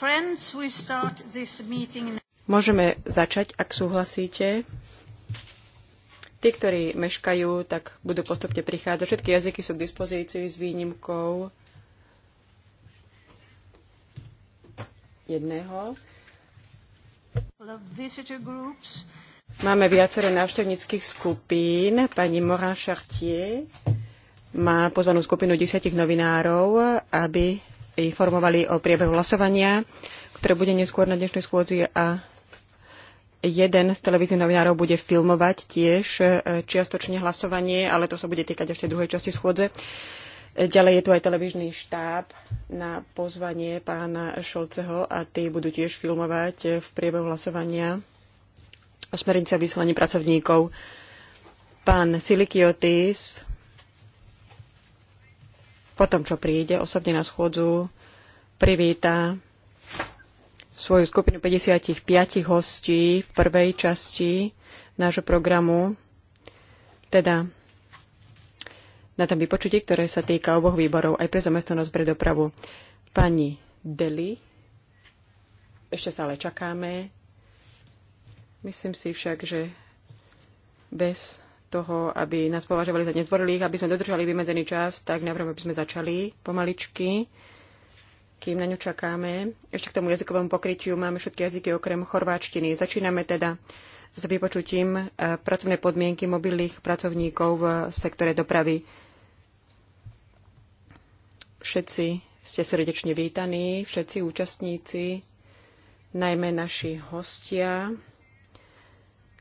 Friends, we start this meeting. Môžeme začať, ak súhlasíte. Tí, ktorí meškajú, tak budú postupne prichádzať. Všetky jazyky sú k dispozícii s výnimkou jedného. Máme viacero návštevníckých skupín. Pani Morin Chartier má pozvanú skupinu desiatich novinárov, aby informovali o priebehu hlasovania, ktoré bude neskôr na dnešnej schôdzi a jeden z televíznych novinárov bude filmovať tiež e, čiastočne hlasovanie, ale to sa bude týkať ešte druhej časti schôdze. Ďalej je tu aj televízny štáb na pozvanie pána Šolceho a tí budú tiež filmovať e, v priebehu hlasovania o smernice o vyslaní pracovníkov. Pán Silikiotis, po tom, čo príde osobne na schôdzu, privítá svoju skupinu 55 hostí v prvej časti nášho programu, teda na tom vypočutí, ktoré sa týka oboch výborov aj pre zamestnanosť pre dopravu. Pani Deli, ešte stále čakáme. Myslím si však, že bez toho, aby nás považovali za nezvorilých, aby sme dodržali vymedzený čas, tak navrhujem, aby sme začali pomaličky kým na ňu čakáme. Ešte k tomu jazykovému pokrytiu máme všetky jazyky okrem chorváčtiny. Začíname teda s vypočutím e, pracovné podmienky mobilných pracovníkov v sektore dopravy. Všetci ste srdečne vítaní, všetci účastníci, najmä naši hostia,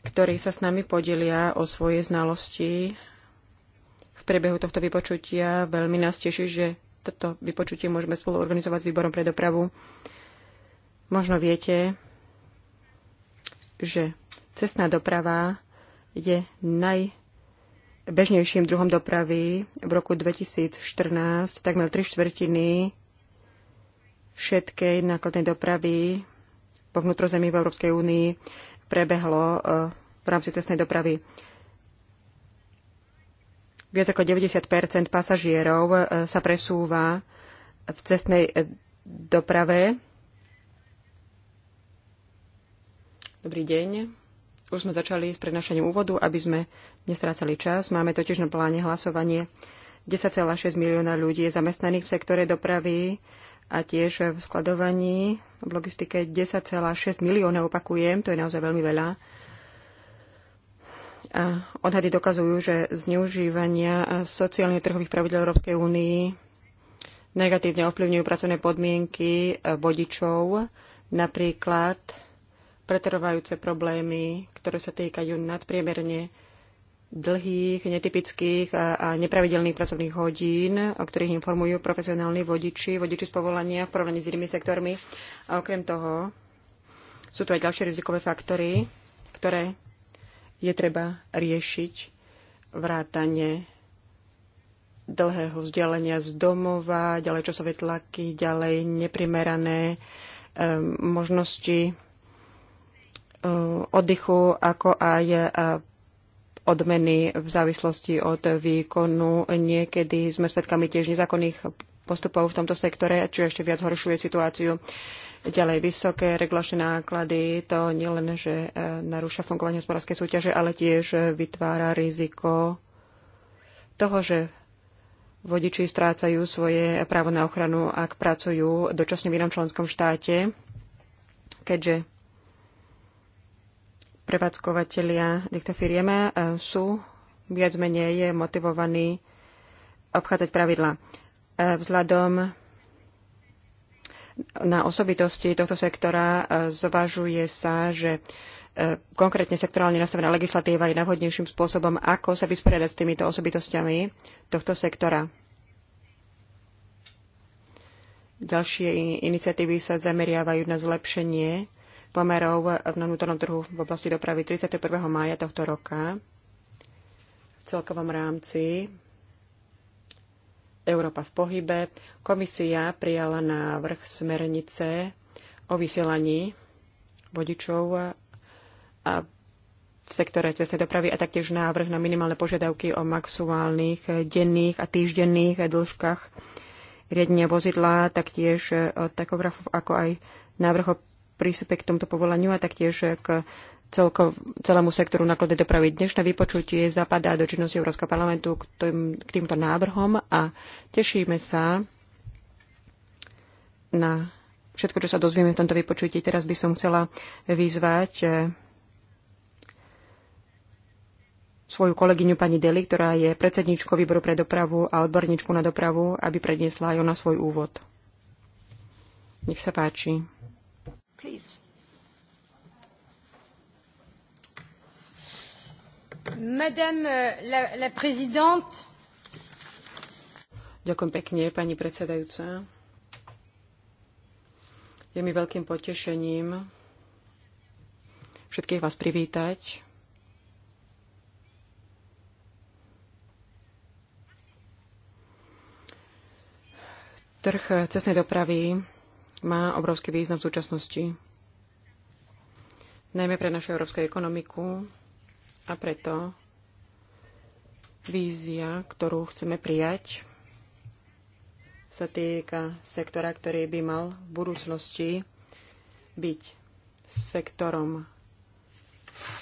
ktorí sa s nami podelia o svoje znalosti. V priebehu tohto vypočutia veľmi nás teší, že toto vypočutie môžeme spolu organizovať s výborom pre dopravu. Možno viete, že cestná doprava je najbežnejším druhom dopravy. V roku 2014 takmer tri štvrtiny všetkej nákladnej dopravy po vnútrozemí v Európskej únii prebehlo eh, v rámci cestnej dopravy. Viac ako 90 pasažierov e, sa presúva v cestnej e, doprave. Dobrý deň. Už sme začali s prednášaním úvodu, aby sme nestrácali čas. Máme totiž na pláne hlasovanie 10,6 milióna ľudí je zamestnaných v sektore dopravy a tiež v skladovaní v logistike 10,6 milióna, opakujem, to je naozaj veľmi veľa odhady dokazujú, že zneužívania sociálnych trhových pravidel Európskej únii negatívne ovplyvňujú pracovné podmienky eh, vodičov, napríklad pretrvajúce problémy, ktoré sa týkajú nadpriemerne dlhých, netypických a nepravidelných pracovných hodín, o ktorých informujú profesionálni vodiči, vodiči z povolania v porovnaní s inými sektormi. A okrem toho sú tu aj ďalšie rizikové faktory, ktoré je treba riešiť vrátanie dlhého vzdialenia z domova, ďalej časové tlaky, ďalej neprimerané um, možnosti um, oddychu, ako aj uh, odmeny v závislosti od výkonu. Niekedy sme svedkami tiež nezákonných postupov v tomto sektore, čo ešte viac horšuje situáciu. Uh, Ďalej vysoké regulačné náklady, to nielen, že e, narúša fungovanie hospodárskej súťaže, ale tiež vytvára riziko toho, že vodiči strácajú svoje právo na ochranu, ak pracujú dočasne v inom členskom štáte, keďže prevádzkovateľia týchto firiem e, sú viac menej motivovaní obchádzať pravidla. E, vzhľadom na osobitosti tohto sektora e, zvažuje sa, že e, konkrétne sektorálne nastavená legislatíva je najvhodnejším spôsobom, ako sa vysporiadať s týmito osobitostiami tohto sektora. Ďalšie iniciatívy sa zameriavajú na zlepšenie pomerov na vnútornom trhu v oblasti dopravy 31. mája tohto roka v celkovom rámci Európa v pohybe. Komisia prijala návrh smernice o vysielaní vodičov a v sektore cestnej dopravy a taktiež návrh na minimálne požiadavky o maximálnych denných a týždenných dĺžkach riadenia vozidla, taktiež e, od takografov, ako aj návrh o prístupe k tomuto povolaniu a taktiež k celému sektoru nákladnej dopravy. Dnešné vypočutie zapadá do činnosti Európskeho parlamentu k, tým, k týmto návrhom a tešíme sa na všetko, čo sa dozvieme v tomto vypočutí. Teraz by som chcela vyzvať eh, svoju kolegyňu pani Deli, ktorá je predsedničkou výboru pre dopravu a odborníčku na dopravu, aby predniesla aj ona svoj úvod. Nech sa páči. Please. Madame euh, la, la présidente. Ďakujem pekne, pani predsedajúca. Je mi veľkým potešením všetkých vás privítať. Trh cestnej dopravy má obrovský význam v súčasnosti, najmä pre našu európsku ekonomiku, a preto vízia, ktorú chceme prijať, sa týka sektora, ktorý by mal v budúcnosti byť sektorom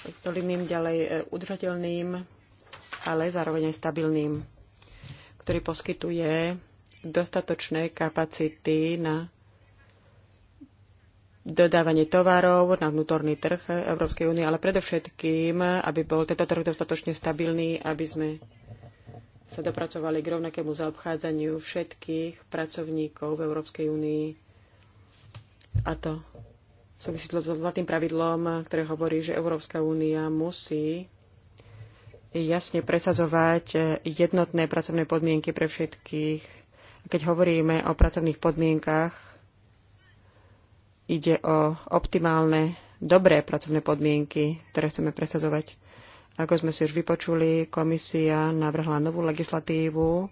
solidným, ďalej e, udržateľným, ale zároveň aj stabilným, ktorý poskytuje dostatočné kapacity na dodávanie tovarov na vnútorný trh Európskej únie, ale predovšetkým, aby bol tento trh dostatočne stabilný, aby sme sa dopracovali k rovnakému zaobchádzaniu všetkých pracovníkov v Európskej únii. A to súvisí so zlatým pravidlom, ktoré hovorí, že Európska únia musí jasne presadzovať jednotné pracovné podmienky pre všetkých. Keď hovoríme o pracovných podmienkach, ide o optimálne, dobré pracovné podmienky, ktoré chceme presadzovať. Ako sme si už vypočuli, komisia navrhla novú legislatívu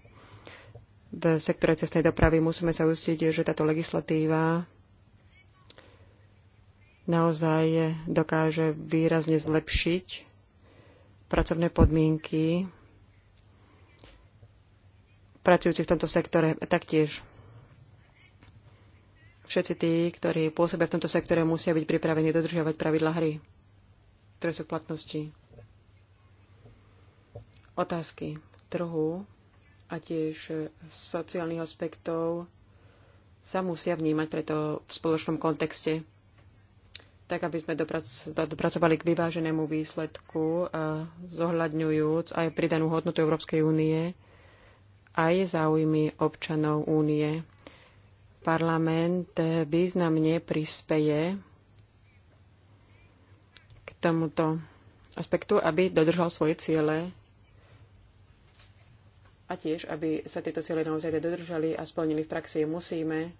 v sektore cestnej dopravy. Musíme sa ustiť, že táto legislatíva naozaj dokáže výrazne zlepšiť pracovné podmienky pracujúcich v tomto sektore. Taktiež Všetci tí, ktorí pôsobia v tomto sektore, musia byť pripravení dodržiavať pravidla hry, ktoré sú v platnosti. Otázky trhu a tiež sociálnych aspektov sa musia vnímať preto v spoločnom kontexte, tak aby sme dopracovali k vyváženému výsledku, a zohľadňujúc aj pridanú hodnotu Európskej únie, aj záujmy občanov únie parlament významne prispeje k tomuto aspektu, aby dodržal svoje ciele a tiež, aby sa tieto ciele naozaj dodržali a splnili v praxi. Musíme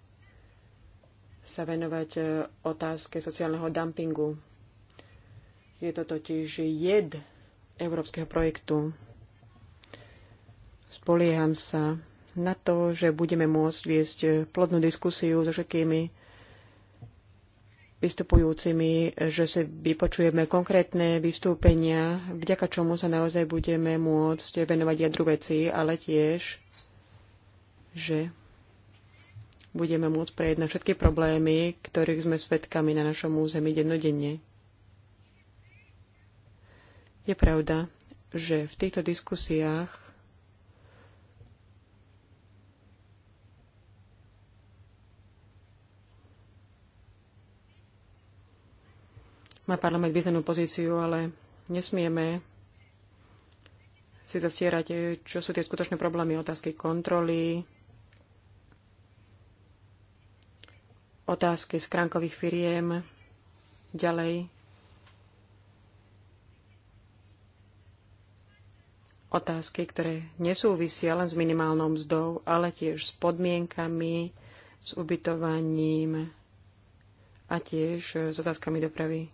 sa venovať e, otázke sociálneho dumpingu. Je to totiž jed európskeho projektu. Spolieham sa na to, že budeme môcť viesť plodnú diskusiu so všetkými vystupujúcimi, že si vypočujeme konkrétne vystúpenia, vďaka čomu sa naozaj budeme môcť venovať jadru veci, ale tiež, že budeme môcť na všetky problémy, ktorých sme svedkami na našom území dennodenne. Je pravda, že v týchto diskusiách Má parlament významnú pozíciu, ale nesmieme si zastierať, čo sú tie skutočné problémy, otázky kontroly, otázky skránkových firiem, ďalej otázky, ktoré nesúvisia len s minimálnou mzdou, ale tiež s podmienkami, s ubytovaním a tiež s otázkami dopravy.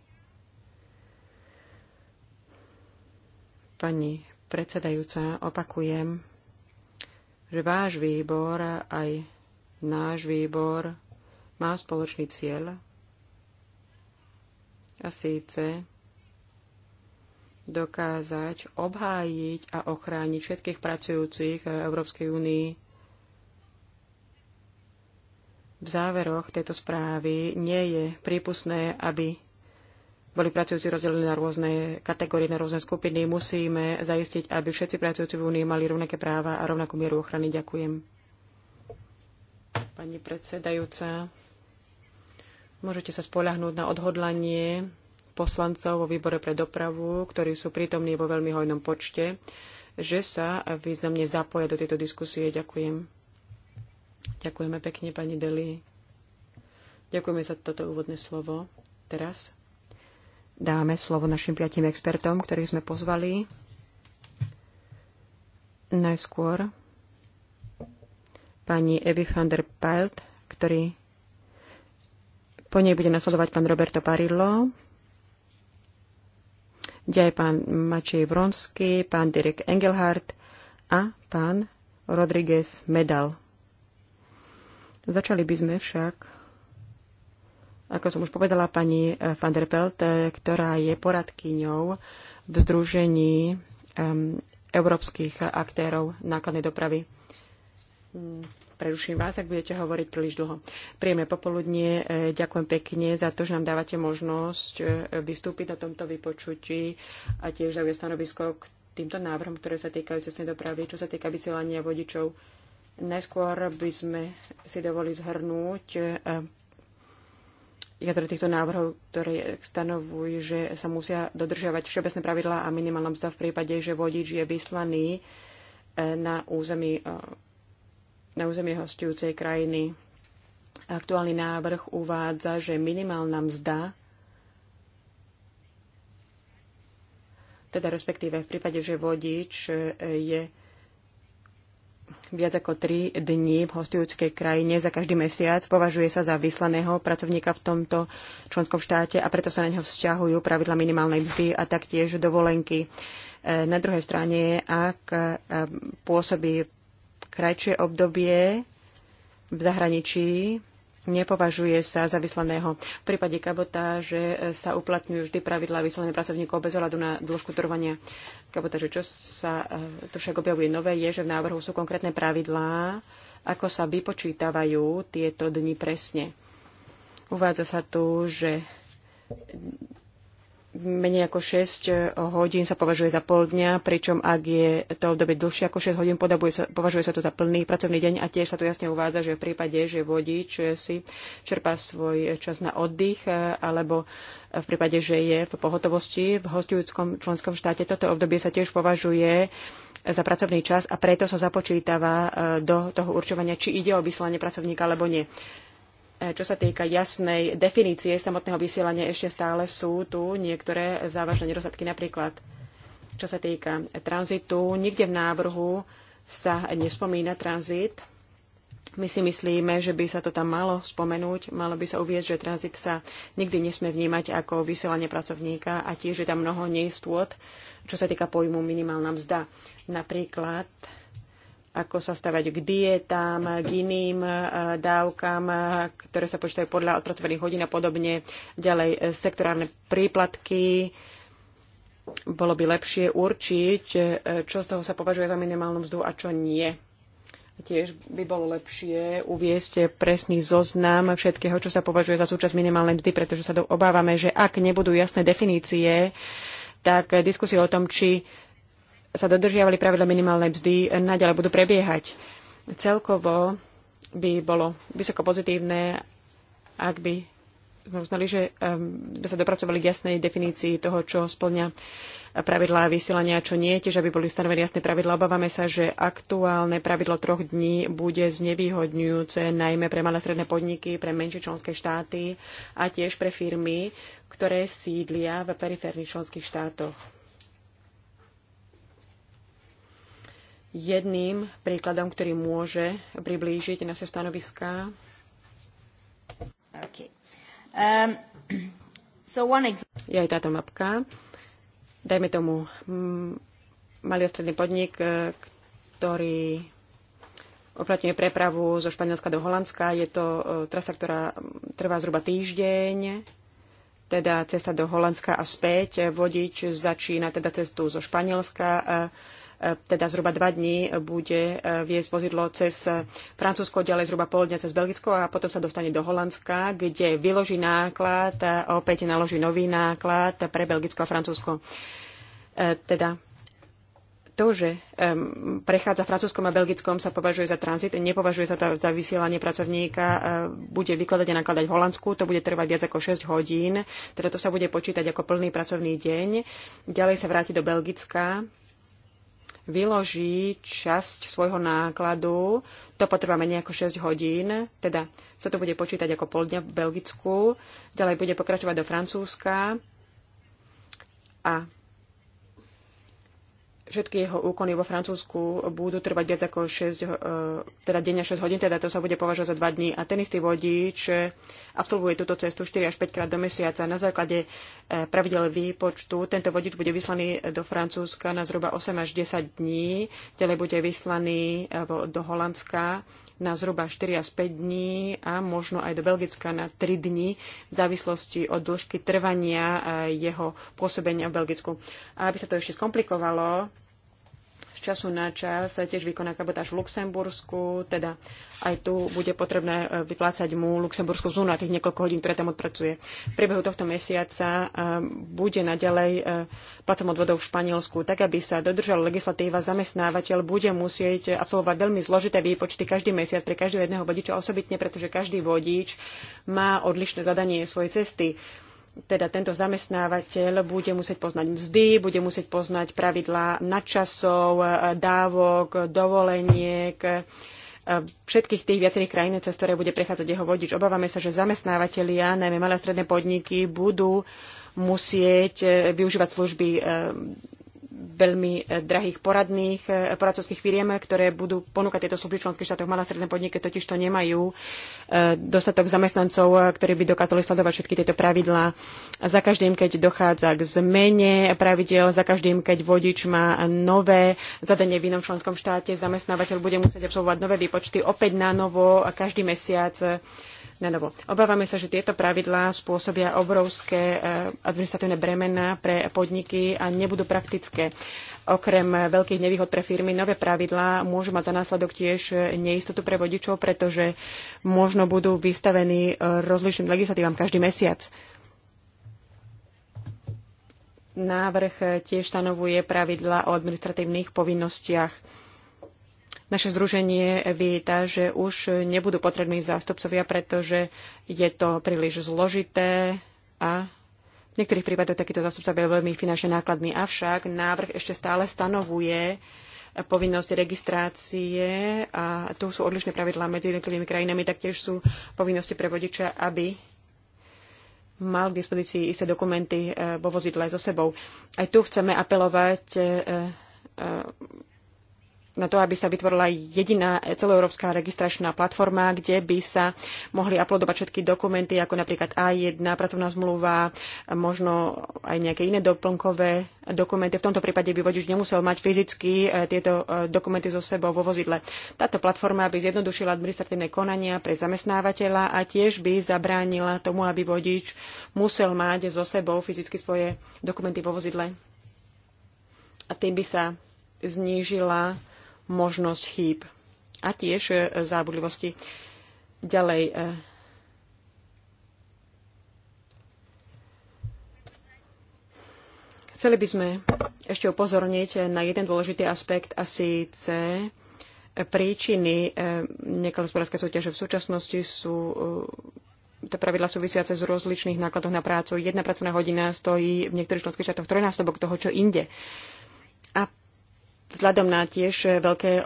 Pani predsedajúca, opakujem, že váš výbor aj náš výbor má spoločný cieľ a síce dokázať obhájiť a ochrániť všetkých pracujúcich v Európskej únii. V záveroch tejto správy nie je prípustné, aby boli pracujúci rozdelení na rôzne kategórie, na rôzne skupiny. Musíme zaistiť, aby všetci pracujúci v Únii mali rovnaké práva a rovnakú mieru ochrany. Ďakujem. Pani predsedajúca, môžete sa spolahnúť na odhodlanie poslancov vo výbore pre dopravu, ktorí sú prítomní vo veľmi hojnom počte, že sa významne zapoja do tejto diskusie. Ďakujem. Ďakujeme pekne, pani Deli. Ďakujeme za toto úvodné slovo. Teraz dáme slovo našim piatim expertom, ktorých sme pozvali. Najskôr pani Evi van der Pelt, ktorý po nej bude nasledovať pán Roberto Parillo, ďalej pán Mačej Vronsky, pán Dirk Engelhardt a pán Rodriguez Medal. Začali by sme však ako som už povedala, pani eh, van der Pelt, eh, ktorá je poradkyňou v Združení ehm, európskych aktérov nákladnej dopravy. Mm, preruším vás, ak budete hovoriť príliš dlho. Príjemné popoludnie, eh, ďakujem pekne za to, že nám dávate možnosť vystúpiť na tomto vypočutí a tiež zaujať stanovisko k týmto návrhom, ktoré sa týkajú cestnej dopravy, čo sa týka vysielania vodičov. Najskôr by sme si dovolili zhrnúť jadro týchto návrhov, ktoré stanovujú, že sa musia dodržiavať všeobecné pravidlá a minimálna mzda v prípade, že vodič je vyslaný eh, na území, eh, na území hostujúcej krajiny. Aktuálny návrh uvádza, že minimálna mzda teda respektíve v prípade, že vodič eh, je viac ako tri dní v hostujúckej krajine za každý mesiac. Považuje sa za vyslaného pracovníka v tomto členskom štáte a preto sa na neho vzťahujú pravidla minimálnej mzdy a taktiež dovolenky. E, na druhej strane, ak e, pôsobí krajšie obdobie v zahraničí, nepovažuje sa za vyslaného. V prípade kabotáže e, sa uplatňujú vždy pravidlá vyslaných pracovníkov bez ohľadu na dĺžku trvania kabotáže. Čo sa e, tu však objavuje nové, je, že v návrhu sú konkrétne pravidlá, ako sa vypočítavajú tieto dni presne. Uvádza sa tu, že menej ako 6 eh, hodín sa považuje za pol dňa, pričom ak je to obdobie dlhšie ako 6 hodín, sa, považuje sa to za plný pracovný deň a tiež sa tu jasne uvádza, že v prípade, že vodič eh, si čerpá svoj eh, čas na oddych alebo v prípade, že je v pohotovosti v hostujúckom členskom štáte, toto obdobie sa tiež považuje za pracovný čas a preto sa započítava do toho určovania, či ide o vyslanie pracovníka alebo nie. E, čo sa týka jasnej definície samotného vysielania, ešte stále sú tu niektoré závažné nedostatky. Napríklad, čo sa týka tranzitu, nikde v návrhu sa nespomína tranzit. My si myslíme, že by sa to tam malo spomenúť, malo by sa uvieť, že tranzit sa nikdy nesme vnímať ako vysielanie pracovníka a tiež je tam mnoho neistôt, čo sa týka pojmu minimálna mzda. Napríklad ako sa stavať k dietám, k iným e, dávkam, e, ktoré sa počítajú podľa odpracovaných hodín a podobne. Ďalej e, sektorálne príplatky. Bolo by lepšie určiť, čo z toho sa považuje za minimálnu mzdu a čo nie. Tiež by bolo lepšie uviesť presný zoznam všetkého, čo sa považuje za súčasť minimálnej mzdy, pretože sa obávame, že ak nebudú jasné definície, tak diskusie o tom, či sa dodržiavali pravidla minimálnej mzdy, naďalej budú prebiehať. Celkovo by bolo vysoko pozitívne, ak by sme uznali, že ehm, by sa dopracovali k jasnej definícii toho, čo splňa pravidlá vysielania a čo nie, tiež aby boli stanovené jasné pravidlá. Obávame sa, že aktuálne pravidlo troch dní bude znevýhodňujúce najmä pre malé stredné podniky, pre menšie členské štáty a tiež pre firmy, ktoré sídlia v periférnych členských štátoch jedným príkladom, ktorý môže priblížiť naše stanoviská? Okay. Um, so one je aj táto mapka. Dajme tomu mm, malý stredný podnik, e, ktorý oplatňuje prepravu zo Španielska do Holandska. Je to e, trasa, ktorá trvá zhruba týždeň teda cesta do Holandska a späť. E, vodič začína teda cestu zo Španielska, E, teda zhruba dva dní bude e, viesť vozidlo cez e, Francúzsko, ďalej zhruba pol dňa cez Belgicko a potom sa dostane do Holandska, kde vyloží náklad a opäť naloží nový náklad pre Belgicko a Francúzsko. Teda to, že prechádza francúzskom a belgickom, sa považuje za tranzit, nepovažuje sa to za vysielanie pracovníka, bude vykladať a nakladať v Holandsku, to bude trvať viac ako 6 hodín, teda to sa bude počítať ako plný pracovný deň. Ďalej sa vráti do Belgicka, vyloží časť svojho nákladu, to potrvá menej ako 6 hodín, teda sa to bude počítať ako pol dňa v Belgicku, ďalej bude pokračovať do Francúzska a všetky jeho úkony vo Francúzsku budú trvať viac ako 6, e, teda denne 6 hodín, teda to sa bude považovať za 2 dní. A ten istý vodič e, absolvuje túto cestu 4 až 5 krát do mesiaca. Na základe e, pravidel výpočtu tento vodič bude vyslaný do Francúzska na zhruba 8 až 10 dní, ďalej bude vyslaný do Holandska na zhruba 4 až 5 dní a možno aj do Belgicka na 3 dní v závislosti od dĺžky trvania eh, jeho pôsobenia v Belgicku. A aby sa to ešte skomplikovalo, času na čas tiež vykoná kabotáž v Luxembursku, teda aj tu bude potrebné e, vyplácať mu luxembursku zmluvu na tých niekoľko hodín, ktoré tam odpracuje. V priebehu tohto mesiaca e, bude naďalej e, placom odvodov v Španielsku. Tak, aby sa dodržala legislatíva, zamestnávateľ bude musieť absolvovať veľmi zložité výpočty každý mesiac pre každého jedného vodiča osobitne, pretože každý vodič má odlišné zadanie svojej cesty teda tento zamestnávateľ bude musieť poznať mzdy, bude musieť poznať pravidlá nadčasov, e, dávok, dovoleniek, e, všetkých tých viacerých krajín, cez ktoré bude prechádzať jeho vodič. Obávame sa, že zamestnávateľia, najmä malé a stredné podniky, budú musieť e, využívať služby veľmi e, drahých poradných, e, poradcovských firiem, ktoré budú ponúkať tieto služby v členských štátoch. Malé stredné podniky totiž to nemajú e, dostatok zamestnancov, ktorí by dokázali sledovať všetky tieto pravidlá. Za každým, keď dochádza k zmene pravidel, za každým, keď vodič má nové zadanie v inom členskom štáte, zamestnávateľ bude musieť absolvovať nové výpočty opäť na novo každý mesiac na Obávame sa, že tieto pravidlá spôsobia obrovské eh, administratívne bremená pre podniky a nebudú praktické. Okrem veľkých nevýhod pre firmy, nové pravidlá môžu mať za následok tiež neistotu pre vodičov, pretože možno budú vystavení eh, rozličným legislatívam každý mesiac. Návrh eh, tiež stanovuje pravidla o administratívnych povinnostiach naše združenie víta, že už nebudú potrební zástupcovia, pretože je to príliš zložité a v niektorých prípadoch takýto zástupca je veľmi finančne nákladný. Avšak návrh ešte stále stanovuje povinnosť registrácie a tu sú odlišné pravidlá medzi jednotlivými krajinami, taktiež sú povinnosti pre vodiča, aby mal k dispozícii isté dokumenty eh, vo vozidle so sebou. Aj tu chceme apelovať eh, eh, na to, aby sa vytvorila jediná celoeurópska registračná platforma, kde by sa mohli uploadovať všetky dokumenty, ako napríklad A1, pracovná zmluva, možno aj nejaké iné doplnkové dokumenty. V tomto prípade by vodič nemusel mať fyzicky e, tieto e, dokumenty so sebou vo vozidle. Táto platforma by zjednodušila administratívne konania pre zamestnávateľa a tiež by zabránila tomu, aby vodič musel mať so sebou fyzicky svoje dokumenty vo vozidle. A tým by sa znížila možnosť chýb a tiež e, zábudlivosti. Ďalej, e, Chceli by sme ešte upozorniť na jeden dôležitý aspekt a síce príčiny e, nekalej súťaže v súčasnosti sú to pravidla súvisiace z rozličných nákladov na prácu. Jedna pracovná hodina stojí v niektorých členských štátoch trojnásobok toho, čo inde vzhľadom na tiež veľké eh,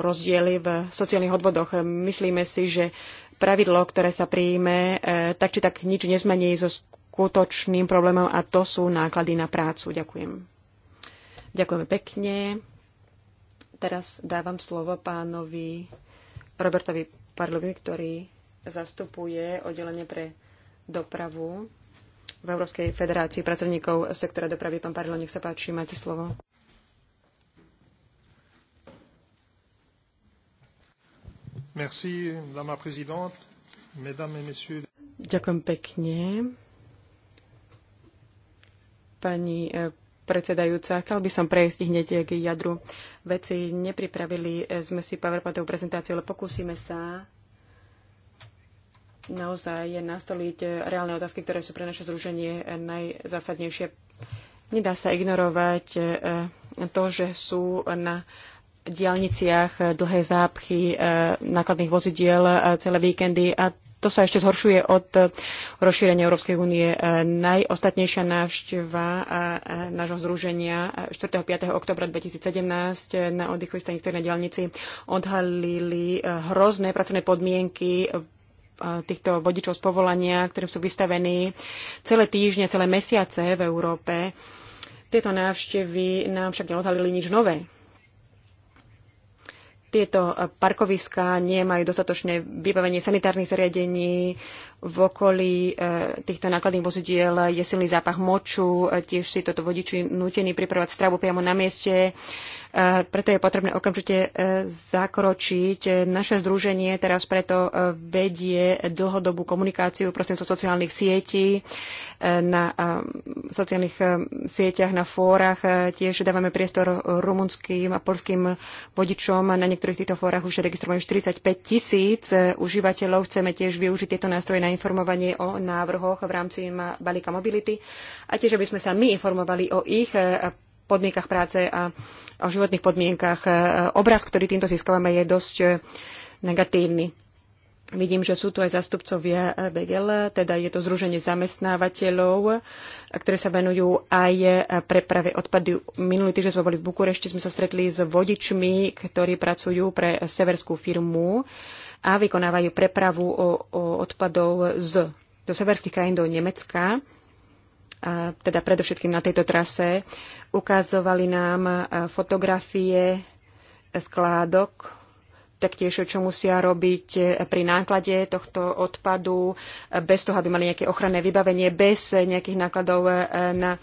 rozdiely v sociálnych odvodoch. Myslíme si, že pravidlo, ktoré sa príjme, eh, tak či tak nič nezmení so skutočným problémom a to sú náklady na prácu. Ďakujem. Ďakujeme pekne. Teraz dávam slovo pánovi Robertovi Parlovi, ktorý zastupuje oddelenie pre dopravu v Európskej federácii pracovníkov sektora dopravy. Pán Parlo, nech sa páči, máte slovo. Merci, prezidente, mesdames et messieurs. Ďakujem pekne. Pani e, predsedajúca, chcel by som prejsť hneď k jadru veci. Nepripravili e, sme si PowerPointovú prezentáciu, ale pokúsime sa naozaj nastoliť e, reálne otázky, ktoré sú pre naše zruženie najzásadnejšie. Nedá sa ignorovať to, že sú na diálniciach, e, dlhé zápchy e, nákladných vozidiel e, celé víkendy a to sa ešte zhoršuje od rozšírenia Európskej únie. Najostatnejšia návšteva nášho združenia 4. 5. oktobra 2017 na oddychovej stanici na diálnici odhalili hrozné pracovné podmienky týchto vodičov z povolania, ktorým sú vystavení celé týždne, celé mesiace v Európe. Tieto návštevy nám však neodhalili nič nové. Tieto parkoviská nemajú dostatočné vybavenie sanitárnych zariadení, v okolí eh, týchto nákladných vozidiel je silný zápach moču, eh, tiež si toto vodiči nutení pripravovať stravu priamo na mieste. Eh, preto je potrebné okamžite zakročiť. Naše združenie teraz preto vedie dlhodobú komunikáciu prostredníctvom sociálnych sietí, na sociálnych sieťach, na fórach. Tiež dávame priestor rumunským a polským vodičom. Na niektorých týchto fórach už registrovaných 45 tisíc užívateľov. Chceme tiež využiť tieto nástroje na na informovanie o návrhoch v rámci balíka mobility a tiež, aby sme sa my informovali o ich e, podmienkach práce a o životných podmienkach. E, obraz, ktorý týmto získavame, je dosť e, negatívny. Vidím, že sú tu aj zastupcovia BGL, teda je to Združenie zamestnávateľov, ktoré sa venujú aj preprave odpadu. Minulý týždeň sme boli v Bukurešti, sme sa stretli s vodičmi, ktorí pracujú pre severskú firmu a vykonávajú prepravu o, o odpadov z, do severských krajín do Nemecka, a teda predovšetkým na tejto trase. Ukázovali nám fotografie skládok, taktiež čo musia robiť e, pri náklade tohto odpadu, e, bez toho, aby mali nejaké ochranné vybavenie, bez nejakých nákladov e, na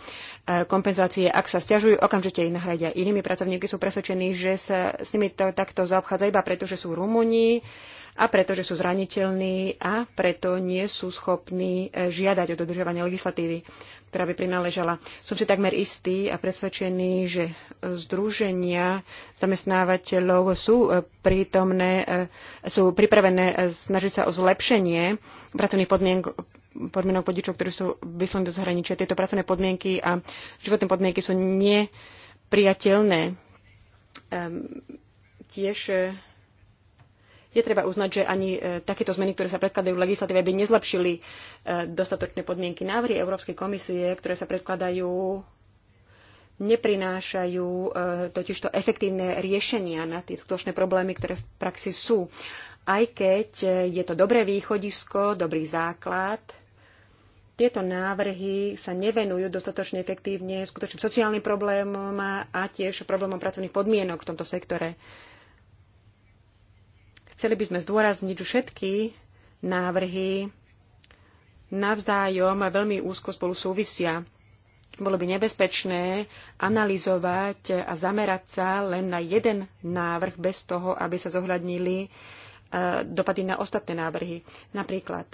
kompenzácie. Ak sa stiažujú, okamžite ich nahradia inými pracovníky. Sú presvedčení, že sa s nimi to takto zaobchádza iba preto, že sú Rumúni a preto, že sú zraniteľní a preto nie sú schopní e, žiadať o dodržovanie legislatívy, ktorá by prináležala. Som si takmer istý a presvedčený, že e, združenia zamestnávateľov sú e, prítomné, sú pripravené snažiť sa o zlepšenie pracovných podmienok podmienok podičov, ktorí sú vyslovení do zahraničia. Tieto pracovné podmienky a životné podmienky sú nepriateľné. Um, tiež je treba uznať, že ani e, takéto zmeny, ktoré sa predkladajú v legislatíve, by nezlepšili e, dostatočné podmienky. Návrhy Európskej komisie, ktoré sa predkladajú, neprinášajú e, totižto efektívne riešenia na tie skutočné problémy, ktoré v praxi sú. Aj keď je to dobré východisko, dobrý základ, tieto návrhy sa nevenujú dostatočne efektívne skutočným sociálnym problémom a tiež problémom pracovných podmienok v tomto sektore. Chceli by sme zdôrazniť, že všetky návrhy navzájom a veľmi úzko spolu súvisia. Bolo by nebezpečné analyzovať a zamerať sa len na jeden návrh bez toho, aby sa zohľadnili e, dopady na ostatné návrhy. Napríklad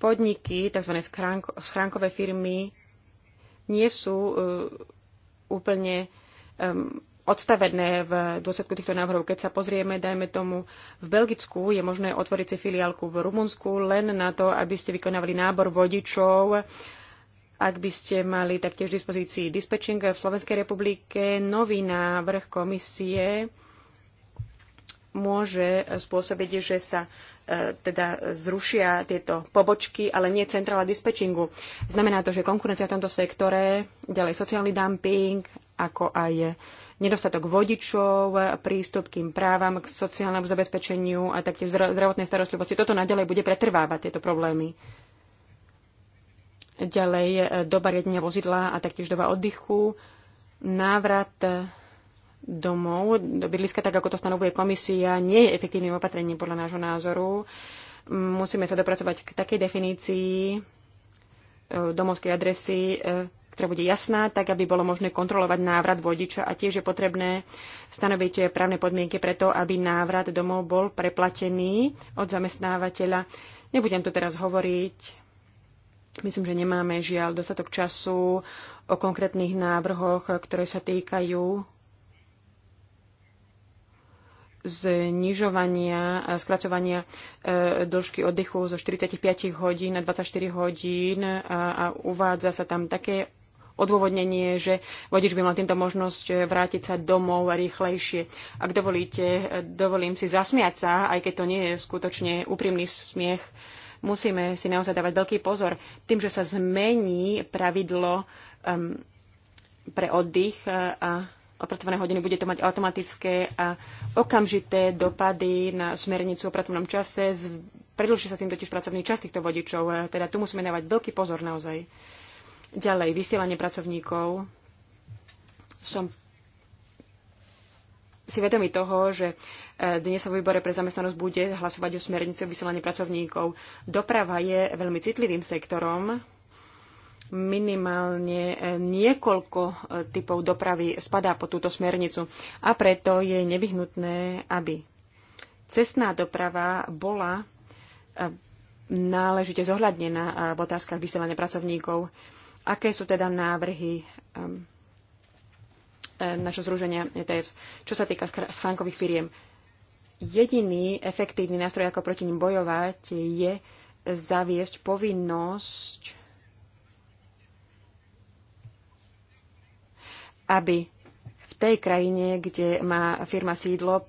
podniky, tzv. schránkové firmy, nie sú e, úplne odstavené v dôsledku týchto návrhov. Keď sa pozrieme, dajme tomu, v Belgicku je možné otvoriť si filiálku v Rumunsku len na to, aby ste vykonávali nábor vodičov, ak by ste mali taktiež v dispozícii dispečing v Slovenskej republike, nový návrh komisie môže spôsobiť, že sa e, teda zrušia tieto pobočky, ale nie centrála dispečingu. Znamená to, že konkurencia v tomto sektore, ďalej sociálny dumping, ako aj nedostatok vodičov, prístup k im právam, k sociálnemu zabezpečeniu a taktiež zdravotnej starostlivosti. Toto naďalej bude pretrvávať tieto problémy. Ďalej e, doba riadenia vozidla a taktiež doba oddychu, návrat e, domov do bydliska, tak ako to stanovuje komisia, nie je efektívnym opatrením podľa nášho názoru. Musíme sa dopracovať k takej definícii e, domovskej adresy, ktorá bude jasná, tak aby bolo možné kontrolovať návrat vodiča a tiež je potrebné stanoviť právne podmienky preto, aby návrat domov bol preplatený od zamestnávateľa. Nebudem tu teraz hovoriť, myslím, že nemáme žiaľ dostatok času o konkrétnych návrhoch, ktoré sa týkajú znižovania a skracovania e, dĺžky oddychu zo 45 hodín na 24 hodín a, a uvádza sa tam také odôvodnenie, že vodič by mal týmto možnosť eh, vrátiť sa domov rýchlejšie. Ak dovolíte, eh, dovolím si zasmiať sa, aj keď to nie je skutočne úprimný smiech. Musíme si naozaj dávať veľký pozor. Tým, že sa zmení pravidlo um, pre oddych eh, a opracované hodiny, bude to mať automatické a okamžité dopady na smernicu o pracovnom čase. Predlží sa tým totiž pracovný čas týchto vodičov. Teda tu musíme dávať veľký pozor naozaj. Ďalej, vysielanie pracovníkov. Som si vedomý toho, že e, dnes sa v výbore pre zamestnanosť bude hlasovať o smernici o vysielaní pracovníkov. Doprava je veľmi citlivým sektorom. Minimálne e, niekoľko e, typov dopravy spadá pod túto smernicu a preto je nevyhnutné, aby cestná doprava bola náležite zohľadnená v otázkach vysielania pracovníkov. Aké sú teda návrhy um, našho zruženia ETFs, čo sa týka schránkových firiem? Jediný efektívny nástroj, ako proti nim bojovať, je zaviesť povinnosť aby v tej krajine, kde má firma sídlo,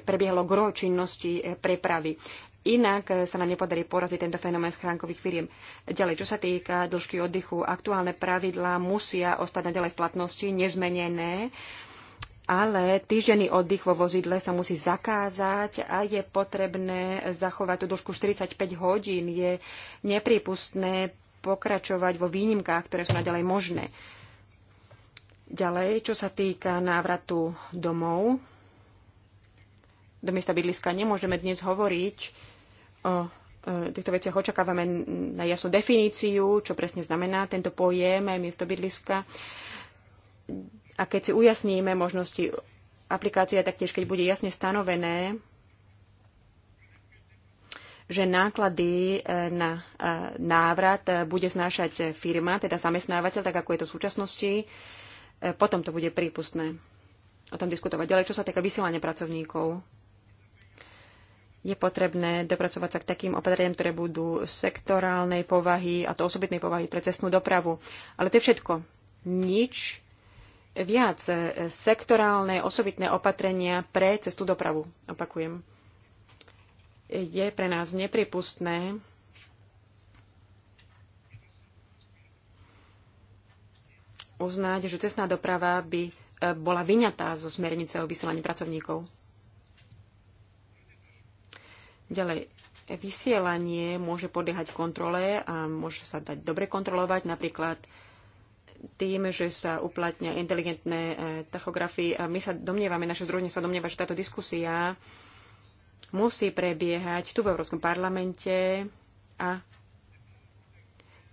prebiehlo gro činnosti e, prepravy. Inak eh, sa nám nepodarí poraziť tento fenomén schránkových firiem. Ďalej, čo sa týka dĺžky oddychu, aktuálne pravidlá musia ostať naďalej v platnosti, nezmenené, ale týždenný oddych vo vozidle sa musí zakázať a je potrebné zachovať tú dĺžku 45 hodín. Je nepripustné pokračovať vo výnimkách, ktoré sú naďalej možné. Ďalej, čo sa týka návratu domov, do miesta bydliska nemôžeme dnes hovoriť o e, týchto veciach očakávame na jasnú definíciu, čo presne znamená tento pojem, aj miesto bydliska. A keď si ujasníme možnosti aplikácie, taktiež keď bude jasne stanovené, že náklady e, na e, návrat bude znášať firma, teda zamestnávateľ, tak ako je to v súčasnosti, potom to bude prípustné o tom diskutovať. Ďalej, čo sa týka vysielania pracovníkov, je potrebné dopracovať sa k takým opatreniam, ktoré budú sektorálnej povahy a to osobitnej povahy pre cestnú dopravu. Ale to je všetko. Nič viac. Sektorálne osobitné opatrenia pre cestnú dopravu. Opakujem. Je pre nás nepripustné, uznať, že cestná doprava by eh, bola vyňatá zo smernice o vysielaní pracovníkov. Ďalej, vysielanie môže podliehať kontrole a môže sa dať dobre kontrolovať, napríklad tým, že sa uplatňa inteligentné e, tachografy. my sa domnievame, naše združenie sa domnieva, že táto diskusia musí prebiehať tu v Európskom parlamente a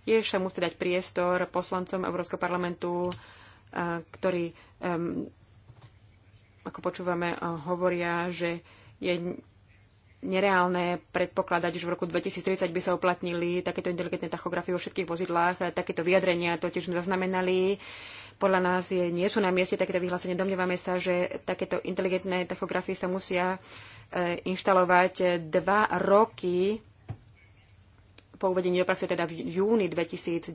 tiež sa musí dať priestor poslancom Európskeho parlamentu, e, ktorí, e, ako počúvame, hovoria, že je nereálne predpokladať, že v roku 2030 by sa uplatnili takéto inteligentné tachografy vo všetkých vozidlách. Takéto vyjadrenia totiž sme zaznamenali. Podľa nás je, nie sú na mieste takéto vyhlásenie. Domnievame sa, že takéto inteligentné tachografy sa musia e, inštalovať dva roky po uvedení do praxe, teda v júni 2019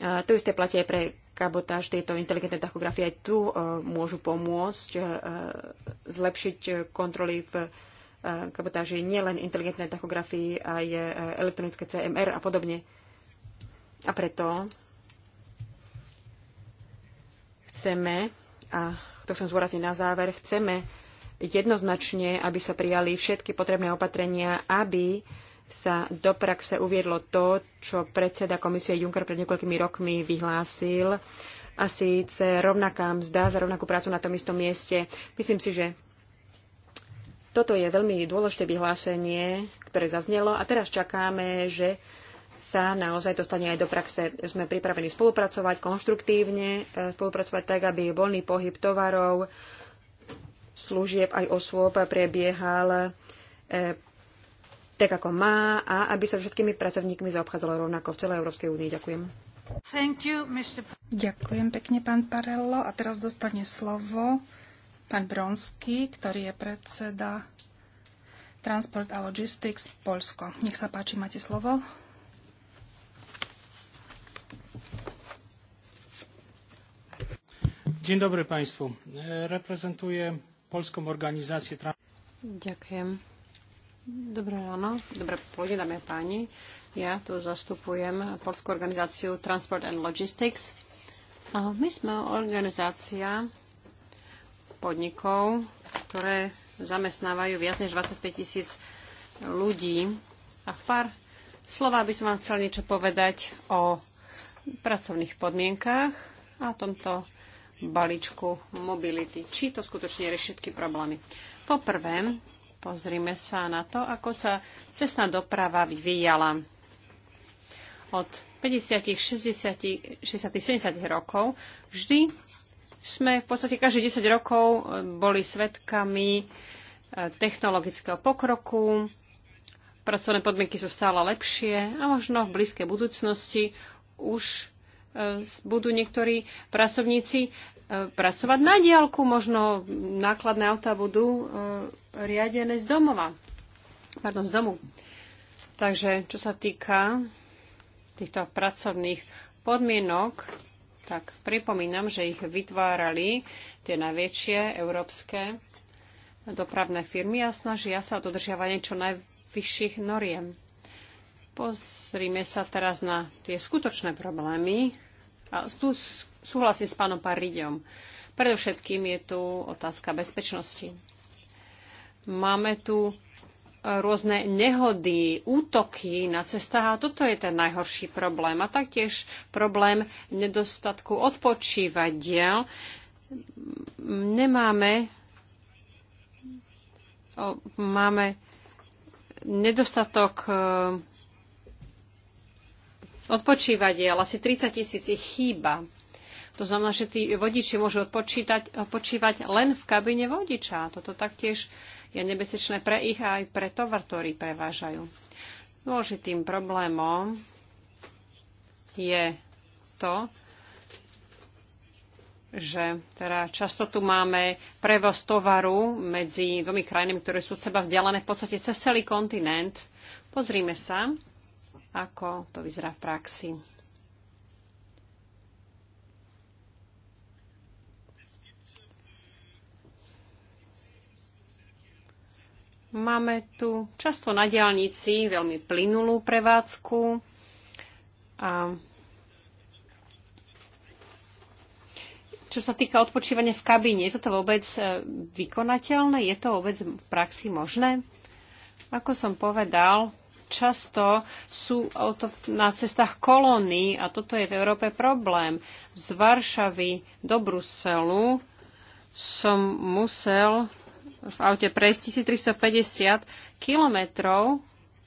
to isté platie aj pre kabotáž, tieto inteligentné tachografie aj tu e, môžu pomôcť e, e, zlepšiť kontroly v kabotáži, nielen inteligentné tachografii, aj elektronické CMR a podobne. A preto chceme, a to som zvorazniť na záver, chceme jednoznačne, aby sa prijali všetky potrebné opatrenia, aby sa do praxe uviedlo to, čo predseda komisie Juncker pred niekoľkými rokmi vyhlásil, a síce rovnaká mzda za rovnakú prácu na tom istom mieste. Myslím si, že toto je veľmi dôležité vyhlásenie, ktoré zaznelo a teraz čakáme, že sa naozaj dostane aj do praxe. Sme pripravení spolupracovať konštruktívne, e, spolupracovať tak, aby voľný pohyb tovarov, služieb aj osôb prebiehal e, tak, ako má a aby sa všetkými pracovníkmi zaobchádzalo rovnako v celej Európskej únii. Ďakujem. You, Ďakujem pekne, pán Parello. A teraz dostane slovo pán Bronsky, ktorý je predseda Transport a Logistics Polsko. Nech sa páči, máte slovo. Dzień dobry Państwu. Reprezentuję Polską Organizację Transportu. Dziękuję. Dobré ráno, dobré popoludne, dámy a páni. Ja tu zastupujem polskú organizáciu Transport and Logistics. A my sme organizácia podnikov, ktoré zamestnávajú viac než 25 tisíc ľudí. A v pár slova by som vám chcel niečo povedať o pracovných podmienkách a tomto balíčku mobility. Či to skutočne rieši všetky problémy. Poprvé, Pozrime sa na to, ako sa cestná doprava vyvíjala od 50., 60., 60., 70. rokov. Vždy sme v podstate každých 10 rokov e, boli svetkami e, technologického pokroku, pracovné podmienky sú stále lepšie a možno v blízkej budúcnosti už e, budú niektorí pracovníci pracovať na diálku, možno nákladné auta budú riadené z domova. Pardon, z domu. Takže čo sa týka týchto pracovných podmienok, tak pripomínam, že ich vytvárali tie najväčšie európske dopravné firmy a snažia sa o niečo najvyšších noriem. Pozrime sa teraz na tie skutočné problémy. A tu súhlasím s pánom Paridom. Predovšetkým je tu otázka bezpečnosti. Máme tu e, rôzne nehody, útoky na cestách a toto je ten najhorší problém. A taktiež problém nedostatku odpočívadiel. Nemáme máme nedostatok e, odpočívadiel, asi 30 tisíc ich chýba. To znamená, že tí vodiči môžu odpočívať len v kabine vodiča. Toto taktiež je nebezpečné pre ich a aj pre tovar, ktorý prevážajú. Dôležitým problémom je to, že teda často tu máme prevoz tovaru medzi dvomi krajinami, ktoré sú od seba vzdialené v podstate cez celý kontinent. Pozrime sa, ako to vyzerá v praxi. Máme tu často na diálnici veľmi plynulú prevádzku a čo sa týka odpočívania v kabíne, je toto vôbec e, vykonateľné? Je to vôbec v praxi možné? Ako som povedal, často sú na cestách kolóny a toto je v Európe problém. Z Varšavy do Bruselu som musel v aute prejsť 1350 kilometrov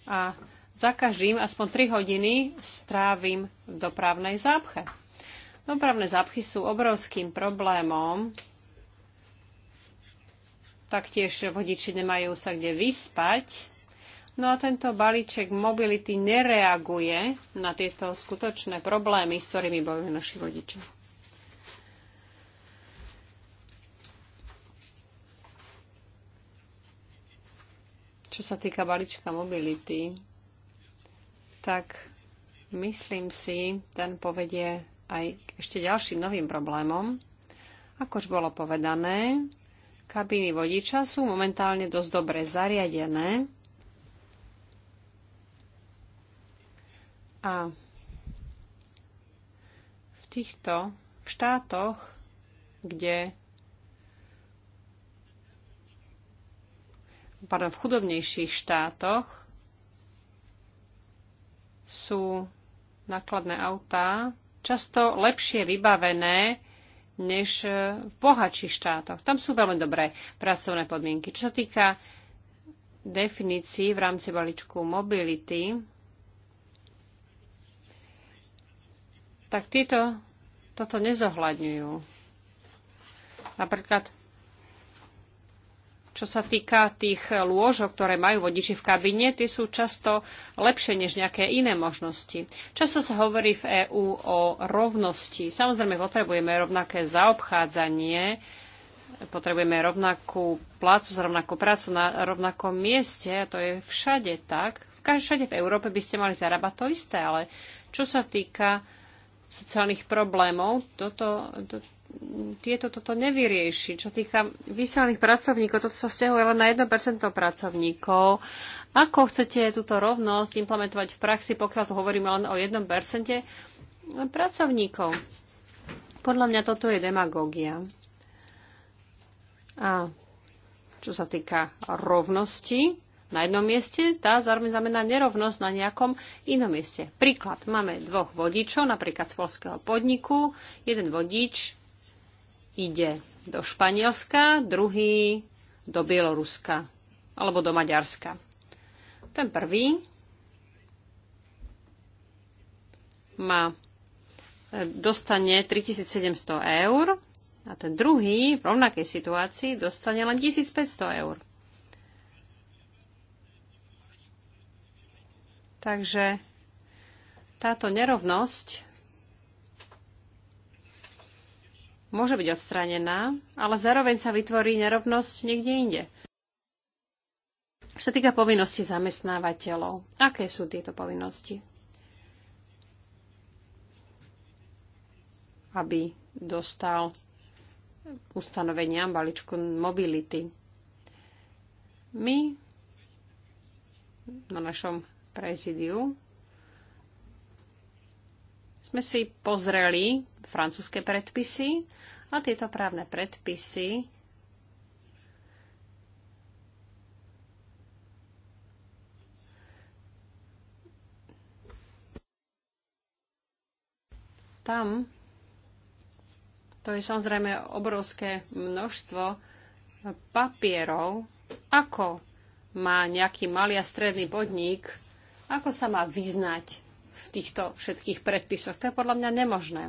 a za každým aspoň 3 hodiny strávim v dopravnej zápche. Dopravné zápchy sú obrovským problémom. Taktiež vodiči nemajú sa kde vyspať. No a tento balíček mobility nereaguje na tieto skutočné problémy, s ktorými bojujú naši vodiči. čo sa týka balíčka mobility, tak myslím si, ten povedie aj k ešte ďalším novým problémom. Ako už bolo povedané, kabíny vodiča sú momentálne dosť dobre zariadené a v týchto v štátoch, kde pardon, v chudobnejších štátoch sú nákladné autá často lepšie vybavené než v bohatších štátoch. Tam sú veľmi dobré pracovné podmienky. Čo sa týka definícií v rámci balíčku mobility, tak tieto toto nezohľadňujú. Napríklad čo sa týka tých lôžok, ktoré majú vodiči v kabine, tie sú často lepšie než nejaké iné možnosti. Často sa hovorí v EÚ o rovnosti. Samozrejme, potrebujeme rovnaké zaobchádzanie, potrebujeme rovnakú plácu rovnakú prácu na rovnakom mieste, a to je všade tak. V každej v Európe by ste mali zarábať to isté, ale čo sa týka sociálnych problémov, toto, to, tieto toto nevyrieši. Čo týka vysielaných pracovníkov, toto sa vzťahuje len na 1% pracovníkov. Ako chcete túto rovnosť implementovať v praxi, pokiaľ to hovoríme len o 1% pracovníkov? Podľa mňa toto je demagógia. A čo sa týka rovnosti na jednom mieste, tá zároveň znamená nerovnosť na nejakom inom mieste. Príklad, máme dvoch vodičov, napríklad z polského podniku. Jeden vodič ide do Španielska, druhý do Bieloruska alebo do Maďarska. Ten prvý má, e, dostane 3700 eur a ten druhý v rovnakej situácii dostane len 1500 eur. Takže táto nerovnosť môže byť odstranená, ale zároveň sa vytvorí nerovnosť niekde inde. Čo sa týka povinnosti zamestnávateľov, aké sú tieto povinnosti? Aby dostal ustanovenia balíčku mobility. My na našom prezidiu sme si pozreli francúzske predpisy a tieto právne predpisy tam to je samozrejme obrovské množstvo papierov, ako má nejaký malý a stredný podnik, ako sa má vyznať v týchto všetkých predpisoch. To je podľa mňa nemožné.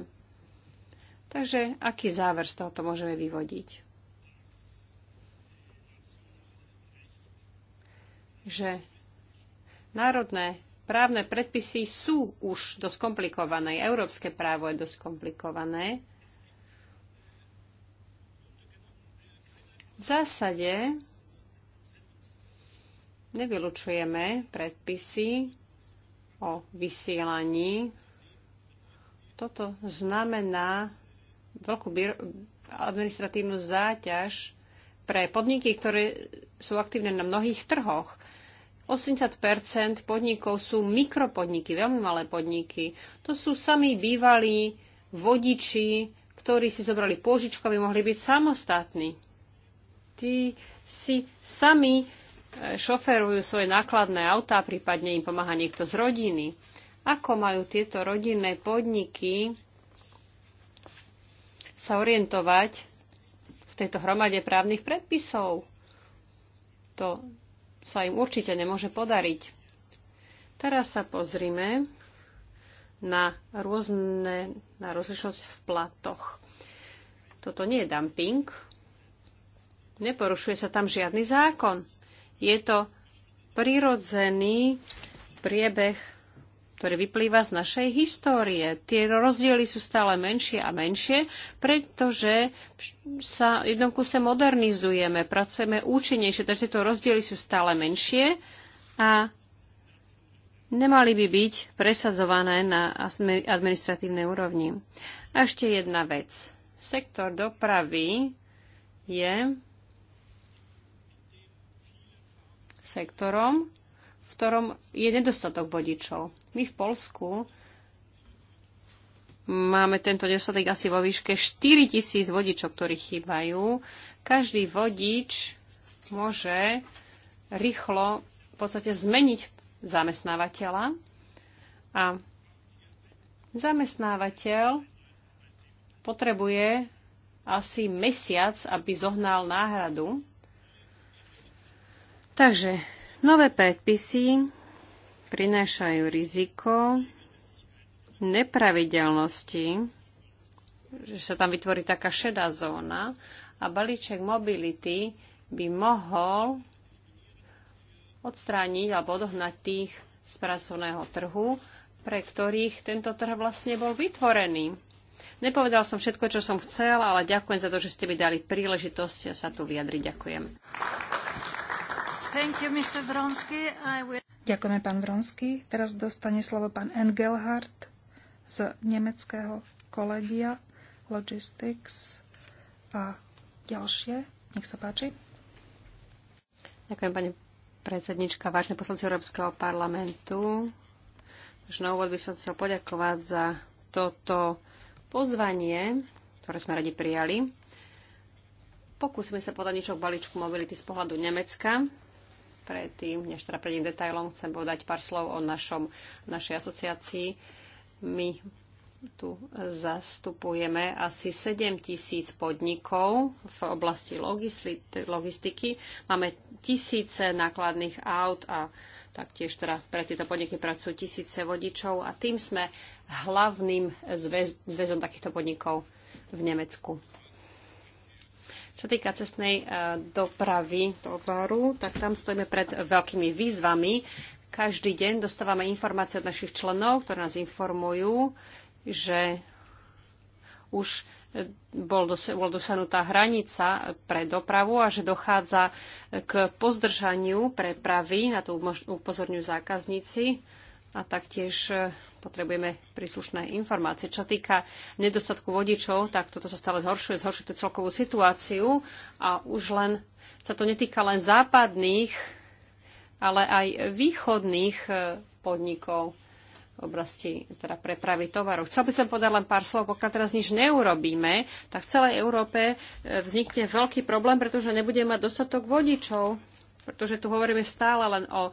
Takže aký záver z tohoto môžeme vyvodiť? Že národné právne predpisy sú už dosť komplikované. Európske právo je dosť komplikované. V zásade nevylučujeme predpisy, o vysielaní. Toto znamená veľkú administratívnu záťaž pre podniky, ktoré sú aktívne na mnohých trhoch. 80 podnikov sú mikropodniky, veľmi malé podniky. To sú sami bývalí vodiči, ktorí si zobrali pôžičku, aby mohli byť samostatní. Tí si sami šoferujú svoje nákladné autá, prípadne im pomáha niekto z rodiny. Ako majú tieto rodinné podniky sa orientovať v tejto hromade právnych predpisov? To sa im určite nemôže podariť. Teraz sa pozrime na, rôzne, na rozlišnosť v platoch. Toto nie je dumping. Neporušuje sa tam žiadny zákon. Je to prirodzený priebeh, ktorý vyplýva z našej histórie. Tie rozdiely sú stále menšie a menšie, pretože sa jednom kuse modernizujeme, pracujeme účinnejšie, takže tieto rozdiely sú stále menšie a nemali by byť presadzované na administratívnej úrovni. A ešte jedna vec. Sektor dopravy je sektorom, v ktorom je nedostatok vodičov. My v Polsku máme tento nedostatok asi vo výške 4 tisíc vodičov, ktorí chýbajú. Každý vodič môže rýchlo v podstate zmeniť zamestnávateľa a zamestnávateľ potrebuje asi mesiac, aby zohnal náhradu Takže nové predpisy prinášajú riziko nepravidelnosti, že sa tam vytvorí taká šedá zóna a balíček mobility by mohol odstrániť alebo odohnať tých z pracovného trhu, pre ktorých tento trh vlastne bol vytvorený. Nepovedal som všetko, čo som chcel, ale ďakujem za to, že ste mi dali príležitosť sa tu vyjadriť. Ďakujem. You, will... Ďakujeme, pán Vronsky. Teraz dostane slovo pán Engelhardt z nemeckého kolegia Logistics a ďalšie. Nech sa páči. Ďakujem, pani predsednička, vážne poslanci Európskeho parlamentu. Už na úvod by som chcel poďakovať za toto pozvanie, ktoré sme radi prijali. Pokúsime sa podať niečo k balíčku mobility z pohľadu Nemecka predtým, než teda predtým detailom, chcem povedať pár slov o našom, našej asociácii. My tu zastupujeme asi 7 tisíc podnikov v oblasti logistiky. Máme tisíce nákladných aut a taktiež teda pre tieto podniky pracujú tisíce vodičov a tým sme hlavným zväz, zväzom takýchto podnikov v Nemecku. Čo týka cestnej e, dopravy tovaru, tak tam stojíme pred veľkými výzvami. Každý deň dostávame informácie od našich členov, ktoré nás informujú, že už e, bol dos- bola dosanutá hranica pre dopravu a že dochádza k pozdržaniu prepravy, na to upozorňujú zákazníci a taktiež e, potrebujeme príslušné informácie. Čo týka nedostatku vodičov, tak toto sa stále zhoršuje, zhoršuje tú celkovú situáciu a už len sa to netýka len západných, ale aj východných e, podnikov v oblasti teda prepravy tovarov. Chcel by som povedať len pár slov, pokiaľ teraz nič neurobíme, tak v celej Európe e, vznikne veľký problém, pretože nebudeme mať dostatok vodičov, pretože tu hovoríme stále len o e,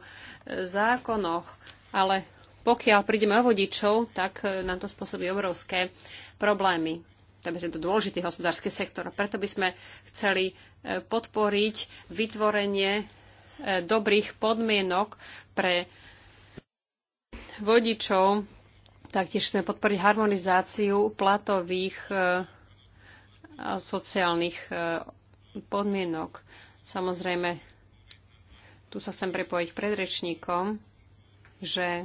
zákonoch, ale pokiaľ prídeme o vodičov, tak e, nám to spôsobí obrovské problémy. Takže je to dôležitý hospodársky sektor. Preto by sme chceli e, podporiť vytvorenie e, dobrých podmienok pre vodičov. Taktiež chceme podporiť harmonizáciu platových a sociálnych podmienok. Samozrejme, tu sa chcem prepojiť predrečníkom, že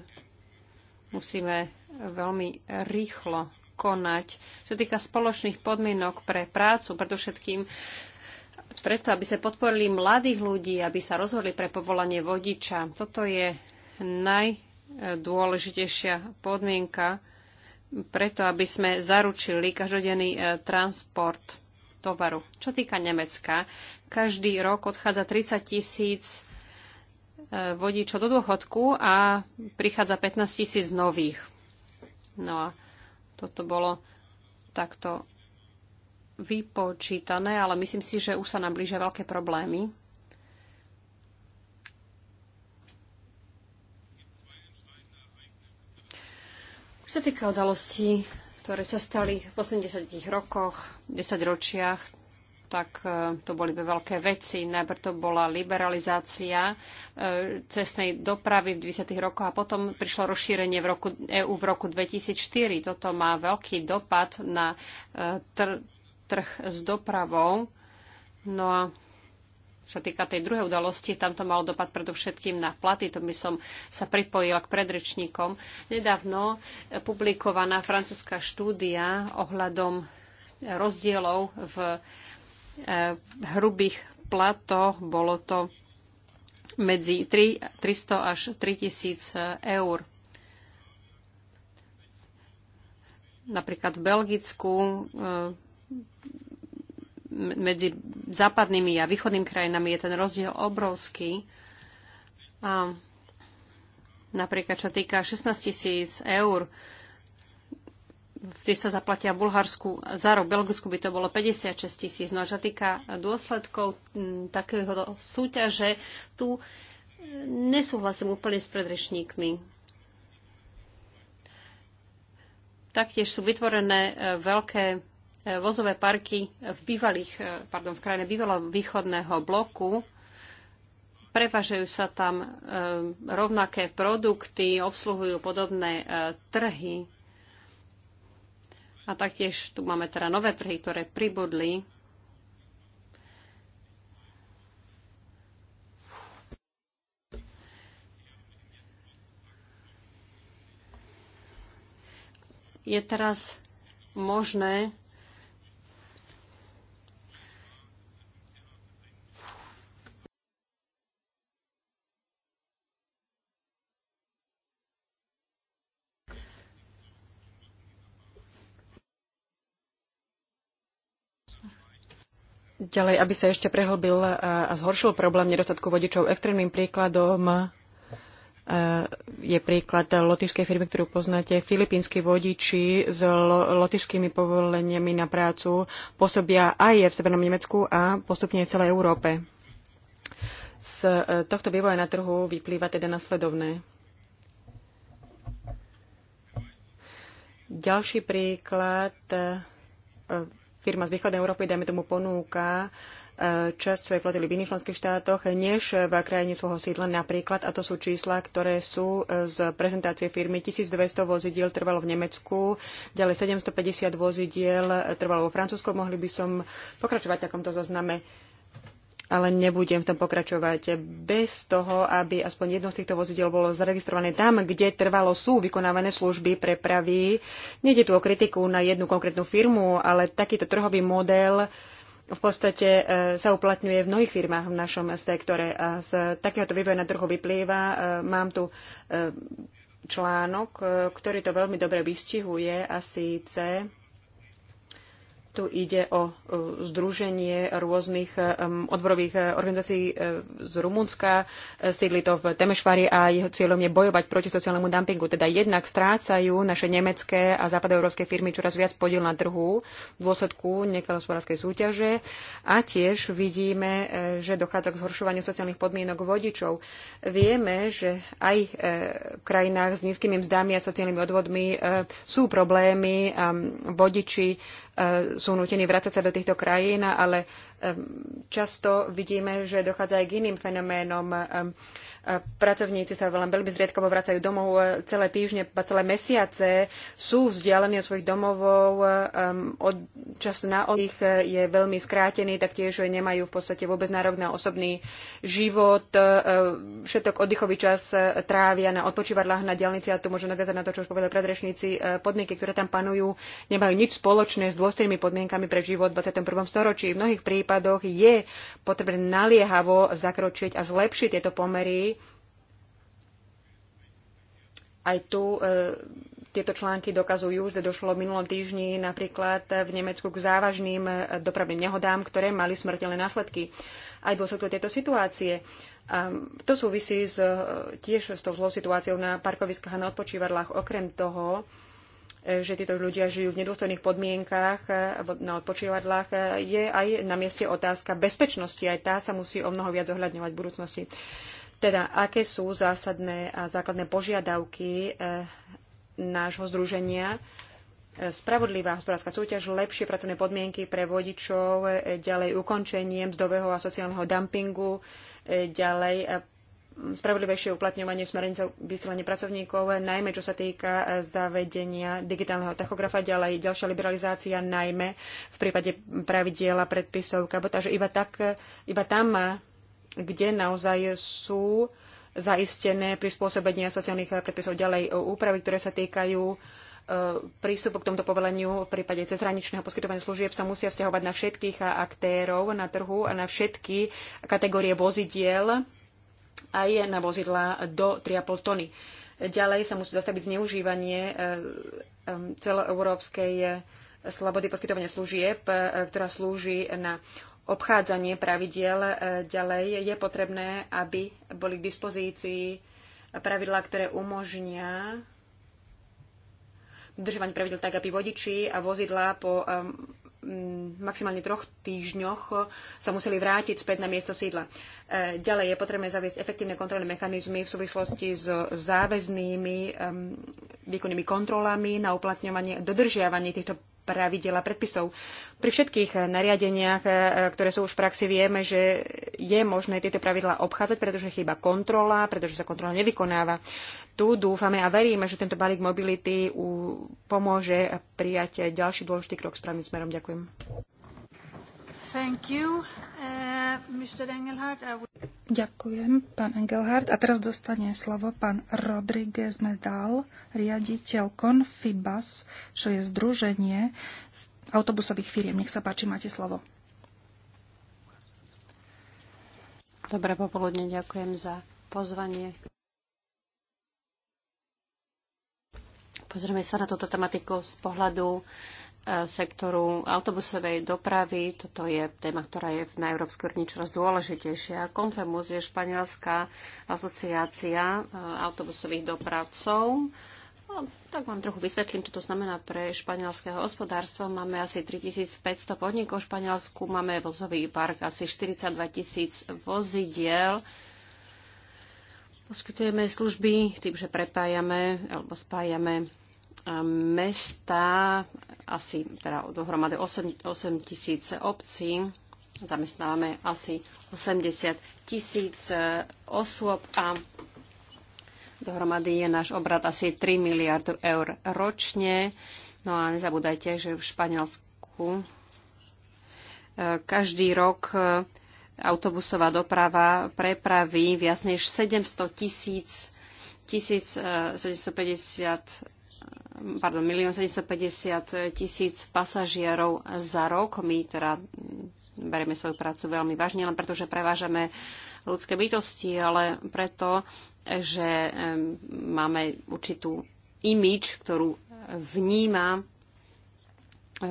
musíme veľmi rýchlo konať. Čo týka spoločných podmienok pre prácu, predovšetkým preto, aby sa podporili mladých ľudí, aby sa rozhodli pre povolanie vodiča. Toto je najdôležitejšia podmienka preto, aby sme zaručili každodenný e, transport tovaru. Čo týka Nemecka, každý rok odchádza 30 tisíc vodičov do dôchodku a prichádza 15 tisíc nových. No a toto bolo takto vypočítané, ale myslím si, že už sa nám blížia veľké problémy. Už sa týka udalostí, ktoré sa stali v 80 rokoch, 10 ročiach, tak e, to boli dve veľké veci. Najprv to bola liberalizácia e, cestnej dopravy v 20. rokoch a potom prišlo rozšírenie v roku, EU v roku 2004. Toto má veľký dopad na e, tr- trh s dopravou. No a čo týka tej druhej udalosti, tam to malo dopad predovšetkým na platy, to by som sa pripojila k predrečníkom. Nedávno publikovaná francúzska štúdia ohľadom rozdielov v Eh, hrubých platoch. Bolo to medzi 3, 300 až 3000 eh, eur. Napríklad v Belgicku eh, medzi západnými a východnými krajinami je ten rozdiel obrovský. A napríklad čo týka 16 tisíc eur, tie sa zaplatia v Bulharsku za rok. V Belgicku by to bolo 56 tisíc. No a čo týka dôsledkov takého súťaže, tu e, nesúhlasím úplne s predrečníkmi. Taktiež sú vytvorené e, veľké e, vozové parky v, bývalých, pardon, v krajine bývalého východného bloku, prevažujú sa tam rovnaké produkty, obsluhujú podobné trhy. A taktiež tu máme teda nové trhy, ktoré pribudli. Je teraz možné Ďalej, aby sa ešte prehlbil eh, a, zhoršil problém nedostatku vodičov, extrémnym príkladom eh, je príklad lotišskej firmy, ktorú poznáte. Filipínsky vodiči s lotišskými povoleniami na prácu pôsobia aj v Severnom Nemecku a postupne aj v celej Európe. Z eh, tohto vývoja na trhu vyplýva teda nasledovné. Ďalší príklad firma z východnej Európy, dajme tomu, ponúka e, časť svojej flotily v iných členských štátoch, než v krajine svojho sídla napríklad. A to sú čísla, ktoré sú e, z prezentácie firmy. 1200 vozidiel trvalo v Nemecku, ďalej 750 vozidiel e, trvalo vo Francúzsku. Mohli by som pokračovať v takomto zozname ale nebudem v tom pokračovať bez toho, aby aspoň jedno z týchto vozidel bolo zaregistrované tam, kde trvalo sú vykonávané služby prepravy. nejde tu o kritiku na jednu konkrétnu firmu, ale takýto trhový model v podstate e, sa uplatňuje v mnohých firmách v našom sektore. A z takéhoto vývoja na trhu vyplýva, e, mám tu e, článok, ktorý to veľmi dobre vystihuje a síce tu ide o e, združenie rôznych e, odborových e, organizácií z Rumunska. Sídli to v Temešvári a jeho cieľom je bojovať proti sociálnemu dumpingu. Teda jednak strácajú naše nemecké a západoeurópske firmy čoraz viac podiel na trhu v dôsledku nekalosvorárskej súťaže a tiež vidíme, že dochádza k zhoršovaniu sociálnych podmienok vodičov. Vieme, že aj v krajinách s nízkymi mzdami a sociálnymi odvodmi sú problémy a vodiči sú nutení vrácať sa do týchto krajín, ale Ehm, často vidíme, že dochádza aj k iným fenoménom. Ehm, ehm, pracovníci sa len veľmi zriedkavo vracajú domov e, celé týždne, celé mesiace, sú vzdialení od svojich domovov, od, čas na ich je veľmi skrátený, taktiež nemajú v podstate vôbec nárok na osobný život, e, všetok oddychový čas e, trávia na odpočívadlách na diálnici a tu môžem nadviazať na to, čo už povedali predrešníci. podniky, ktoré tam panujú, nemajú nič spoločné s dôstojnými podmienkami pre život v 21. storočí. V mnohých prípadoch prípadoch je potrebné naliehavo zakročiť a zlepšiť tieto pomery. Aj tu e, tieto články dokazujú, že došlo v minulom týždni napríklad v Nemecku k závažným e, dopravným nehodám, ktoré mali smrteľné následky. Aj dôsledku tejto situácie. A to súvisí s, e, tiež s tou zlou situáciou na parkoviskách a na odpočívadlách. Okrem toho, E, že títo ľudia žijú v nedôstojných podmienkách e, na odpočívadlách, e, je aj na mieste otázka bezpečnosti. Aj tá sa musí o mnoho viac zohľadňovať v budúcnosti. Teda, aké sú zásadné a základné požiadavky nášho združenia? Spravodlivá hospodárska súťaž, lepšie pracovné podmienky pre vodičov, ďalej ukončenie mzdového a sociálneho dumpingu, ďalej spravodlivejšie uplatňovanie smernice vysielania pracovníkov, najmä čo sa týka e, zavedenia digitálneho tachografa, ďalej ďalšia liberalizácia, najmä v prípade pravidiel a predpisov kabotáže. Iba, tak, e, iba tam, e, kde naozaj sú zaistené prispôsobenia sociálnych predpisov ďalej úpravy, ktoré sa týkajú prístupu k tomuto povoleniu v prípade cezhraničného poskytovania služieb sa musia vzťahovať na všetkých aktérov na trhu a na všetky kategórie vozidiel, aj na vozidlá do 3,5 tony. Ďalej sa musí zastaviť zneužívanie e, e, celoeurópskej e, slobody poskytovania služieb, ktorá slúži na obchádzanie pravidiel. Ďalej je potrebné, aby boli k dispozícii pravidlá, ktoré umožnia dodržovanie pravidel tak, aby vodiči a vozidlá po Mm, maximálne troch týždňoch sa museli vrátiť späť na miesto sídla. E, ďalej je potrebné zaviesť efektívne kontrolné mechanizmy v súvislosti s záväznými výkonnými kontrolami na uplatňovanie dodržiavanie týchto pravidel a predpisov. Pri všetkých eh, nariadeniach, eh, ktoré sú už v praxi, vieme, že je možné tieto pravidlá obchádzať, pretože chýba kontrola, pretože sa kontrola nevykonáva. Tu dúfame a veríme, že tento balík mobility pomôže prijať ďalší dôležitý krok správnym smerom. Ďakujem. Thank you, uh, eh, Mr. Engelhardt. I would... Ďakujem, pán Engelhardt. A teraz dostane slovo pán Rodriguez Medal, riaditeľ Confibas, čo je združenie autobusových firiem. Nech sa páči, máte slovo. Dobré popoludne, ďakujem za pozvanie. Pozrieme sa na túto tematiku z pohľadu sektoru autobusovej dopravy. Toto je téma, ktorá je na európskej úrovni čoraz dôležitejšia. Konfemus je španielská asociácia e, autobusových dopravcov. No, tak vám trochu vysvetlím, čo to znamená pre španielské hospodárstvo. Máme asi 3500 podnikov v Španielsku, máme vozový park asi 42 tisíc vozidiel. Poskytujeme služby tým, že prepájame alebo spájame mesta, asi teda dohromady 8, 8 tisíc obcí, zamestnávame asi 80 tisíc e, osôb a dohromady je náš obrad asi 3 miliardu eur ročne. No a nezabúdajte, že v Španielsku e, každý rok e, autobusová doprava prepraví viac než 700 tisíc 1750 pardon, 1 750 tisíc pasažierov za rok. My teda berieme svoju prácu veľmi vážne, len preto, že prevážame ľudské bytosti, ale preto, že máme určitú imič, ktorú vníma e,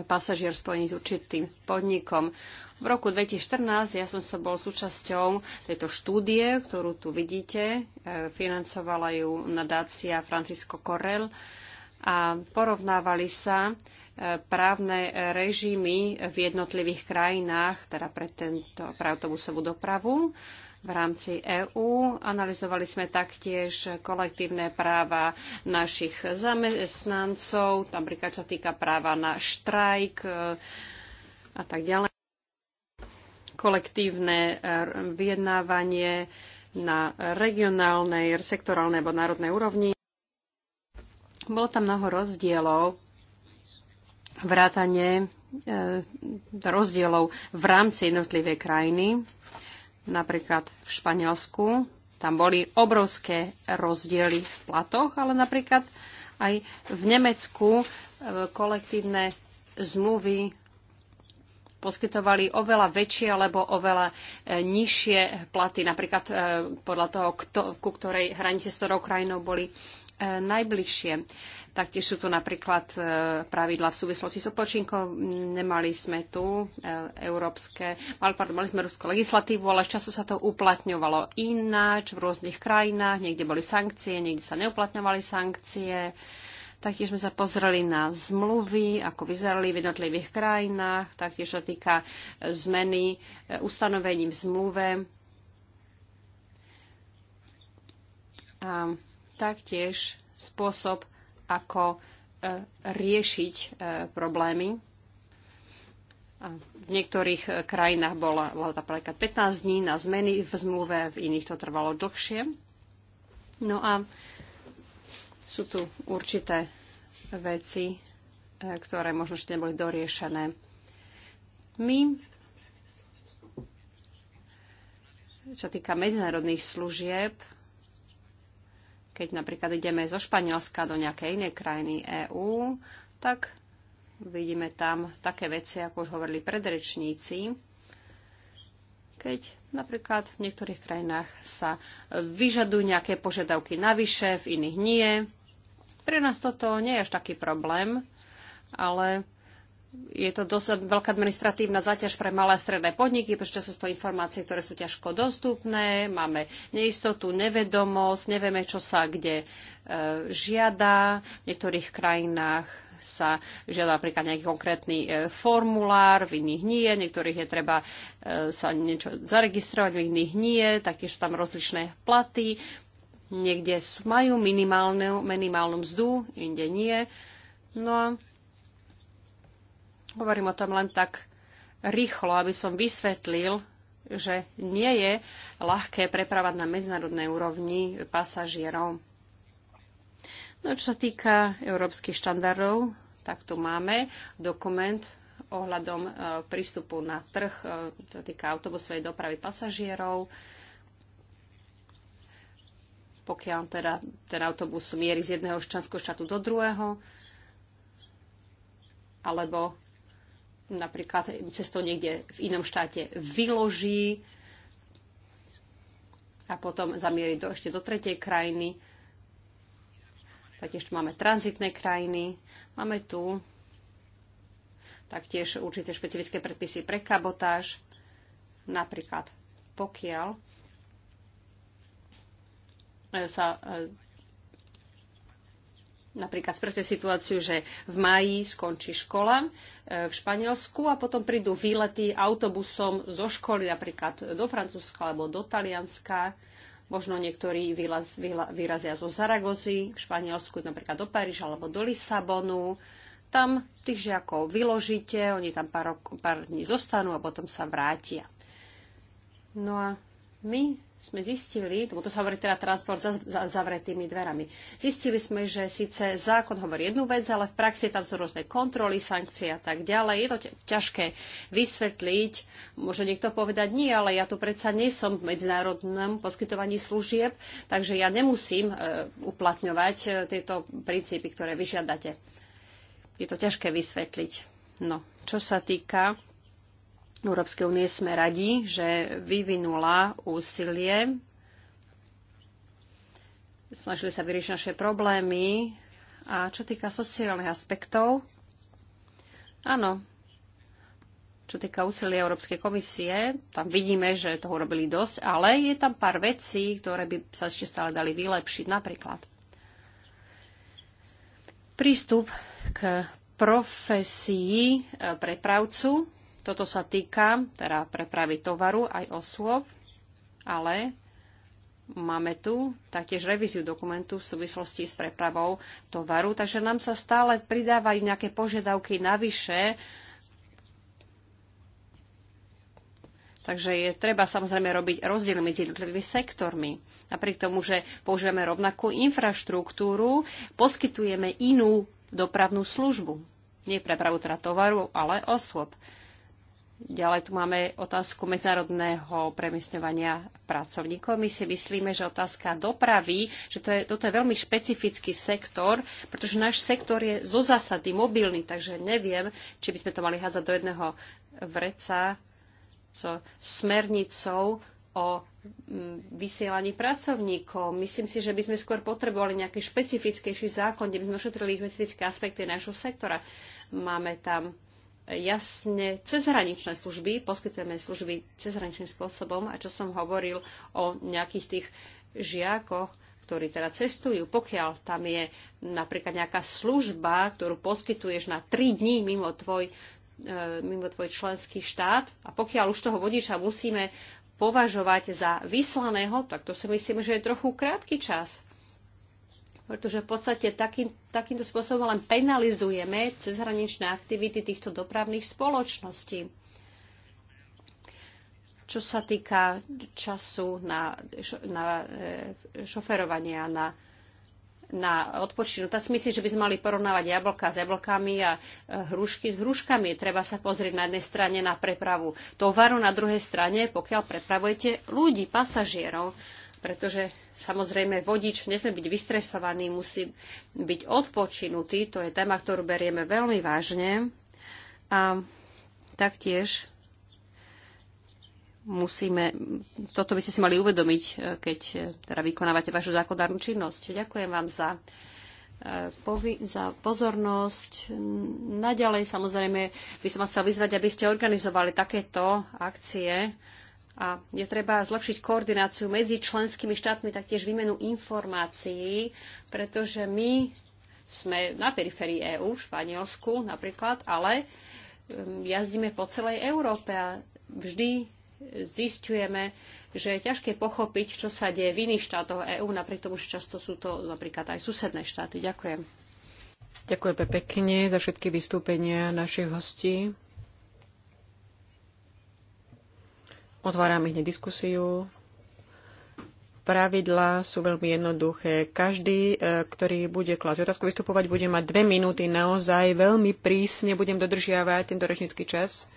pasažier spojený s určitým podnikom. V roku 2014 ja som sa bol súčasťou tejto štúdie, ktorú tu vidíte. E, financovala ju nadácia Francisco Correll a porovnávali sa e, právne režimy v jednotlivých krajinách, teda pre, tento, pre autobusovú dopravu v rámci EÚ. Analizovali sme taktiež kolektívne práva našich zamestnancov, napríklad čo týka práva na štrajk e, a tak ďalej. Kolektívne e, vyjednávanie na regionálnej, sektorálnej alebo národnej úrovni bolo tam mnoho rozdielov, vrátanie e, rozdielov v rámci jednotlivej krajiny. Napríklad v Španielsku tam boli obrovské rozdiely v platoch, ale napríklad aj v Nemecku e, kolektívne zmluvy poskytovali oveľa väčšie alebo oveľa e, nižšie platy, napríklad podľa toho, kto, ku ktorej hranici s ktorou krajinou boli najbližšie. Taktiež sú tu napríklad e, pravidla v súvislosti s odpočinkom. Nemali sme tu e, európske, mali, pardon, mali sme európsku legislatívu, ale času sa to uplatňovalo ináč v rôznych krajinách. Niekde boli sankcie, niekde sa neuplatňovali sankcie. Taktiež sme sa pozreli na zmluvy, ako vyzerali v jednotlivých krajinách. Taktiež sa týka e, zmeny ustanovení v zmluve. A taktiež spôsob, ako e, riešiť e, problémy. V niektorých e, krajinách bola, bola to napríklad 15 dní na zmeny v zmluve, v iných to trvalo dlhšie. No a sú tu určité veci, ktoré možno ešte neboli doriešené. My, čo týka medzinárodných služieb, keď napríklad ideme zo Španielska do nejakej inej krajiny EÚ, tak vidíme tam také veci, ako už hovorili predrečníci, keď napríklad v niektorých krajinách sa vyžadujú nejaké požiadavky navyše, v iných nie. Pre nás toto nie je až taký problém, ale je to dosť veľká administratívna záťaž pre malé a stredné podniky, pretože sú to informácie, ktoré sú ťažko dostupné, máme neistotu, nevedomosť, nevieme, čo sa kde e, žiada. V niektorých krajinách sa žiada napríklad nejaký konkrétny e, formulár, v iných nie, v niektorých je treba e, sa niečo zaregistrovať, v iných nie, taktiež sú tam rozličné platy, niekde majú minimálnu, minimálnu mzdu, inde nie. No a Hovorím o tom len tak rýchlo, aby som vysvetlil, že nie je ľahké prepravať na medzinárodnej úrovni pasažierov. No čo sa týka európskych štandardov, tak tu máme dokument ohľadom e, prístupu na trh, e, čo týka autobusovej dopravy pasažierov. Pokiaľ teda ten autobus mierí z jedného členského štátu do druhého, alebo napríklad cesto niekde v inom štáte vyloží a potom zamierí do, ešte do tretej krajiny. Taktiež tu máme tranzitné krajiny. Máme tu taktiež určité špecifické predpisy pre kabotáž. Napríklad pokiaľ sa e, Napríklad preto situáciu, že v máji skončí škola e, v Španielsku a potom prídu výlety autobusom zo školy napríklad do Francúzska alebo do Talianska. Možno niektorí vyrazia zo Zaragozy v Španielsku, napríklad do Paríža alebo do Lisabonu. Tam tých žiakov vyložíte, oni tam pár, pár dní zostanú a potom sa vrátia. No a my sme zistili, lebo to sa hovorí teda transport za, zavretými dverami, zistili sme, že síce zákon hovorí jednu vec, ale v praxi tam sú rôzne kontroly, sankcie a tak ďalej. Je to ťažké vysvetliť. Môže niekto povedať, nie, ale ja tu predsa nie som v medzinárodnom poskytovaní služieb, takže ja nemusím e, uplatňovať e, tieto princípy, ktoré vyžiadate. Je to ťažké vysvetliť. No, čo sa týka Európskej únie sme radi, že vyvinula úsilie. Snažili sa vyriešiť naše problémy. A čo týka sociálnych aspektov, áno, čo týka úsilia Európskej komisie, tam vidíme, že toho urobili dosť, ale je tam pár vecí, ktoré by sa ešte stále dali vylepšiť. Napríklad prístup k profesii e, prepravcu. Toto sa týka teda prepravy tovaru aj osôb, ale máme tu taktiež revíziu dokumentu v súvislosti s prepravou tovaru, takže nám sa stále pridávajú nejaké požiadavky navyše. Takže je treba samozrejme robiť rozdiel medzi jednotlivými sektormi. Napriek tomu, že používame rovnakú infraštruktúru, poskytujeme inú dopravnú službu. Nie prepravu teda tovaru, ale osôb. Ďalej tu máme otázku medzinárodného premiesňovania pracovníkov. My si myslíme, že otázka dopravy, že to je, toto je veľmi špecifický sektor, pretože náš sektor je zo zásady mobilný, takže neviem, či by sme to mali hádzať do jedného vreca so smernicou o mm, vysielaní pracovníkov. Myslím si, že by sme skôr potrebovali nejaký špecifickejší zákon, kde by sme ošetrili špecifické aspekty nášho sektora. Máme tam jasne cezhraničné služby, poskytujeme služby cezhraničným spôsobom a čo som hovoril o nejakých tých žiakoch, ktorí teda cestujú, pokiaľ tam je napríklad nejaká služba, ktorú poskytuješ na 3 dní mimo tvoj, e, mimo tvoj členský štát a pokiaľ už toho vodiča musíme považovať za vyslaného, tak to si myslím, že je trochu krátky čas pretože v podstate takým, takýmto spôsobom len penalizujeme cezhraničné aktivity týchto dopravných spoločností. Čo sa týka času na, na e, šoferovanie a na na odpočinu. Tak si myslím, že by sme mali porovnávať jablka s jablkami a e, hrušky s hruškami. Treba sa pozrieť na jednej strane na prepravu tovaru, na druhej strane, pokiaľ prepravujete ľudí, pasažierov pretože samozrejme vodič nesme byť vystresovaný, musí byť odpočinutý. To je téma, ktorú berieme veľmi vážne. A taktiež musíme, toto by ste si mali uvedomiť, e, keď e, teda vykonávate vašu zákonárnu činnosť. Ďakujem vám za, e, za pozornosť. Naďalej samozrejme by som vás chcel vyzvať, aby ste organizovali takéto akcie, a je treba zlepšiť koordináciu medzi členskými štátmi, taktiež výmenu informácií, pretože my sme na periférii EÚ, v Španielsku napríklad, ale um, jazdíme po celej Európe a vždy zistujeme, že je ťažké pochopiť, čo sa deje v iných štátoch EÚ, napriek tomu, že často sú to napríklad aj susedné štáty. Ďakujem. Ďakujem pekne za všetky vystúpenia našich hostí. Otváram hneď diskusiu. Pravidlá sú veľmi jednoduché. Každý, e, ktorý bude klásť otázku vystupovať, bude mať dve minúty. Naozaj veľmi prísne budem dodržiavať tento rečnický čas,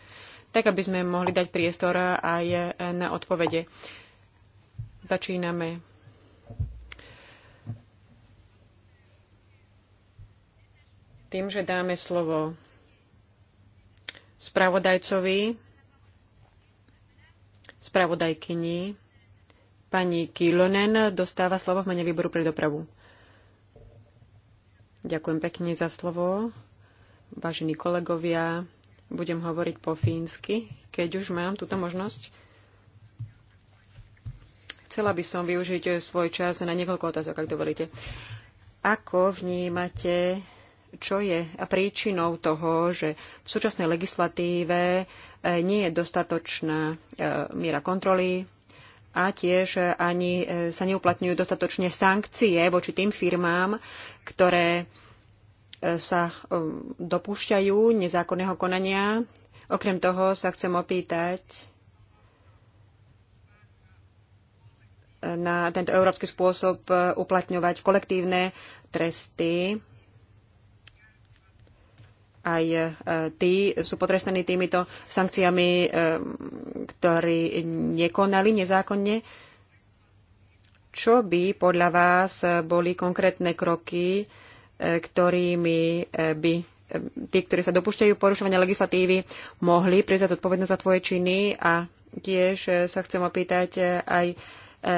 tak aby sme mohli dať priestor aj e, na odpovede. Začíname. Tým, že dáme slovo spravodajcovi spravodajkyni pani Kilonen dostáva slovo v mene výboru pre dopravu. Ďakujem pekne za slovo. Vážení kolegovia, budem hovoriť po fínsky, keď už mám túto možnosť. Chcela by som využiť svoj čas na niekoľko otázok, ak dovolíte. Ako vnímate čo je príčinou toho, že v súčasnej legislatíve eh, nie je dostatočná eh, miera kontroly a tiež ani eh, sa neuplatňujú dostatočne sankcie voči tým firmám, ktoré sa dopúšťajú nezákonného konania. Okrem toho sa chcem opýtať na tento európsky spôsob uplatňovať kolektívne tresty aj e, tí sú potrestaní týmito sankciami, e, ktorí nekonali nezákonne. Čo by podľa vás boli konkrétne kroky, e, ktorými by tí, ktorí sa dopúšťajú porušovania legislatívy, mohli prizať odpovednosť za tvoje činy a tiež sa chcem opýtať aj E,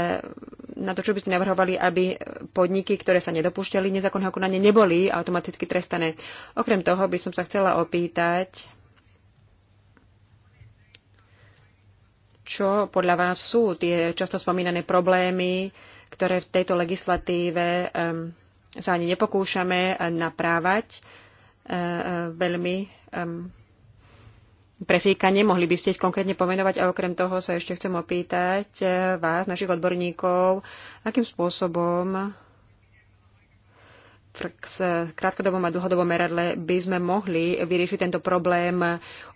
na to, čo by ste navrhovali, aby podniky, ktoré sa nedopúšťali nezákonného konania, neboli automaticky trestané. Okrem toho by som sa chcela opýtať, čo podľa vás sú tie často spomínané problémy, ktoré v tejto legislatíve um, sa ani nepokúšame naprávať. Uh, veľmi um, Prefíka mohli by ste ich konkrétne pomenovať a okrem toho sa ešte chcem opýtať eh, vás, našich odborníkov, akým spôsobom v krátkodobom a dlhodobom meradle by sme mohli vyriešiť tento problém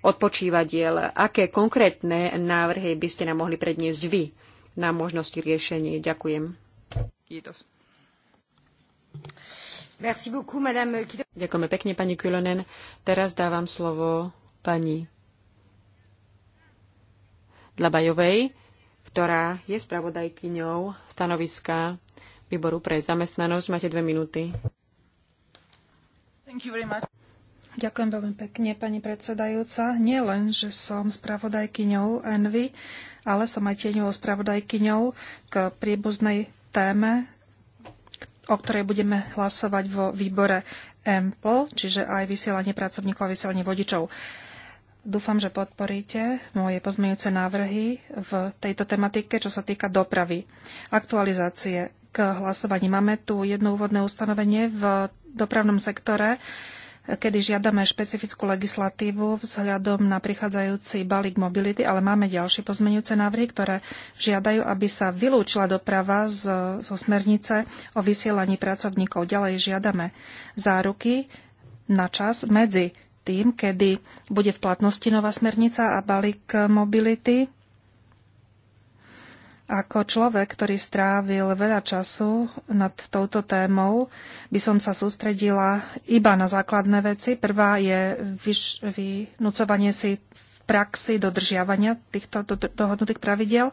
odpočívadiel. Aké konkrétne návrhy by ste nám mohli predniesť vy na možnosti riešenia? Ďakujem. Ďakujeme pekne, pani Kulonen. Teraz dávam slovo pani Dlabajovej, ktorá je spravodajkyňou stanoviska výboru pre zamestnanosť. Máte dve minúty. Ďakujem veľmi pekne, pani predsedajúca. Nie len, že som spravodajkyňou Envy, ale som aj tieňovou spravodajkyňou k priebuznej téme, o ktorej budeme hlasovať vo výbore EMPL, čiže aj vysielanie pracovníkov a vysielanie vodičov. Uh, Dúfam, že podporíte moje pozmeňujúce návrhy v tejto tematike, čo sa týka dopravy. Aktualizácie k hlasovaní. Máme tu jedno úvodné ustanovenie v dopravnom sektore, kedy žiadame špecifickú legislatívu vzhľadom na prichádzajúci balík mobility, ale máme ďalšie pozmeňujúce návrhy, ktoré žiadajú, aby sa vylúčila doprava z, zo smernice o vysielaní pracovníkov. Ďalej žiadame záruky na čas medzi tým, kedy bude v platnosti nová smernica a balík mobility. Ako človek, ktorý strávil veľa času nad touto témou, by som sa sústredila iba na základné veci. Prvá je vyš- vynúcovanie si v praxi dodržiavania týchto do- dohodnutých pravidel.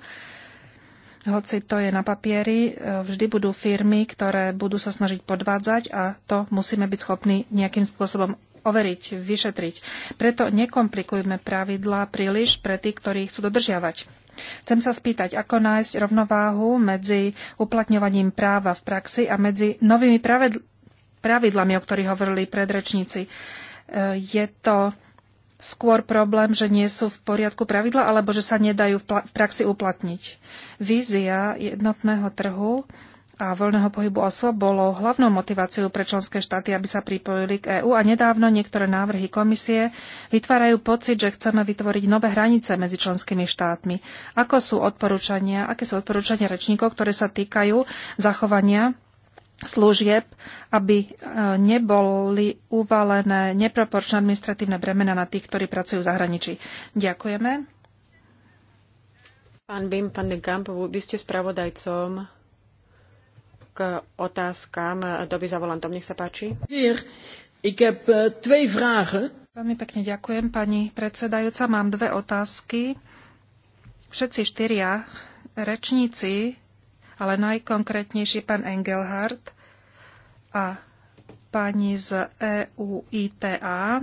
Hoci to je na papieri, e, vždy budú firmy, ktoré budú sa snažiť podvádzať a to musíme byť schopní nejakým spôsobom overiť, vyšetriť. Preto nekomplikujme pravidlá príliš pre tých, ktorí chcú dodržiavať. Chcem sa spýtať, ako nájsť rovnováhu medzi uplatňovaním práva v praxi a medzi novými pravidlami, o ktorých hovorili predrečníci. E, je to skôr problém, že nie sú v poriadku pravidla, alebo že sa nedajú v praxi uplatniť. Vízia jednotného trhu a voľného pohybu osôb bolo hlavnou motiváciou pre členské štáty, aby sa pripojili k EÚ a nedávno niektoré návrhy komisie vytvárajú pocit, že chceme vytvoriť nové hranice medzi členskými štátmi. Ako sú odporúčania, aké sú odporúčania rečníkov, ktoré sa týkajú zachovania služieb, aby e, neboli uvalené neproporčné administratívne bremena na tých, ktorí pracujú v zahraničí. Ďakujeme. Pán Bim, pán Gamp, vy ste spravodajcom k otázkam doby za volantom. Nech sa páči. Eh, Veľmi pekne ďakujem, pani predsedajúca. Mám dve otázky. Všetci štyria rečníci, ale najkonkrétnejší pán Engelhardt a pani z EUITA, eh,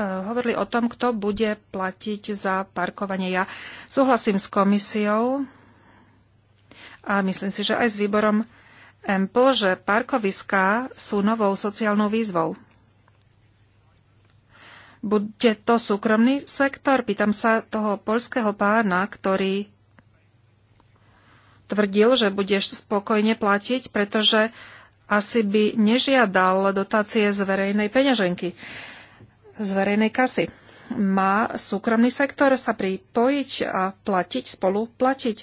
hovorili o tom, kto bude platiť za parkovanie. Ja súhlasím s komisiou, a myslím si, že aj s výborom EMPL, že parkoviská sú novou sociálnou výzvou. Bude to súkromný sektor? Pýtam sa toho poľského pána, ktorý tvrdil, že budeš spokojne platiť, pretože asi by nežiadal dotácie z verejnej peňaženky, z verejnej kasy má súkromný sektor sa pripojiť a platiť, spolu platiť.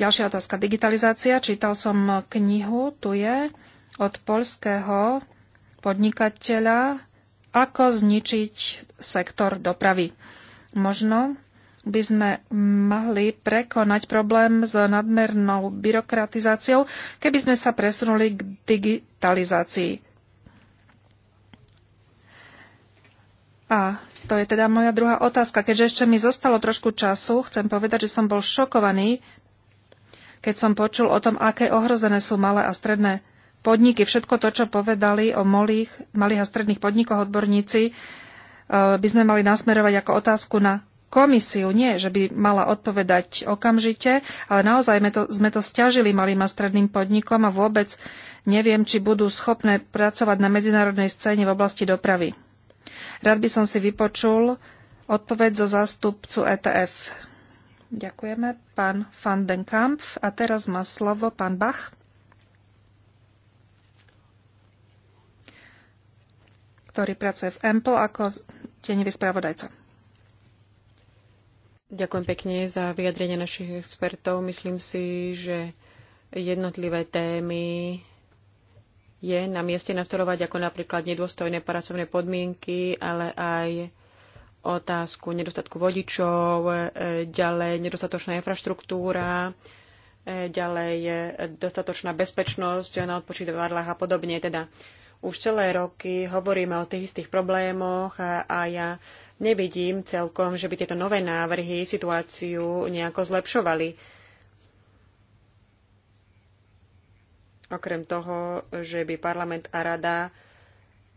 Ďalšia otázka, digitalizácia. Čítal som knihu, tu je, od polského podnikateľa, ako zničiť sektor dopravy. Možno by sme mohli prekonať problém s nadmernou byrokratizáciou, keby sme sa presunuli k digitalizácii. A to je teda moja druhá otázka. Keďže ešte mi zostalo trošku času, chcem povedať, že som bol šokovaný, keď som počul o tom, aké ohrozené sú malé a stredné podniky. Všetko to, čo povedali o molých, malých a stredných podnikoch odborníci, e, by sme mali nasmerovať ako otázku na komisiu. Nie, že by mala odpovedať okamžite, ale naozaj sme to, sme to stiažili malým a stredným podnikom a vôbec neviem, či budú schopné pracovať na medzinárodnej scéne v oblasti dopravy. Rád by som si vypočul odpoveď zo zástupcu ETF. Ďakujeme, pán van den Kampf. A teraz má slovo pán Bach. ktorý pracuje v Ample ako tenivý spravodajca. Ďakujem pekne za vyjadrenie našich expertov. Myslím si, že jednotlivé témy je na mieste nastolovať, ako napríklad nedôstojné pracovné podmienky, ale aj otázku nedostatku vodičov, e, ďalej nedostatočná infraštruktúra, e, ďalej dostatočná bezpečnosť na odpočítavadlách a podobne. Teda už celé roky hovoríme o tých istých problémoch a, a ja nevidím celkom, že by tieto nové návrhy situáciu nejako zlepšovali Okrem toho, že by parlament a rada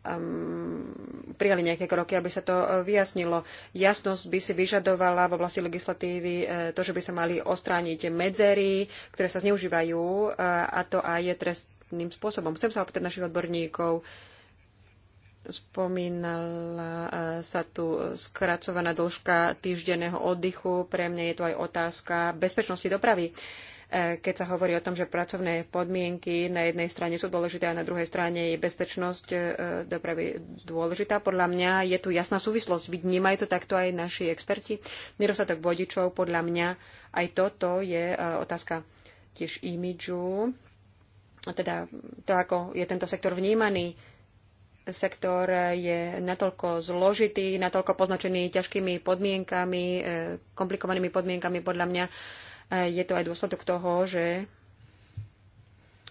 um, prijali nejaké kroky, aby sa to uh, vyjasnilo. Jasnosť by si vyžadovala v oblasti legislatívy uh, to, že by sa mali ostrániť medzery, ktoré sa zneužívajú uh, a to aj je trestným spôsobom. Chcem sa opýtať našich odborníkov. Spomínala sa tu skracovaná dĺžka týždenného oddychu. Pre mňa je to aj otázka bezpečnosti dopravy. E, keď sa hovorí o tom, že pracovné podmienky na jednej strane sú dôležité a na druhej strane je bezpečnosť e, dopravy dôležitá. Podľa mňa je tu jasná súvislosť. Vnímajú to takto aj naši experti. Nedostatok vodičov, podľa mňa aj toto je e, otázka tiež imidžu, teda to, ako je tento sektor vnímaný sektor je natoľko zložitý, natoľko poznačený ťažkými podmienkami, komplikovanými podmienkami podľa mňa, je to aj dôsledok toho, že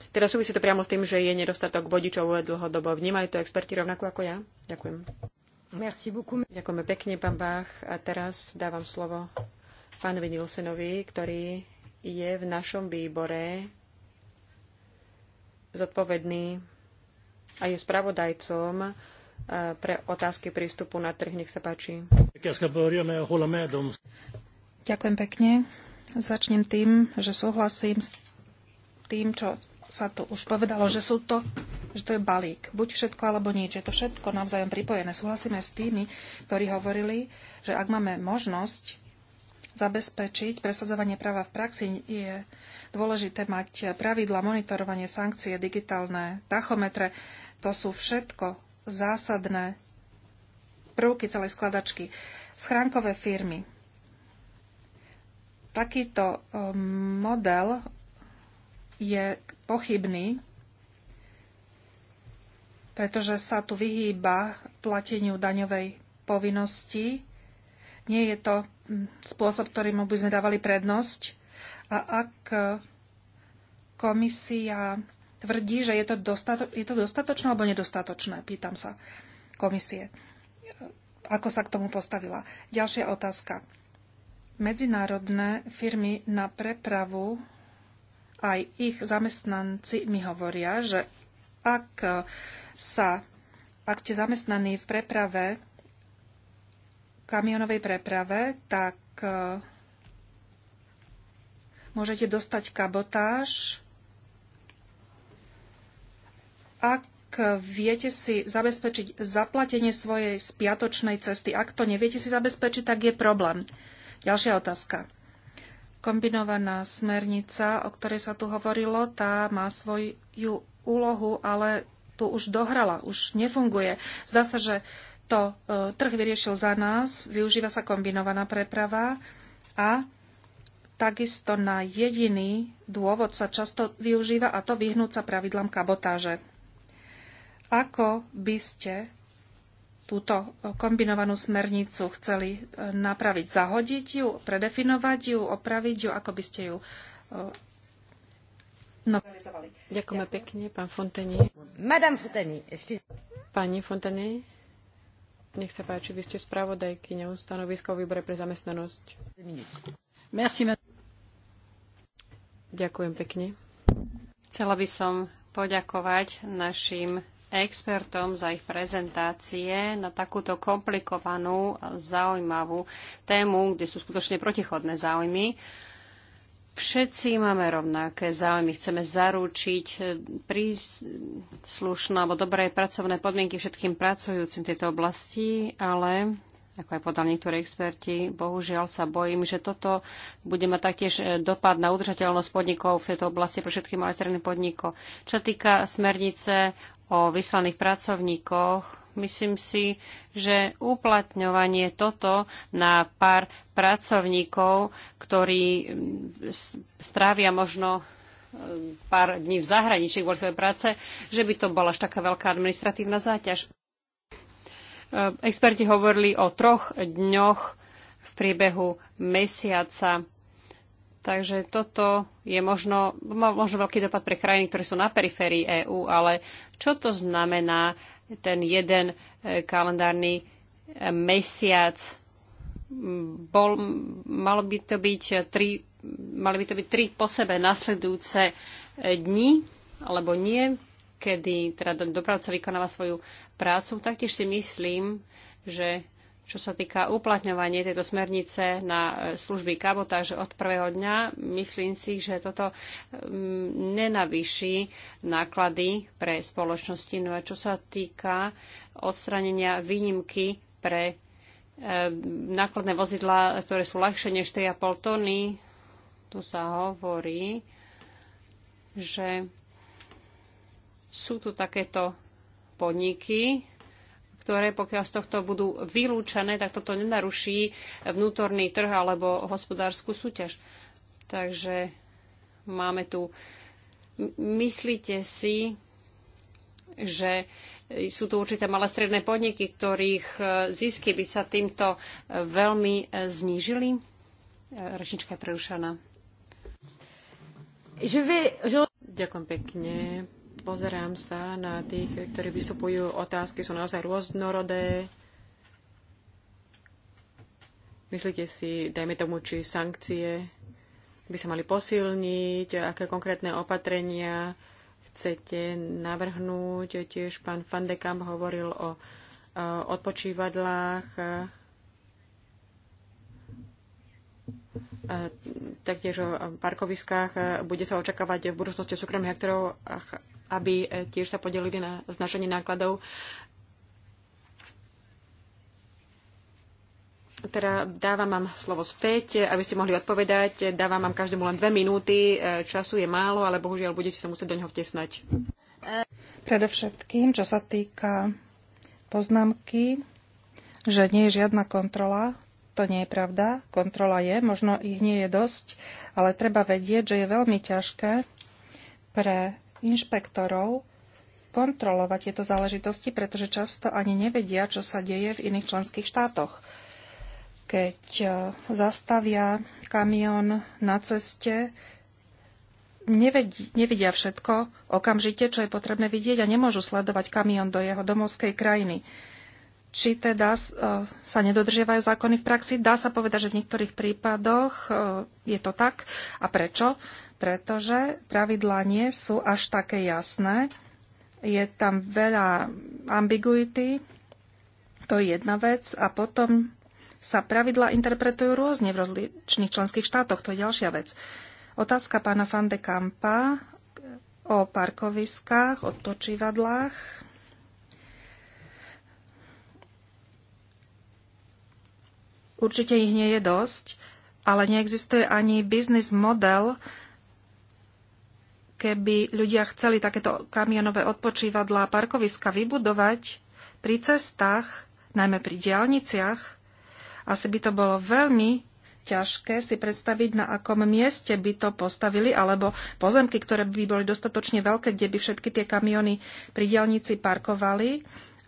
Teraz súvisí to priamo s tým, že je nedostatok vodičov dlhodobo. Vnímajú to experti rovnako ako ja? Ďakujem. Merci beaucoup. Ďakujeme pekne, pán Bach. A teraz dávam slovo pánovi Nilsenovi, ktorý je v našom výbore zodpovedný a je spravodajcom e, pre otázky prístupu na trh. Nech sa páči. Ďakujem pekne. Začnem tým, že súhlasím s tým, čo sa tu už povedalo, že sú to, že to je balík. Buď všetko, alebo nič. Je to všetko navzájom pripojené. Súhlasíme s tými, ktorí hovorili, že ak máme možnosť zabezpečiť presadzovanie práva v praxi, je dôležité mať pravidla, monitorovanie, sankcie, digitálne tachometre. To sú všetko zásadné prvky celej skladačky. Schránkové firmy Takýto eh, model je pochybný, pretože sa tu vyhýba plateniu daňovej povinnosti. Nie je to hm, spôsob, ktorým by sme dávali prednosť. A ak eh, komisia tvrdí, že je to, dostato- je to dostatočné alebo nedostatočné, pýtam sa komisie. Eh, ako sa k tomu postavila? Ďalšia otázka. Medzinárodné firmy na prepravu, aj ich zamestnanci mi hovoria, že ak sa, ak ste zamestnaní v preprave, kamionovej preprave, tak e, môžete dostať kabotáž, ak viete si zabezpečiť zaplatenie svojej spiatočnej cesty. Ak to neviete si zabezpečiť, tak je problém. Ďalšia otázka. Kombinovaná smernica, o ktorej sa tu hovorilo, tá má svoju úlohu, ale tu už dohrala, už nefunguje. Zdá sa, že to e, trh vyriešil za nás, využíva sa kombinovaná preprava a takisto na jediný dôvod sa často využíva a to vyhnúť sa pravidlám kabotáže. Ako by ste túto kombinovanú smernicu chceli e, napraviť, zahodiť ju, predefinovať ju, opraviť ju, ako by ste ju e, novelizovali. Ďakujeme Ďakujem. pekne, pán Fonteni. Madame Fonteni, excuse... Pani Fonteni, nech sa páči, vy ste spravodajky neustanovisko výbore pre zamestnanosť. Merci, ma... Ďakujem pekne. Chcela by som poďakovať našim expertom za ich prezentácie na takúto komplikovanú a zaujímavú tému, kde sú skutočne protichodné záujmy. Všetci máme rovnaké záujmy. Chceme zaručiť eh, príslušné alebo dobré pracovné podmienky všetkým pracujúcim v tejto oblasti, ale ako aj podali niektorí experti, bohužiaľ sa bojím, že toto bude mať taktiež eh, dopad na udržateľnosť podnikov v tejto oblasti pre všetky malé stredné podnikov. Čo týka smernice o vyslaných pracovníkoch, myslím si, že uplatňovanie toto na pár pracovníkov, ktorí mm, strávia možno mm, pár dní v zahraničí kvôli svojej práce, že by to bola až taká veľká administratívna záťaž. E, experti hovorili o troch dňoch v priebehu mesiaca Takže toto je možno, má možno veľký dopad pre krajiny, ktoré sú na periférii EÚ, ale čo to znamená ten jeden e, kalendárny e, mesiac? Mm, bol, malo by to byť tri, mali by to byť tri po sebe nasledujúce e, dni, alebo nie, kedy teda dopravca vykonáva svoju prácu. Taktiež si myslím, že čo sa týka uplatňovania tejto smernice na e, služby kabotáže od prvého dňa, myslím si, že toto mm, nenavýši náklady pre spoločnosti. No a čo sa týka odstranenia výnimky pre e, nákladné vozidlá, ktoré sú ľahšie než 3,5 tony, tu sa hovorí, že sú tu takéto podniky, ktoré pokiaľ z tohto budú vylúčené, tak toto nenaruší vnútorný trh alebo hospodárskú súťaž. Takže máme tu. Myslíte si, že sú tu určité malé stredné podniky, ktorých e, zisky by sa týmto e, veľmi e, znížili? Rečnička je prerušená. Ďakujem pekne. Pozerám sa na tých, ktorí vystupujú. Otázky sú naozaj rôznorodé. Myslíte si, dajme tomu, či sankcie by sa mali posilniť, aké konkrétne opatrenia chcete navrhnúť. Tiež pán Van de hovoril o e, odpočívadlách. E, taktiež o parkoviskách. Bude sa očakávať v budúcnosti súkromných aktorov aby e, tiež sa podelili na znašenie nákladov. Teda dávam vám slovo späť, aby ste mohli odpovedať. Dávam vám každému len dve minúty. E, času je málo, ale bohužiaľ budete sa musieť do neho vtesnať. Predovšetkým, čo sa týka poznámky, že nie je žiadna kontrola, to nie je pravda. Kontrola je, možno ich nie je dosť, ale treba vedieť, že je veľmi ťažké pre inšpektorov kontrolovať tieto záležitosti, pretože často ani nevedia, čo sa deje v iných členských štátoch. Keď e, zastavia kamión na ceste, nevidia všetko okamžite, čo je potrebné vidieť a nemôžu sledovať kamión do jeho domovskej krajiny či teda e, sa nedodržiavajú zákony v praxi. Dá sa povedať, že v niektorých prípadoch e, je to tak. A prečo? Pretože pravidlá nie sú až také jasné. Je tam veľa ambiguity, to je jedna vec. A potom sa pravidlá interpretujú rôzne v rozličných členských štátoch. To je ďalšia vec. Otázka pána Van de Kampa o parkoviskách, odpočívadlách Určite ich nie je dosť, ale neexistuje ani biznis model, keby ľudia chceli takéto kamionové odpočívadlá a parkoviska vybudovať pri cestách, najmä pri diálniciach, asi by to bolo veľmi ťažké si predstaviť, na akom mieste by to postavili, alebo pozemky, ktoré by boli dostatočne veľké, kde by všetky tie kamiony pri diálnici parkovali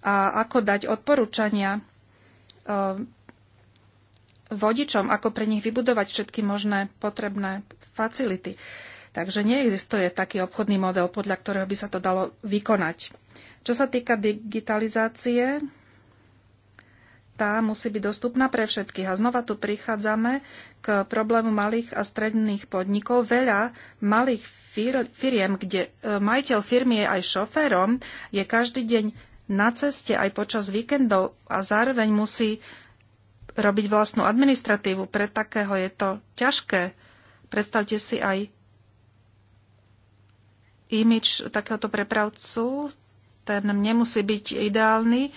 a ako dať odporúčania ehm, vodičom, ako pre nich vybudovať všetky možné potrebné facility. Takže neexistuje taký obchodný model, podľa ktorého by sa to dalo vykonať. Čo sa týka digitalizácie, tá musí byť dostupná pre všetkých. A znova tu prichádzame k problému malých a stredných podnikov. Veľa malých firiem, kde e, majiteľ firmy je aj šoférom, je každý deň na ceste aj počas víkendov a zároveň musí robiť vlastnú administratívu. Pre takého je to ťažké. Predstavte si aj imič takéhoto prepravcu. Ten nemusí byť ideálny.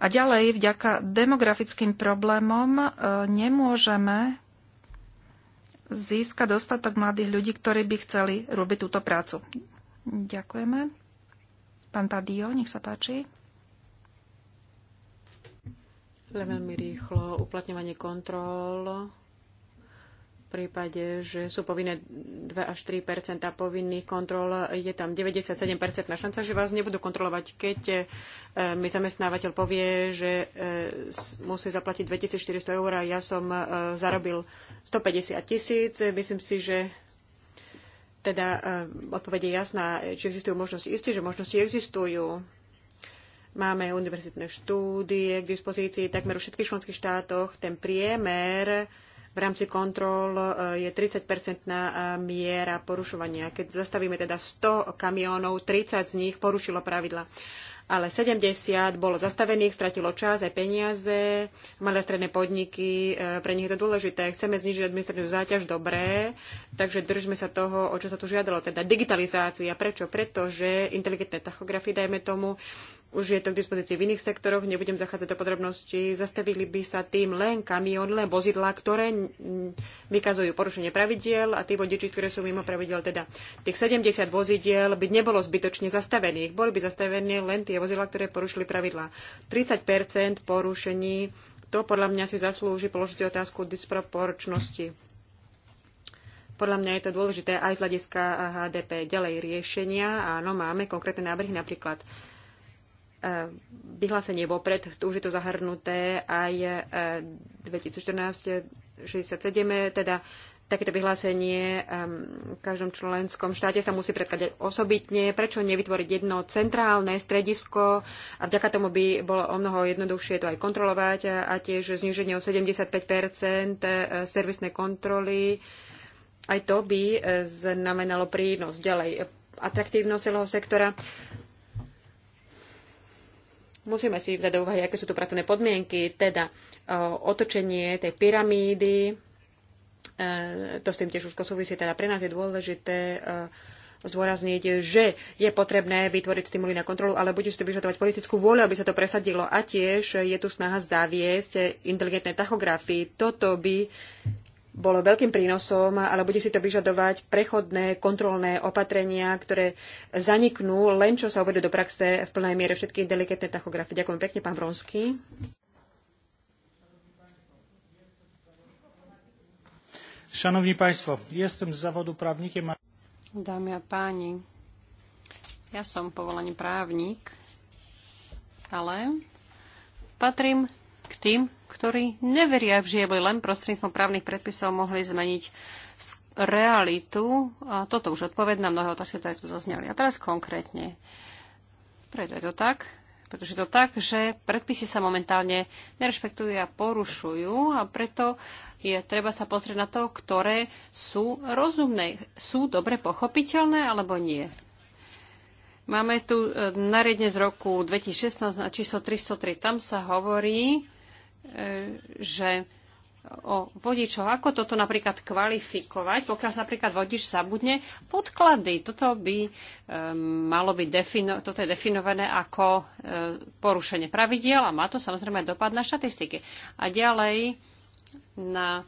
A ďalej, vďaka demografickým problémom e, nemôžeme získať dostatok mladých ľudí, ktorí by chceli robiť túto prácu. Ďakujeme. Pán Padio, nech sa páči ale veľmi rýchlo uplatňovanie kontrol v prípade, že sú povinné 2 až 3 povinných kontrol, je tam 97 šanca, že vás nebudú kontrolovať, keď e, mi zamestnávateľ povie, že e, musí zaplatiť 2400 eur a ja som e, zarobil 150 tisíc. Myslím si, že teda odpoveď je jasná, či existujú možnosti. Isté, že možnosti existujú Máme univerzitné štúdie k dispozícii takmer v všetkých členských štátoch. Ten priemer v rámci kontrol eh, je 30-percentná eh, miera porušovania. Keď zastavíme teda 100 kamiónov, 30 z nich porušilo pravidla. Ale 70 bolo zastavených, stratilo čas aj peniaze, malé stredné podniky, eh, pre nich je to dôležité. Chceme znižiť administratívnu záťaž, dobré, takže držme sa toho, o čo sa tu žiadalo, teda digitalizácia. Prečo? Pretože inteligentné tachografy, dajme tomu, už je to k dispozícii v iných sektoroch, nebudem zachádzať do podrobností. Zastavili by sa tým len kamión, len vozidlá, ktoré vykazujú porušenie pravidiel a tí vodiči, ktoré sú mimo pravidiel, teda tých 70 vozidiel by nebolo zbytočne zastavených. Boli by zastavené len tie vozidlá, ktoré porušili pravidlá. 30 porušení, to podľa mňa si zaslúži položiť otázku disproporčnosti. Podľa mňa je to dôležité aj z hľadiska HDP. Ďalej riešenia, áno, máme konkrétne návrhy napríklad Eh, vyhlásenie vopred, tu už je to zahrnuté aj 2014-67, eh, teda takéto vyhlásenie eh, v každom členskom štáte sa musí predkladať osobitne. Prečo nevytvoriť jedno centrálne stredisko a vďaka tomu by bolo o mnoho jednoduchšie to aj kontrolovať a tiež zníženie o 75 servisnej kontroly. Aj to by znamenalo prínos ďalej atraktívnosť celého sektora. Musíme si vzdať do úvahy, aké sú tu pracovné podmienky, teda otočenie tej pyramídy, e, to s tým tiež úzko súvisí, teda pre nás je dôležité e, zdôrazniť, že je potrebné vytvoriť stimuly na kontrolu, ale bude si to vyžadovať politickú vôľu, aby sa to presadilo. A tiež je tu snaha zaviesť inteligentné tachografy. Toto by bolo veľkým prínosom, ale bude si to vyžadovať prechodné kontrolné opatrenia, ktoré zaniknú len čo sa uvedú do praxe v plnej miere všetky inteligentné tachografy. Ďakujem pekne, pán Vronský. Szanowni Państwo, jestem z zawodu prawnikiem. Dámy a páni, ja som povolaný právnik, ale patrím k tým, ktorí neveria v žiebli, len prostredníctvom právnych predpisov mohli zmeniť realitu. A toto už odpoved na mnohé otázky, ktoré tu zazneli. A teraz konkrétne. Preto je to tak, pretože to tak, že predpisy sa momentálne nerešpektujú a porušujú a preto je treba sa pozrieť na to, ktoré sú rozumné, sú dobre pochopiteľné alebo nie. Máme tu e, nariadenie z roku 2016 na číslo 303. Tam sa hovorí, E, že o vodičov, ako toto napríklad kvalifikovať, pokiaľ sa napríklad vodič zabudne podklady. Toto by e, malo byť defino- toto je definované ako e, porušenie pravidiel a má to samozrejme dopad na štatistiky. A ďalej na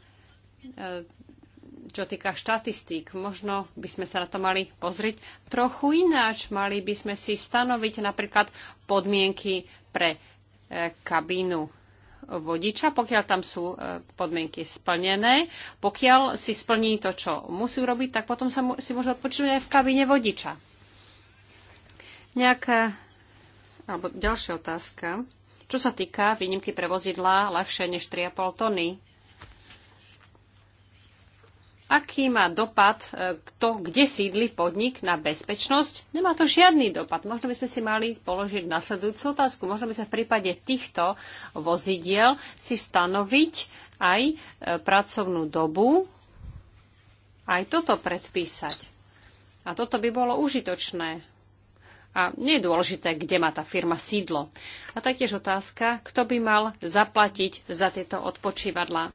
čo týka štatistík, možno by sme sa na to mali pozrieť trochu ináč. Mali by sme si stanoviť napríklad podmienky pre kabínu vodiča, pokiaľ tam sú e, podmienky splnené. Pokiaľ si splní to, čo musí robiť, tak potom sa mu, si môže odpočinúť aj v kabíne vodiča. Nejaká, alebo ďalšia otázka. Čo sa týka výnimky pre vozidla ľahšie než 3,5 tony, aký má dopad e, kto, kde sídli podnik na bezpečnosť, nemá to žiadny dopad. Možno by sme si mali položiť nasledujúcu otázku. Možno by sme v prípade týchto vozidiel si stanoviť aj e, pracovnú dobu, aj toto predpísať. A toto by bolo užitočné. A nie je dôležité, kde má tá firma sídlo. A taktiež otázka, kto by mal zaplatiť za tieto odpočívadla.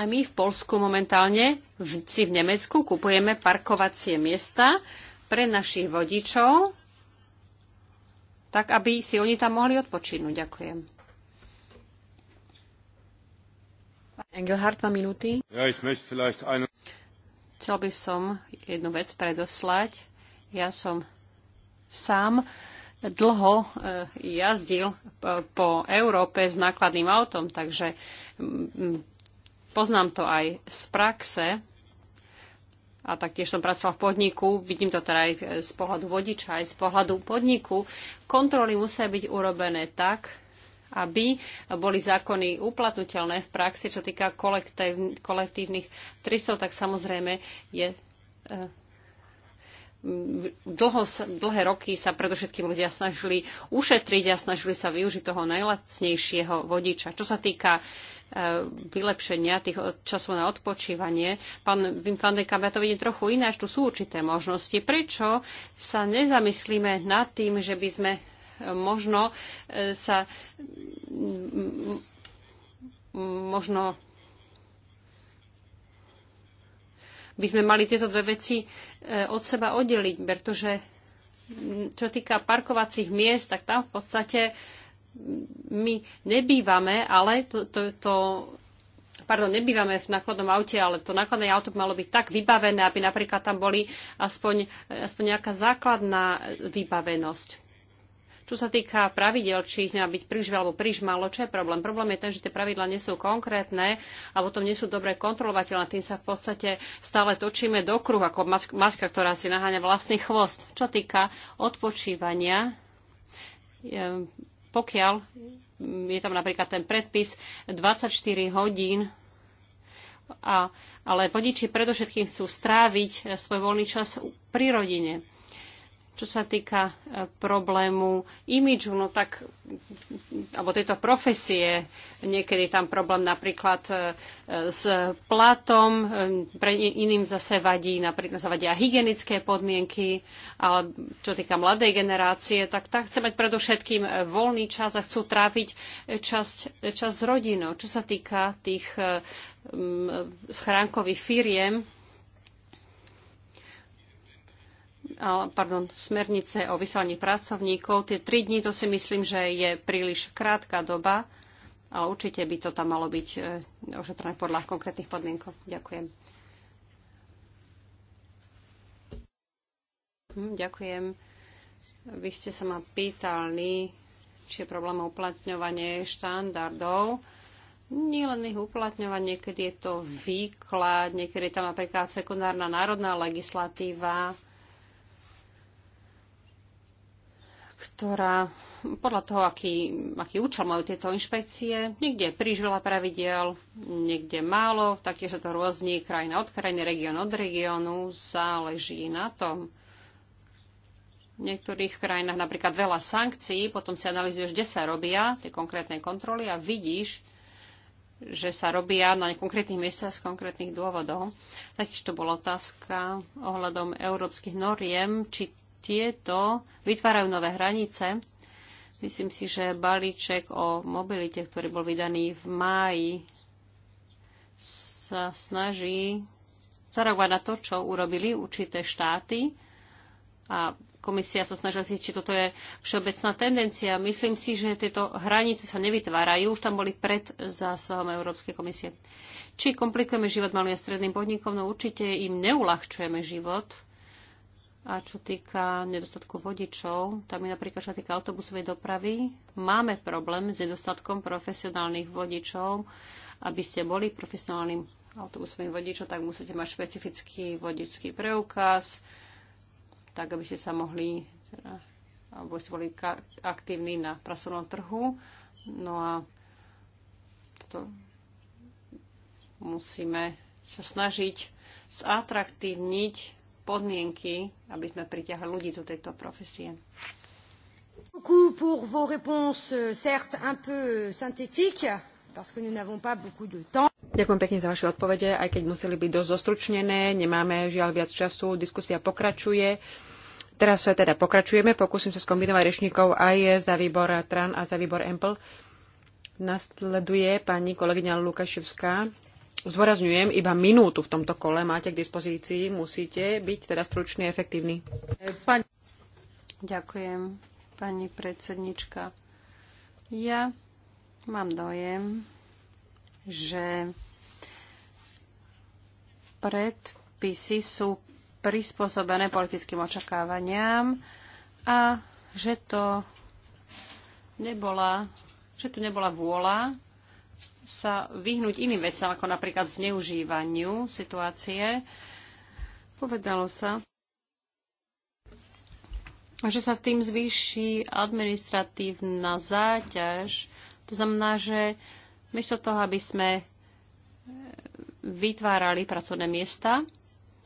A my v Polsku momentálne v, si v Nemecku kupujeme parkovacie miesta pre našich vodičov, tak aby si oni tam mohli odpočinúť. Ďakujem. Engelhardt, minúty. Ja, ich möchte vielleicht eine... Chcel by som jednu vec predoslať. Ja som sám dlho eh, jazdil po Európe s nákladným autom, takže mm, Poznám to aj z praxe a taktiež som pracovala v podniku, vidím to teda aj z pohľadu vodiča, aj z pohľadu podniku. Kontroly musia byť urobené tak, aby boli zákony uplatnutelné v praxi, čo týka kolektív, kolektívnych tristov, tak samozrejme je eh, dlho, dlhé roky sa predovšetkým ľudia snažili ušetriť a snažili sa využiť toho najlacnejšieho vodiča. Čo sa týka E, vylepšenia tých času na odpočívanie. Pán Wim van de Kamp, ja to vidím trochu iné, až tu sú určité možnosti. Prečo sa nezamyslíme nad tým, že by sme e, možno e, sa možno by sme mali tieto dve veci od seba oddeliť, pretože čo týka parkovacích miest, tak tam v podstate my nebývame, ale to, to, to pardon, nebývame v nákladnom aute, ale to nákladné auto by malo byť tak vybavené, aby napríklad tam boli aspoň, aspoň nejaká základná vybavenosť. Čo sa týka pravidel, či ich má byť príliš veľa alebo príliš málo, čo je problém? Problém je ten, že tie pravidla nie sú konkrétne a potom nie sú dobre kontrolovateľné. Tým sa v podstate stále točíme do kruhu, ako mačka, ktorá si naháňa vlastný chvost. Čo týka odpočívania, pokiaľ je tam napríklad ten predpis 24 hodín, a, ale vodiči predovšetkým chcú stráviť svoj voľný čas pri rodine. Čo sa týka e, problému imidžu, no tak, alebo tejto profesie, niekedy tam problém napríklad e, s platom, e, pre iným zase vadí, napríklad sa vadia hygienické podmienky, ale čo týka mladej generácie, tak tá chce mať predovšetkým voľný čas a chcú tráviť časť, čas s rodinou. Čo sa týka tých schránkových firiem, pardon, smernice o vyslaní pracovníkov. Tie tri dni to si myslím, že je príliš krátka doba, ale určite by to tam malo byť e, ošetrené podľa konkrétnych podmienkov. Ďakujem. Hm, ďakujem. Vy ste sa ma pýtali, či je problém uplatňovanie štandardov. Nie len ich uplatňovať, niekedy je to výklad, niekedy je tam napríklad sekundárna národná legislatíva. ktorá podľa toho, aký, aký účel majú tieto inšpekcie, niekde je príliš veľa pravidiel, niekde málo, taktiež sa to rôzni krajina od krajiny, región od regiónu, záleží na tom. V niektorých krajinách napríklad veľa sankcií, potom si analizuješ, kde sa robia tie konkrétne kontroly a vidíš, že sa robia na konkrétnych miestach z konkrétnych dôvodov. Taktiež to bola otázka ohľadom európskych noriem, či tieto vytvárajú nové hranice. Myslím si, že balíček o mobilite, ktorý bol vydaný v máji, sa snaží zareagovať na to, čo urobili určité štáty a komisia sa snažila si, či toto je všeobecná tendencia. Myslím si, že tieto hranice sa nevytvárajú, už tam boli pred zásahom Európskej komisie. Či komplikujeme život malým a stredným podnikom, no určite im neulahčujeme život, a čo týka nedostatku vodičov, tam je napríklad, čo týka autobusovej dopravy, máme problém s nedostatkom profesionálnych vodičov. Aby ste boli profesionálnym autobusovým vodičom, tak musíte mať špecifický vodičský preukaz, tak aby ste sa mohli, teda, alebo ste boli aktívni na pracovnom trhu. No a toto musíme sa snažiť zatraktívniť podmienky, aby sme pritiahli ľudí do tejto profesie. Beaucoup pour vos réponses, certes un peu synthétiques, parce que nous n'avons pas beaucoup de temps. Ďakujem pekne za vaše odpovede, aj keď museli byť dosť zostručnené, nemáme žiaľ viac času, diskusia pokračuje. Teraz sa teda pokračujeme, pokúsim sa skombinovať rečníkov aj za výbor TRAN a za výbor EMPL. Nasleduje pani kolegyňa Lukaševská zdôrazňujem, iba minútu v tomto kole máte k dispozícii. Musíte byť teda stručný a efektívny. Pani... Ďakujem, pani predsednička. Ja mám dojem, že predpisy sú prispôsobené politickým očakávaniam a že to nebola, že tu nebola vôľa sa vyhnúť iným veciam, ako napríklad zneužívaniu situácie. Povedalo sa, že sa tým zvýši administratívna záťaž. To znamená, že miesto toho, aby sme vytvárali pracovné miesta,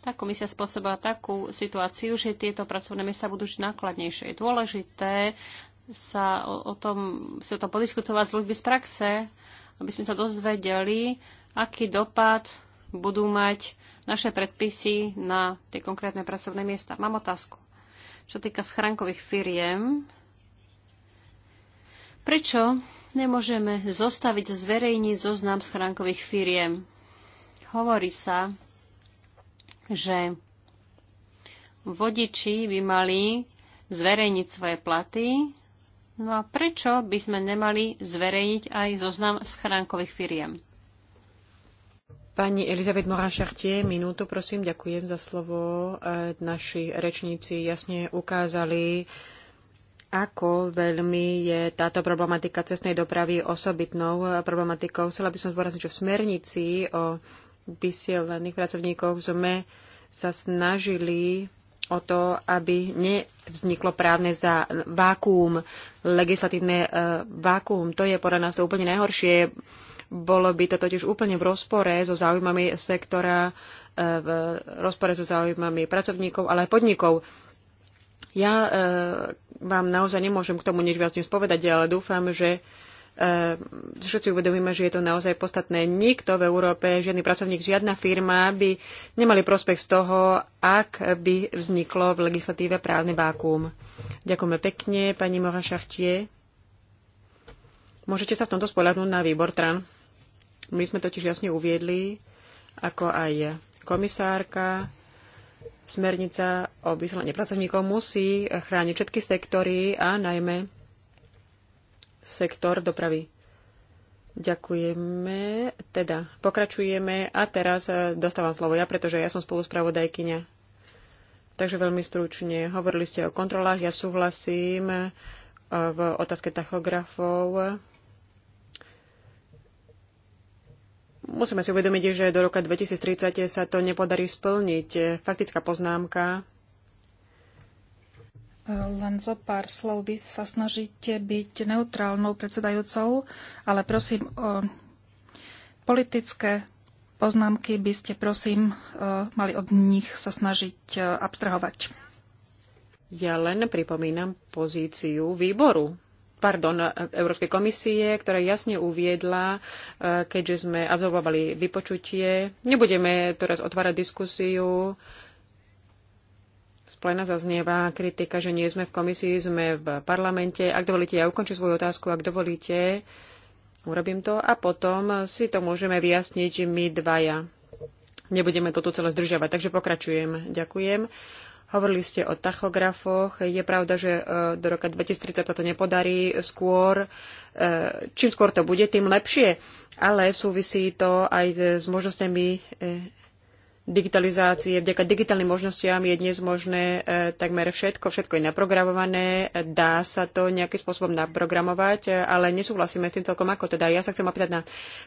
tá komisia spôsobila takú situáciu, že tieto pracovné miesta budú nákladnejšie. Je dôležité sa o, o tom, sa o tom podiskutovať s ľuďmi z praxe, aby sme sa dozvedeli, aký dopad budú mať naše predpisy na tie konkrétne pracovné miesta. Mám otázku. Čo týka schránkových firiem, prečo nemôžeme zostaviť zverejniť zoznam schránkových firiem? Hovorí sa, že vodiči by mali zverejniť svoje platy No a prečo by sme nemali zverejniť aj zoznam schránkových firiem? Pani Elizabeth morin minútu, prosím, ďakujem za slovo. E, naši rečníci jasne ukázali, ako veľmi je táto problematika cestnej dopravy osobitnou problematikou. Chcela by som zvorazniť, že v smernici o vysielaných pracovníkoch sme sa snažili o to, aby nevzniklo právne za vákuum, legislatívne e, vákuum. To je podľa nás to úplne najhoršie. Bolo by to totiž úplne v rozpore so záujmami sektora, e, v rozpore so záujmami pracovníkov, ale aj podnikov. Ja e, vám naozaj nemôžem k tomu nič viac povedať, ale dúfam, že Eh, všetci uvedomíme, že je to naozaj podstatné. Nikto v Európe, žiadny pracovník, žiadna firma by nemali prospech z toho, ak by vzniklo v legislatíve právne vákuum. Ďakujeme pekne, pani Mora Šachtie. Môžete sa v tomto spoľahnúť na výbor TRAN. My sme totiž jasne uviedli, ako aj komisárka, smernica o vyslanie pracovníkov musí chrániť všetky sektory a najmä sektor dopravy. Ďakujeme. Teda, pokračujeme a teraz e, dostávam slovo ja, pretože ja som spoluspravodajkyňa. Takže veľmi stručne. Hovorili ste o kontrolách, ja súhlasím e, v otázke tachografov. Musíme si uvedomiť, že do roka 2030 sa to nepodarí splniť. Faktická poznámka len zo pár slov. Vy sa snažíte byť neutrálnou predsedajúcou, ale prosím o politické poznámky by ste prosím mali od nich sa snažiť abstrahovať. Ja len pripomínam pozíciu výboru pardon, Európskej komisie, ktorá jasne uviedla, keďže sme absolvovali vypočutie. Nebudeme teraz otvárať diskusiu z plena zaznieva kritika, že nie sme v komisii, sme v parlamente. Ak dovolíte, ja ukončím svoju otázku, ak dovolíte, urobím to a potom si to môžeme vyjasniť my dvaja. Nebudeme toto celé zdržiavať, takže pokračujem. Ďakujem. Hovorili ste o tachografoch. Je pravda, že e, do roka 2030 sa to nepodarí skôr. E, čím skôr to bude, tým lepšie. Ale súvisí to aj s možnosťami e, digitalizácie. Vďaka digitálnym možnostiam je dnes možné e, takmer všetko, všetko je naprogramované, dá sa to nejakým spôsobom naprogramovať, e, ale nesúhlasíme s tým celkom ako. Teda ja sa chcem opýtať na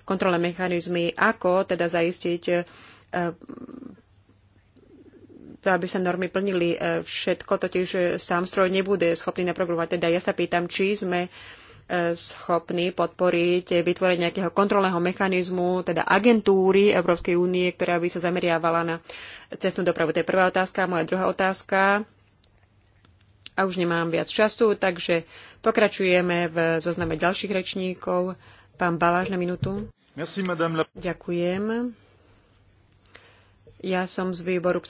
kontrolné mechanizmy, ako teda zaistiť e, to, aby sa normy plnili. Všetko totiž sám stroj nebude schopný naprogramovať. Teda ja sa pýtam, či sme schopní podporiť eh, vytvorenie nejakého kontrolného mechanizmu, teda agentúry Európskej únie, ktorá by sa zameriavala na cestnú dopravu. To je prvá otázka. Moja druhá otázka. A už nemám viac času, takže pokračujeme v zozname ďalších rečníkov. Pán Baláš na minútu. Ďakujem. Ja som z výboru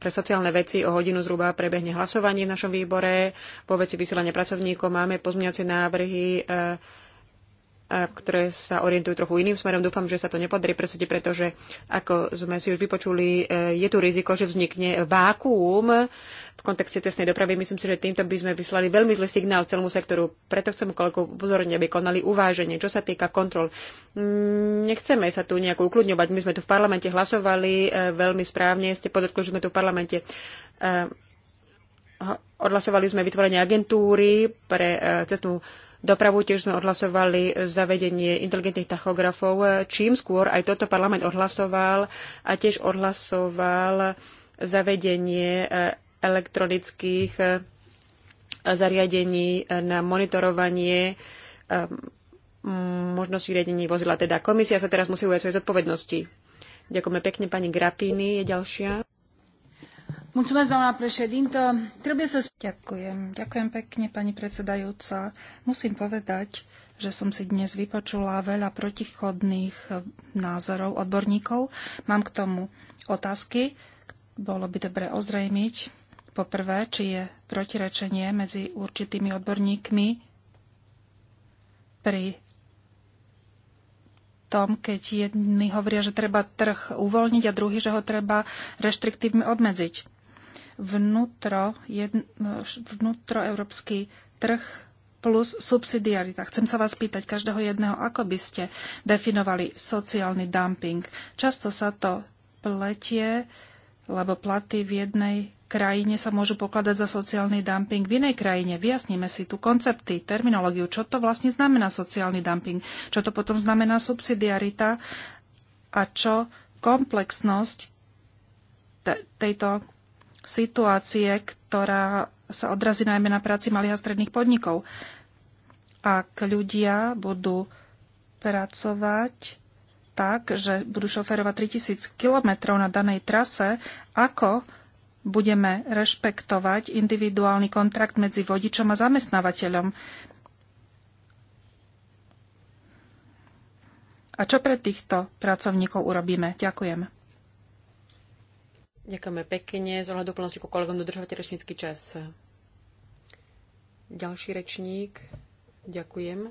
pre sociálne veci. O hodinu zhruba prebehne hlasovanie v našom výbore. Po veci vysielania pracovníkov máme pozmeňovacie návrhy. E, ktoré sa orientujú trochu iným smerom. Dúfam, že sa to nepodarí presadiť, pretože ako sme si už vypočuli, e, je tu riziko, že vznikne vákuum v kontexte cestnej dopravy. Myslím si, že týmto by sme vyslali veľmi zlý signál celému sektoru. Preto chcem koľko upozorniť, aby konali uváženie, čo sa týka kontrol. Mm, nechceme sa tu nejako ukludňovať. My sme tu v parlamente hlasovali e, veľmi správne. Ste podotkli, že sme tu v parlamente e, odhlasovali sme vytvorenie agentúry pre cestnú dopravu, tiež sme odhlasovali zavedenie inteligentných tachografov. Čím skôr aj toto parlament odhlasoval a tiež odhlasoval zavedenie eh, elektronických eh, zariadení eh, na monitorovanie možnosti riadení vozidla. Teda komisia sa teraz musí ujať svojej zodpovednosti. Ďakujeme pekne. Pani Grapini je ďalšia. Mulțumesc, doamna președintă. Trebuie să... Ďakujem. Ďakujem pekne, pani predsedajúca. Musím povedať, že som si dnes vypočula veľa protichodných eh, názorov odborníkov. Mám k tomu otázky. Bolo by dobre ozrejmiť, poprvé, či je protirečenie medzi určitými odborníkmi pri tom, keď jedni hovoria, že treba trh uvoľniť a druhý, že ho treba reštriktívne obmedziť vnútro, vnútro európsky trh plus subsidiarita. Chcem sa vás pýtať každého jedného, ako by ste definovali sociálny dumping. Často sa to pletie, lebo platy v jednej krajine sa môžu pokladať za sociálny dumping v inej krajine. Vyjasníme si tu koncepty, terminológiu, čo to vlastne znamená sociálny dumping, čo to potom znamená subsidiarita a čo komplexnosť tejto situácie, ktorá sa odrazí najmä na práci malých a stredných podnikov. Ak ľudia budú pracovať tak, že budú šoferovať 3000 kilometrov na danej trase, ako budeme rešpektovať individuálny kontrakt medzi vodičom a zamestnávateľom. A čo pre týchto pracovníkov urobíme? Ďakujem. Ďakujeme pekne. Z ohľadu plnosti ku kolegom dodržovate rečnícky čas. Ďalší rečník. Ďakujem.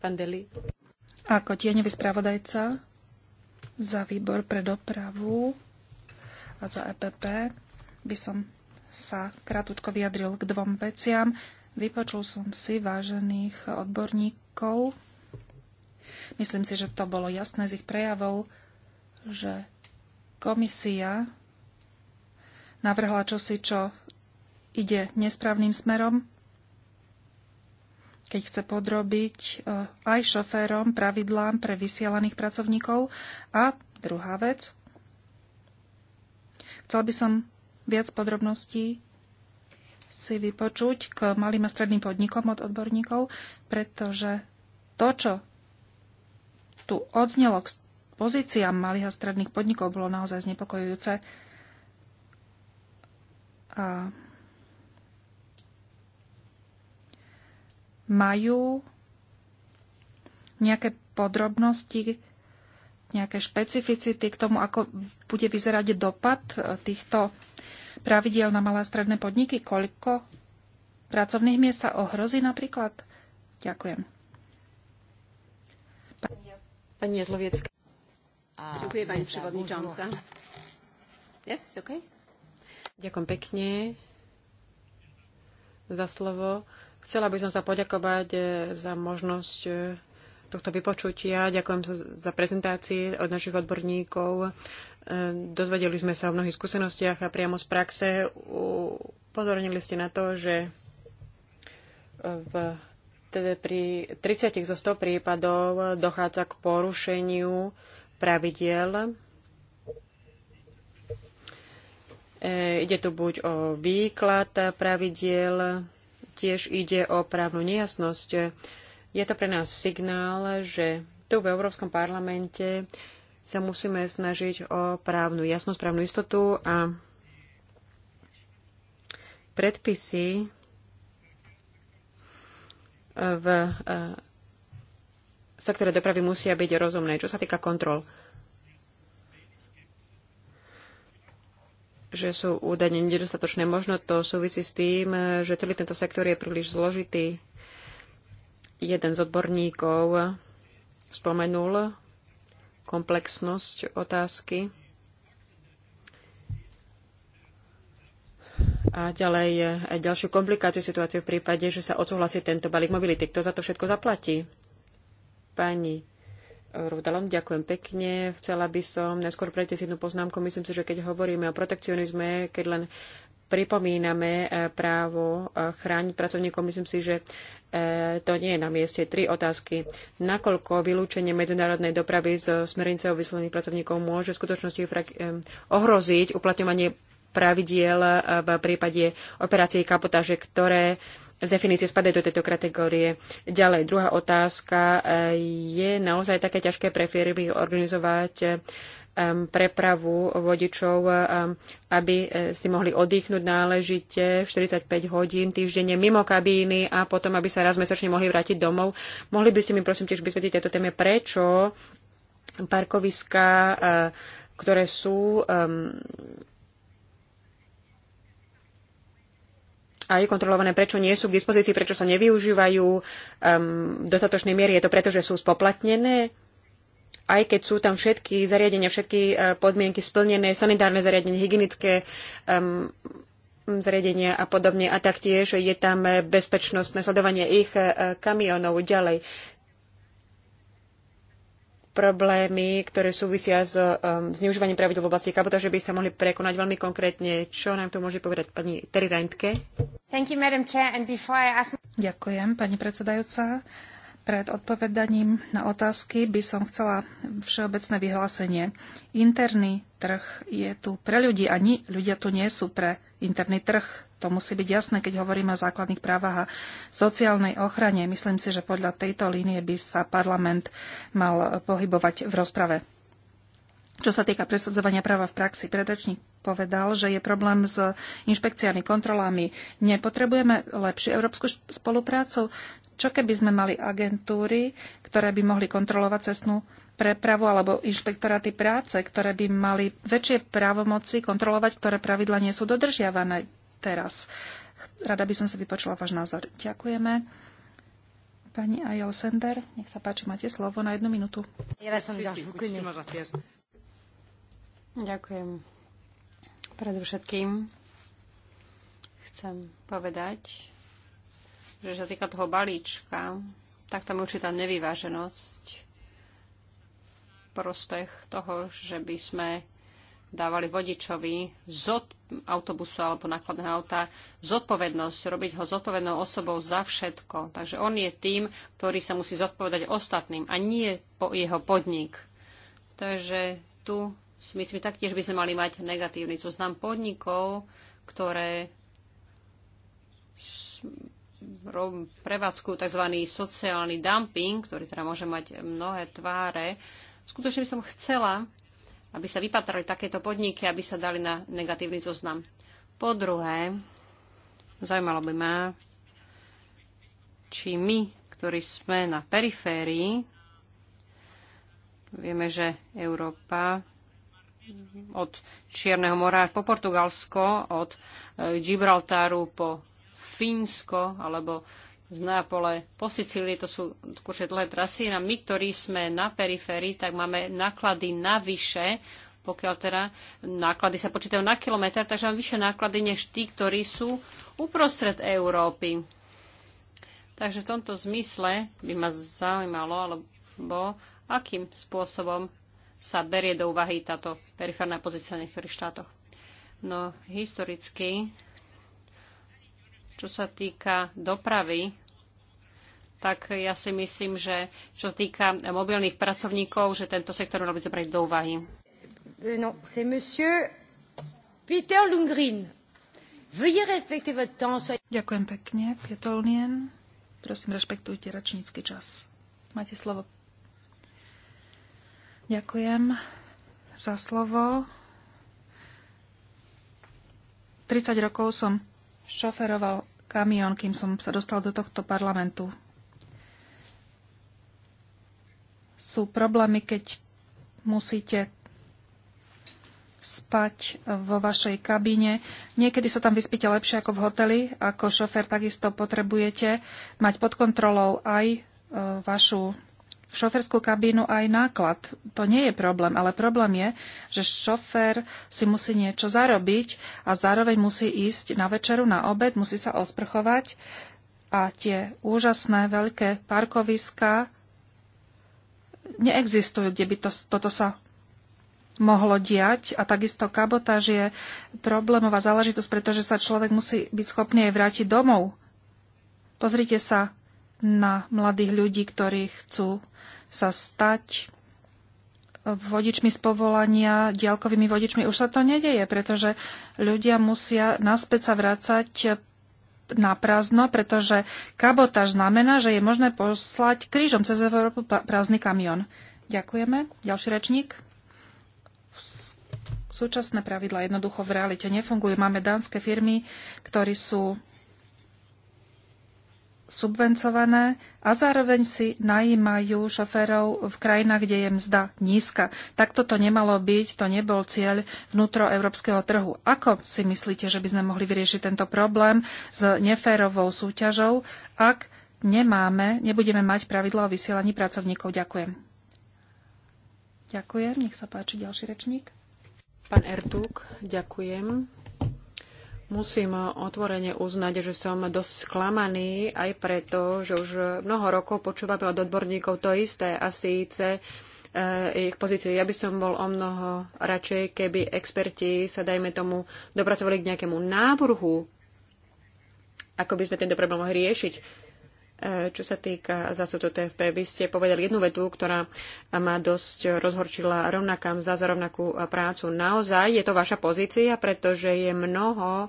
Pán Deli. Ako tieňový spravodajca za výbor pre dopravu a za EPP by som sa krátko vyjadril k dvom veciam. Vypočul som si vážených odborníkov. Myslím si, že to bolo jasné z ich prejavov, že Komisia navrhla čosi, čo ide nesprávnym smerom, keď chce podrobiť e, aj šoférom pravidlám pre vysielaných pracovníkov. A druhá vec, chcel by som viac podrobností si vypočuť k malým a stredným podnikom od odborníkov, pretože to, čo tu odznelo k pozíciám malých a stredných podnikov bolo naozaj znepokojujúce. A majú nejaké podrobnosti, nejaké špecificity k tomu, ako bude vyzerať dopad e, týchto pravidiel na malé a stredné podniky? Koľko pracovných miest sa ohrozí napríklad? Ďakujem. Pani Jazloviecka. Ďakujem, pani teda przewodnicząca. Yes, Ďakujem pekne za slovo. Chcela by som sa poďakovať e, za možnosť e, tohto vypočutia. Ďakujem za prezentácie od našich odborníkov. E, dozvedeli sme sa o mnohých skúsenostiach a priamo z praxe upozornili ste na to, že v, teda pri 30 zo 100 prípadov dochádza k porušeniu pravidiel. E, ide tu buď o výklad pravidiel, tiež ide o právnu nejasnosť. Je to pre nás signál, že tu v Európskom parlamente sa musíme snažiť o právnu jasnosť, právnu istotu a predpisy v e, sektore dopravy musia byť rozumné. Čo sa týka kontrol, že sú údajne nedostatočné. Možno to súvisí s tým, že celý tento sektor je príliš zložitý. Jeden z odborníkov spomenul komplexnosť otázky. A ďalej e, ďalšiu komplikáciu situáciu v prípade, že sa odsúhlasí tento balík mobility. Kto za to všetko zaplatí? Pani Rudalom, ďakujem pekne. Chcela by som najskôr prejte si jednu poznámku. Myslím si, že keď hovoríme o protekcionizme, keď len pripomíname e, právo e, chrániť pracovníkov, myslím si, že e, to nie je na mieste. Tri otázky. Nakoľko vylúčenie medzinárodnej dopravy z smernice o vyslaných pracovníkov môže v skutočnosti ohroziť uplatňovanie pravidiel v prípade operácie kapotáže, ktoré z definície spadajú do tejto kategórie. Ďalej, druhá otázka. Eh, je naozaj také ťažké pre firmy organizovať eh, prepravu vodičov, eh, aby si mohli oddychnúť náležite 45 hodín týždenne mimo kabíny a potom, aby sa raz mesačne mohli vrátiť domov. Mohli by ste mi prosím tiež vysvetliť tieto téme, prečo parkoviska, ktoré sú a je kontrolované, prečo nie sú k dispozícii, prečo sa nevyužívajú um, v dostatočnej miery. Je to preto, že sú spoplatnené? Aj keď sú tam všetky zariadenia, všetky uh, podmienky splnené, sanitárne zariadenie, hygienické um, zariadenia a podobne. A taktiež je tam bezpečnostné nasledovanie ich uh, kamionov ďalej problémy, ktoré súvisia s um, zneužívaním pravidel v oblasti kabotáže, by sa mohli prekonať veľmi konkrétne. Čo nám to môže povedať pani Terry Reintke? Ask... Ďakujem, pani predsedajúca. Pred odpovedaním na otázky by som chcela všeobecné vyhlásenie. Interný trh je tu pre ľudí a ľudia tu nie sú pre interný trh. To musí byť jasné, keď hovoríme o základných právach a sociálnej ochrane. Myslím si, že podľa tejto línie by sa parlament mal pohybovať v rozprave. Čo sa týka presadzovania práva v praxi, predračník povedal, že je problém s inšpekciami, kontrolami. Nepotrebujeme lepšiu európsku spoluprácu? Čo keby sme mali agentúry, ktoré by mohli kontrolovať cestnú prepravu alebo inšpektoráty práce, ktoré by mali väčšie právomoci kontrolovať, ktoré pravidla nie sú dodržiavané? teraz. Rada by som sa vypočula váš názor. Ďakujeme. Pani Ayel Sender, nech sa páči, máte slovo na jednu minútu. Ja som Ďakujem. Predovšetkým chcem povedať, že sa týka toho balíčka, tak tam je určitá nevyváženosť prospech toho, že by sme dávali vodičovi z autobusu alebo nákladného auta zodpovednosť, robiť ho zodpovednou osobou za všetko. Takže on je tým, ktorý sa musí zodpovedať ostatným a nie po jeho podnik. Takže tu si myslím, taktiež by sme mali mať negatívny zoznam podnikov, ktoré prevádzkujú tzv. sociálny dumping, ktorý teda môže mať mnohé tváre. Skutočne by som chcela, aby sa vypatrali takéto podniky, aby sa dali na negatívny zoznam. Po druhé, zaujímalo by ma, či my, ktorí sme na periférii, vieme, že Európa od Čierneho mora po Portugalsko, od e, Gibraltáru po Fínsko alebo z Neapole po Sicílii, to sú určite dlhé trasy. A my, ktorí sme na periférii, tak máme náklady navyše, pokiaľ teda náklady sa počítajú na kilometr, takže máme vyššie náklady než tí, ktorí sú uprostred Európy. Takže v tomto zmysle by ma zaujímalo, alebo akým spôsobom sa berie do úvahy táto periférna pozícia v niektorých štátoch. No, historicky čo sa týka dopravy, tak ja si myslím, že čo sa týka mobilných pracovníkov, že tento sektor mali zobrať do úvahy. No, c'est monsieur Peter Lundgren. Veuillez respecter votre temps. Ďakujem pekne, Peter Lundgren. Prosím, rešpektujte rečnícky čas. Máte slovo. Ďakujem za slovo. 30 rokov som šoferoval kamión, kým som sa dostal do tohto parlamentu. Sú problémy, keď musíte spať vo vašej kabíne. Niekedy sa tam vyspíte lepšie ako v hoteli. Ako šofér takisto potrebujete mať pod kontrolou aj e, vašu šoferskú kabínu aj náklad. To nie je problém, ale problém je, že šofér si musí niečo zarobiť a zároveň musí ísť na večeru, na obed, musí sa osprchovať a tie úžasné veľké parkoviská neexistujú, kde by to, toto sa mohlo diať a takisto kabotáž je problémová záležitosť, pretože sa človek musí byť schopný aj vrátiť domov. Pozrite sa na mladých ľudí, ktorí chcú sa stať vodičmi z povolania, diaľkovými vodičmi. Už sa to nedeje, pretože ľudia musia naspäť sa vrácať na prázdno, pretože kabotáž znamená, že je možné poslať krížom cez Európu prázdny kamión. Ďakujeme. Ďalší rečník. Súčasné pravidla jednoducho v realite nefungujú. Máme dánske firmy, ktorí sú subvencované a zároveň si najímajú šoférov v krajinách, kde je mzda nízka. Tak toto nemalo byť, to nebol cieľ vnútroeurópskeho trhu. Ako si myslíte, že by sme mohli vyriešiť tento problém s neférovou súťažou, ak nemáme, nebudeme mať pravidlo o vysielaní pracovníkov? Ďakujem. Ďakujem, nech sa páči ďalší rečník. Pán Ertúk, ďakujem. Musím otvorene uznať, že som dosť sklamaný aj preto, že už mnoho rokov počúvame od odborníkov to isté a síce eh, ich pozície. Ja by som bol o mnoho radšej, keby experti sa, dajme tomu, dopracovali k nejakému návrhu, ako by sme tento problém mohli riešiť. Čo sa týka zásudu TFP, vy ste povedali jednu vetu, ktorá ma dosť rozhorčila rovnakám, zdá za rovnakú prácu. Naozaj je to vaša pozícia, pretože je mnoho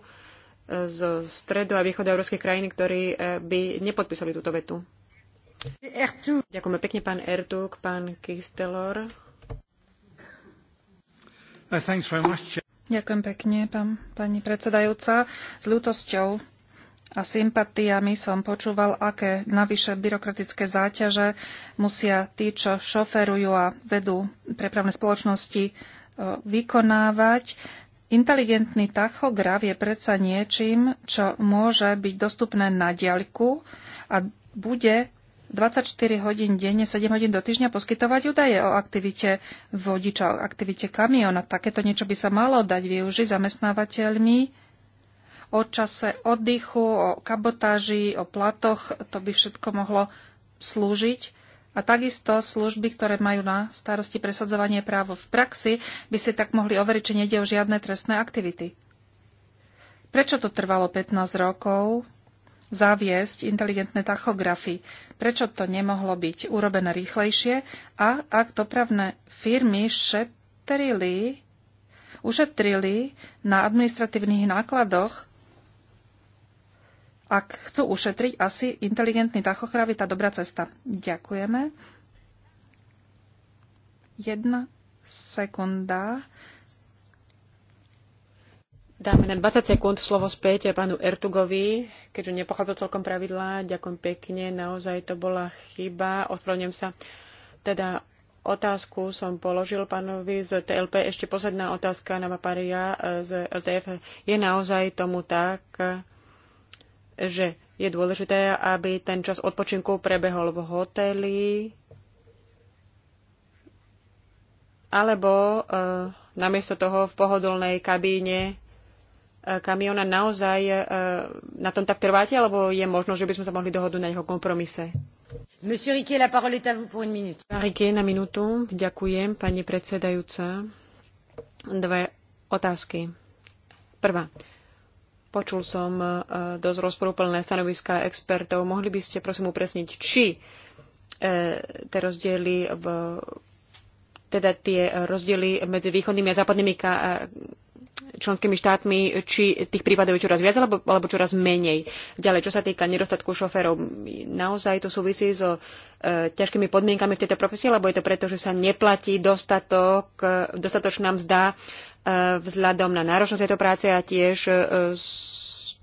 zo stredu a východu európskych krajín, ktorí eh, by nepodpísali túto vetu. Ďakujeme pekne, pán Ertug, pán Kistelor. Uh, Ďakujem pekne, pán, pani predsedajúca. S ľútosťou a sympatiami som počúval, aké navyše byrokratické záťaže musia tí, čo šoferujú a vedú prepravné spoločnosti e, vykonávať. Inteligentný tachograf je predsa niečím, čo môže byť dostupné na diaľku a bude 24 hodín denne, 7 hodín do týždňa poskytovať údaje o aktivite vodiča, o aktivite kamiona. Takéto niečo by sa malo dať využiť zamestnávateľmi o čase oddychu, o kabotáži, o platoch. To by všetko mohlo slúžiť. A takisto služby, ktoré majú na starosti presadzovanie právo v praxi, by si tak mohli overiť, či nejde o žiadne trestné aktivity. Prečo to trvalo 15 rokov zaviesť inteligentné tachografy? Prečo to nemohlo byť urobené rýchlejšie? A ak dopravné firmy šetrili, ušetrili na administratívnych nákladoch ak chcú ušetriť, asi inteligentný tachochrav je tá dobrá cesta. Ďakujeme. Jedna sekunda. Dáme na 20 sekúnd slovo späť pánu Ertugovi, keďže nepochopil celkom pravidlá. Ďakujem pekne, naozaj to bola chyba. Ospravedlňujem sa. Teda otázku som položil pánovi z TLP. Ešte posledná otázka na Maparia eh, z LTF. Je naozaj tomu tak, že je dôležité, aby ten čas odpočinku prebehol v hoteli alebo e, namiesto toho v pohodlnej kabíne e, kamiona naozaj e, na tom tak trváte, alebo je možno, že by sme sa mohli dohodnúť na jeho kompromise? Monsieur Riquet, la parole est à vous pour une minute. Riquet, na minútu. Ďakujem, pani predsedajúca. Dve otázky. Prvá. Počul som e, dosť rozporúplné stanoviska expertov. Mohli by ste prosím upresniť, či tie rozdiely v, teda tie rozdiely medzi východnými a západnými členskými štátmi, či tých prípadov je čoraz viac alebo, alebo čoraz menej. Ďalej, čo sa týka nedostatku šoférov, naozaj to súvisí so e, ťažkými podmienkami v tejto profesii, alebo je to preto, že sa neplatí dostatok, e, dostatočná mzda e, vzhľadom na náročnosť tejto práce a tiež e,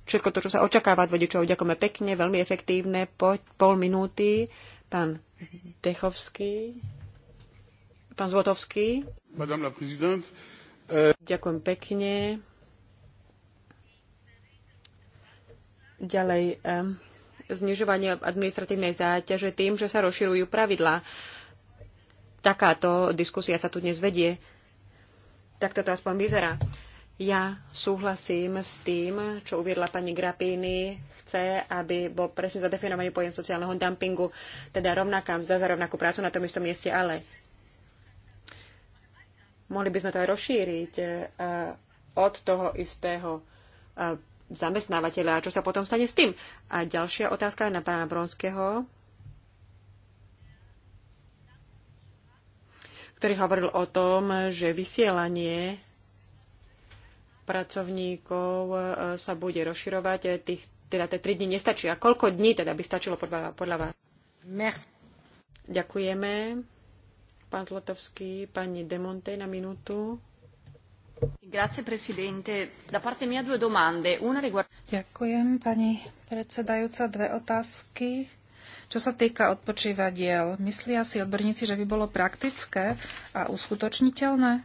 všetko to, čo sa očakáva od vodičov. Ďakujeme pekne, veľmi efektívne, po pol minúty. Pán Zdechovský, pán Zlotovský. Madame la présidente, Ďakujem pekne. Ďalej, eh, znižovanie administratívnej záťaže tým, že sa rozširujú pravidlá. Takáto diskusia sa tu dnes vedie. Tak toto aspoň vyzerá. Ja súhlasím s tým, čo uviedla pani Grapíny. Chce, aby bol presne zadefinovaný pojem sociálneho dumpingu, teda rovnaká mzda za rovnakú prácu na tom istom mieste, ale Mohli by sme to aj rozšíriť e, od toho istého e, zamestnávateľa. Čo sa potom stane s tým? A ďalšia otázka je na pána Bronského, ktorý hovoril o tom, že vysielanie pracovníkov e, sa bude rozširovať. Tých, teda tie tri dni nestačí. A koľko dní teda by stačilo podľa, podľa vás? Merci. Ďakujeme. Pán Zlotovský, pani Demonte na minútu. Grazie, presidente. Da parte mia due domande. Una riguarda... Ďakujem, pani predsedajúca. Dve otázky. Čo sa týka odpočívadiel, myslia si odborníci, že by bolo praktické a uskutočniteľné?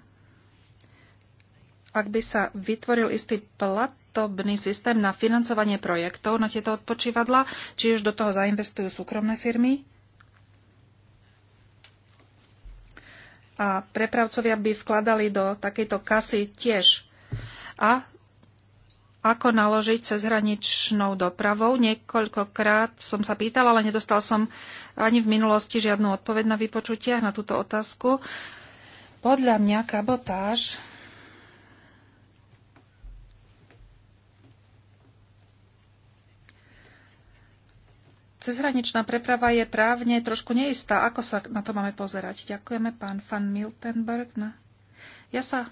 Ak by sa vytvoril istý platobný systém na financovanie projektov na tieto odpočívadla, či už do toho zainvestujú súkromné firmy, a prepravcovia by vkladali do takejto kasy tiež. A ako naložiť hraničnou dopravou. Niekoľkokrát som sa pýtala, ale nedostal som ani v minulosti žiadnu odpoveď na vypočutiach na túto otázku. Podľa mňa kabotáž cezhraničná preprava je právne trošku neistá. Ako sa na to máme pozerať? Ďakujeme, pán Van Miltenberg. Na... Ja sa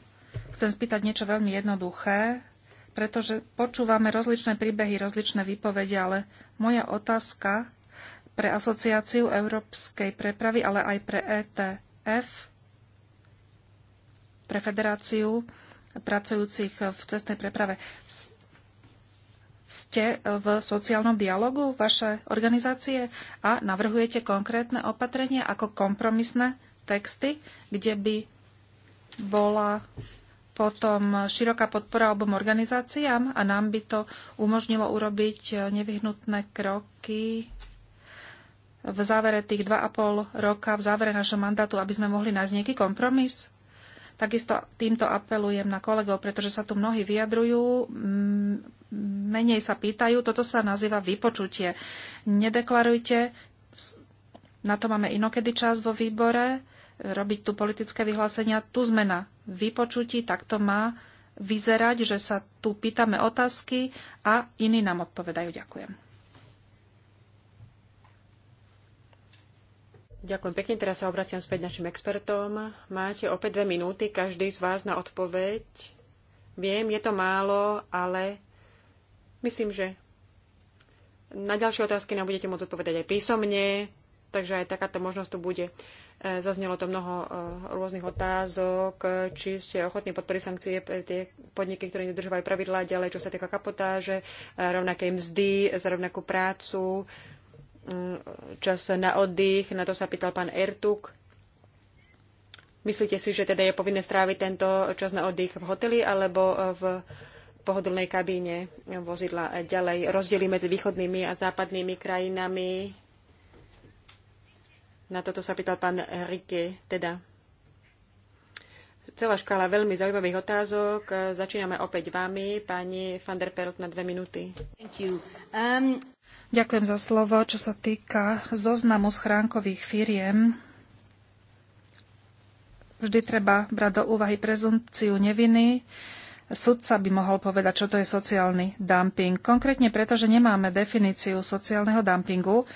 chcem spýtať niečo veľmi jednoduché, pretože počúvame rozličné príbehy, rozličné výpovede, ale moja otázka pre Asociáciu európskej prepravy, ale aj pre ETF, pre Federáciu pracujúcich v cestnej preprave. Ste eh, v sociálnom dialogu vaše organizácie a navrhujete konkrétne opatrenia ako kompromisné texty, kde by bola potom široká podpora obom organizáciám a nám by to umožnilo urobiť eh, nevyhnutné kroky v závere tých 2,5 roka, v závere našho mandátu, aby sme mohli nájsť nejaký kompromis? Takisto týmto apelujem na kolegov, pretože sa tu mnohí vyjadrujú, mm, menej sa pýtajú. Toto sa nazýva vypočutie. Nedeklarujte, na to máme inokedy čas vo výbore, robiť tu politické vyhlásenia. Tu sme na vypočutí, tak to má vyzerať, že sa tu pýtame otázky a iní nám odpovedajú. Ďakujem. Ďakujem pekne. Teraz sa obraciam späť našim expertom. Máte opäť dve minúty, každý z vás na odpoveď. Viem, je to málo, ale myslím, že na ďalšie otázky nám budete môcť odpovedať aj písomne, takže aj takáto možnosť tu bude. E, zaznelo to mnoho e, rôznych otázok, či ste ochotní podporiť sankcie pre tie podniky, ktoré nedržovajú pravidlá, ďalej čo sa týka kapotáže, e, rovnaké mzdy za rovnakú prácu. Mm, čas na oddych, na to sa pýtal pán Ertuk. Myslíte si, že teda je povinné stráviť tento čas na oddych v hoteli alebo v pohodlnej kabíne vozidla ďalej? Rozdiely medzi východnými a západnými krajinami? Na toto sa pýtal pán Rike, teda celá škála veľmi zaujímavých otázok. Začíname opäť vami, pani van der Perot, na dve minúty. Um... Ďakujem za slovo. Čo sa týka zoznamu schránkových firiem, vždy treba brať do úvahy prezumpciu neviny. Sudca by mohol povedať, čo to je sociálny dumping. Konkrétne preto, že nemáme definíciu sociálneho dumpingu.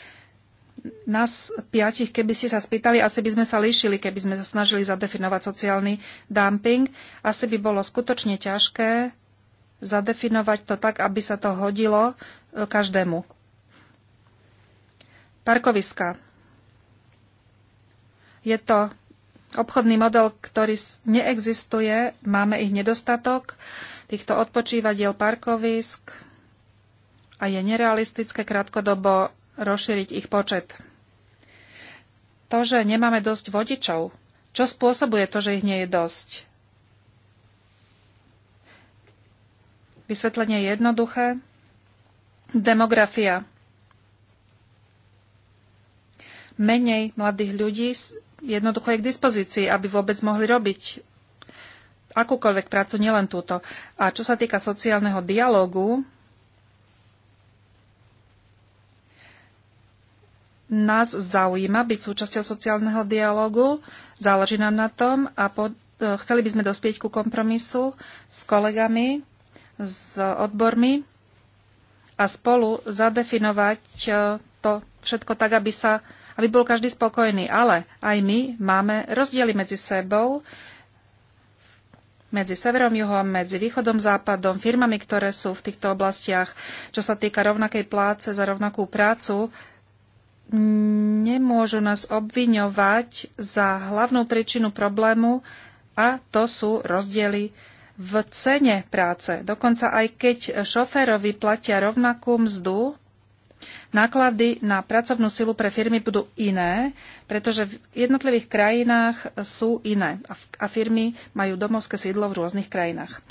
Nás piatich, keby ste sa spýtali, asi by sme sa líšili, keby sme sa snažili zadefinovať sociálny dumping. Asi by bolo skutočne ťažké zadefinovať to tak, aby sa to hodilo e, každému parkoviska. Je to obchodný model, ktorý neexistuje, máme ich nedostatok, týchto odpočívadiel parkovisk a je nerealistické krátkodobo rozšíriť ich počet. To, že nemáme dosť vodičov, čo spôsobuje to, že ich nie je dosť? Vysvetlenie je jednoduché. Demografia menej mladých ľudí jednoducho je k dispozícii, aby vôbec mohli robiť akúkoľvek prácu, nielen túto. A čo sa týka sociálneho dialogu. nás zaujíma byť súčasťou sociálneho dialogu, záleží nám na tom a po, e, chceli by sme dospieť ku kompromisu s kolegami, s odbormi a spolu zadefinovať e, to všetko tak, aby sa aby bol každý spokojný. Ale aj my máme rozdiely medzi sebou, medzi severom, juhom, medzi východom, západom, firmami, ktoré sú v týchto oblastiach, čo sa týka rovnakej pláce za rovnakú prácu, nemôžu nás obviňovať za hlavnú príčinu problému a to sú rozdiely v cene práce. Dokonca aj keď šoférovi platia rovnakú mzdu, náklady na pracovnú silu pre firmy budú iné, pretože v jednotlivých krajinách sú iné a firmy majú domovské sídlo v rôznych krajinách.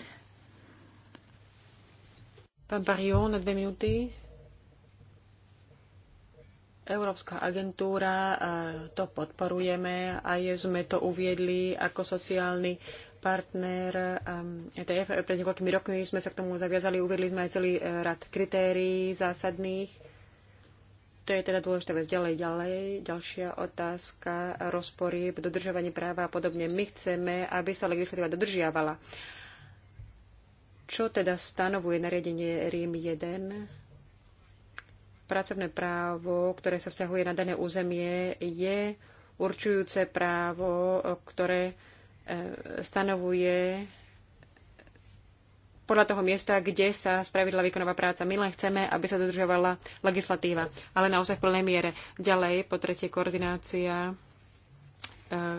Pán Barion, na dve minúty. Európska agentúra, e, to podporujeme a je, sme to uviedli ako sociálny partner ETF. E Pred niekoľkými rokmi sme sa k tomu zaviazali, uviedli sme aj celý e, rad kritérií zásadných to je teda dôležitá vec. Ďalej, ďalej. Ďalšia otázka, rozpory dodržovanie práva a podobne. My chceme, aby sa legislatíva dodržiavala. Čo teda stanovuje nariadenie Rím 1? Pracovné právo, ktoré sa vzťahuje na dané územie, je určujúce právo, ktoré eh, stanovuje podľa toho miesta, kde sa spravidla vykonáva práca. My len chceme, aby sa dodržovala legislatíva, ale naozaj v plnej miere. Ďalej, po tretie, koordinácia e,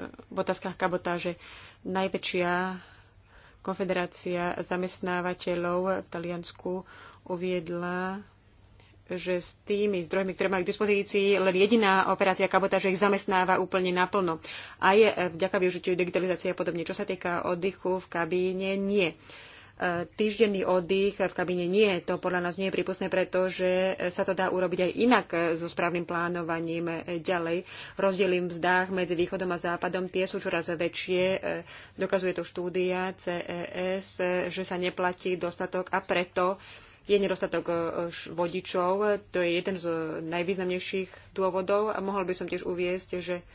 v otázkach kabotáže. Najväčšia konfederácia zamestnávateľov v Taliansku uviedla, že s tými zdrojmi, ktoré majú k dispozícii, len jediná operácia kabotáže ich zamestnáva úplne naplno. A je e, vďaka využitiu digitalizácie a podobne. Čo sa týka oddychu v kabíne, nie. Uh, týždenný oddych v kabíne nie. To podľa nás nie je prípustné, pretože sa to dá urobiť aj inak so správnym plánovaním ďalej. Rozdiely v mzdách medzi východom a západom tie sú čoraz väčšie. Dokazuje to štúdia CES, že sa neplatí dostatok a preto je nedostatok eh, vodičov. To je jeden z najvýznamnejších dôvodov a mohol by som tiež uviesť, že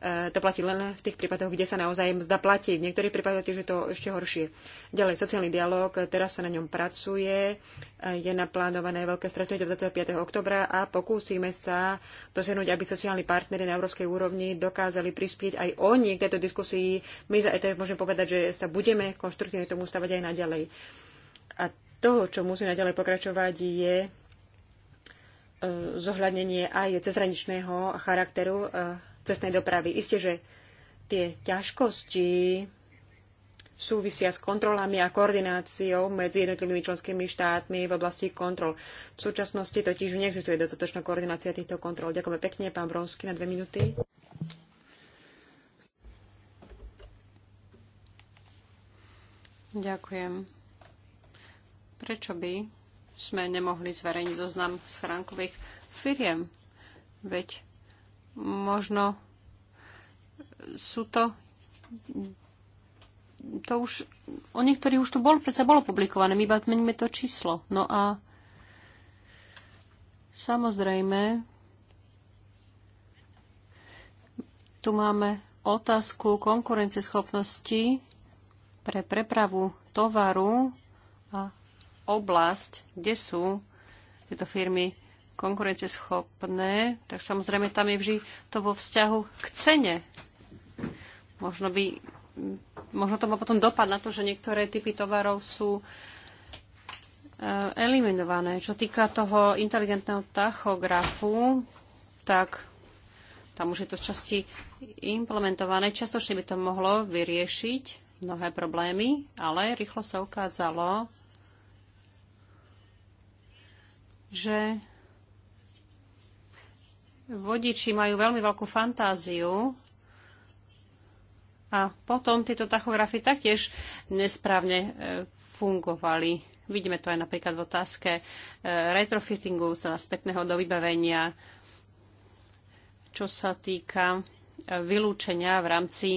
E, to platí len v tých prípadoch, kde sa naozaj mzda platí. V niektorých prípadoch tiež je to ešte horšie. Ďalej, sociálny dialog, teraz sa na ňom pracuje, e, je naplánované veľké stretnutie 25. oktobra a pokúsime sa dosiahnuť, aby sociálni partnery na európskej úrovni dokázali prispieť aj oni k tejto diskusii. My za ETF môžeme povedať, že sa budeme konštruktívne tomu stavať aj naďalej. A to, čo musí naďalej pokračovať, je e, zohľadnenie aj cezhraničného charakteru cestnej dopravy. Isté, že tie ťažkosti súvisia s kontrolami a koordináciou medzi jednotlivými členskými štátmi v oblasti kontrol. V súčasnosti totiž neexistuje dostatočná koordinácia týchto kontrol. Ďakujeme pekne, pán Bronsky, na dve minúty. Ďakujem. Prečo by sme nemohli zverejniť zoznam schránkových firiem? Veď Možno sú to to už, o niektorých už tu bol, predsa bolo publikované, my iba meníme to číslo. No a samozrejme, tu máme otázku konkurenceschopnosti pre prepravu tovaru a oblasť, kde sú tieto firmy konkurenceschopné, tak samozrejme tam je vždy to vo vzťahu k cene. Možno, by, možno to má potom dopad na to, že niektoré typy tovarov sú eh, eliminované. Čo týka toho inteligentného tachografu, tak tam už je to v časti implementované. Častočne by to mohlo vyriešiť mnohé problémy, ale rýchlo sa ukázalo, že vodiči majú veľmi veľkú fantáziu a potom tieto tachografy taktiež nesprávne e, fungovali. Vidíme to aj napríklad v otázke e, retrofittingu, teda spätného do vybavenia, čo sa týka e, vylúčenia v rámci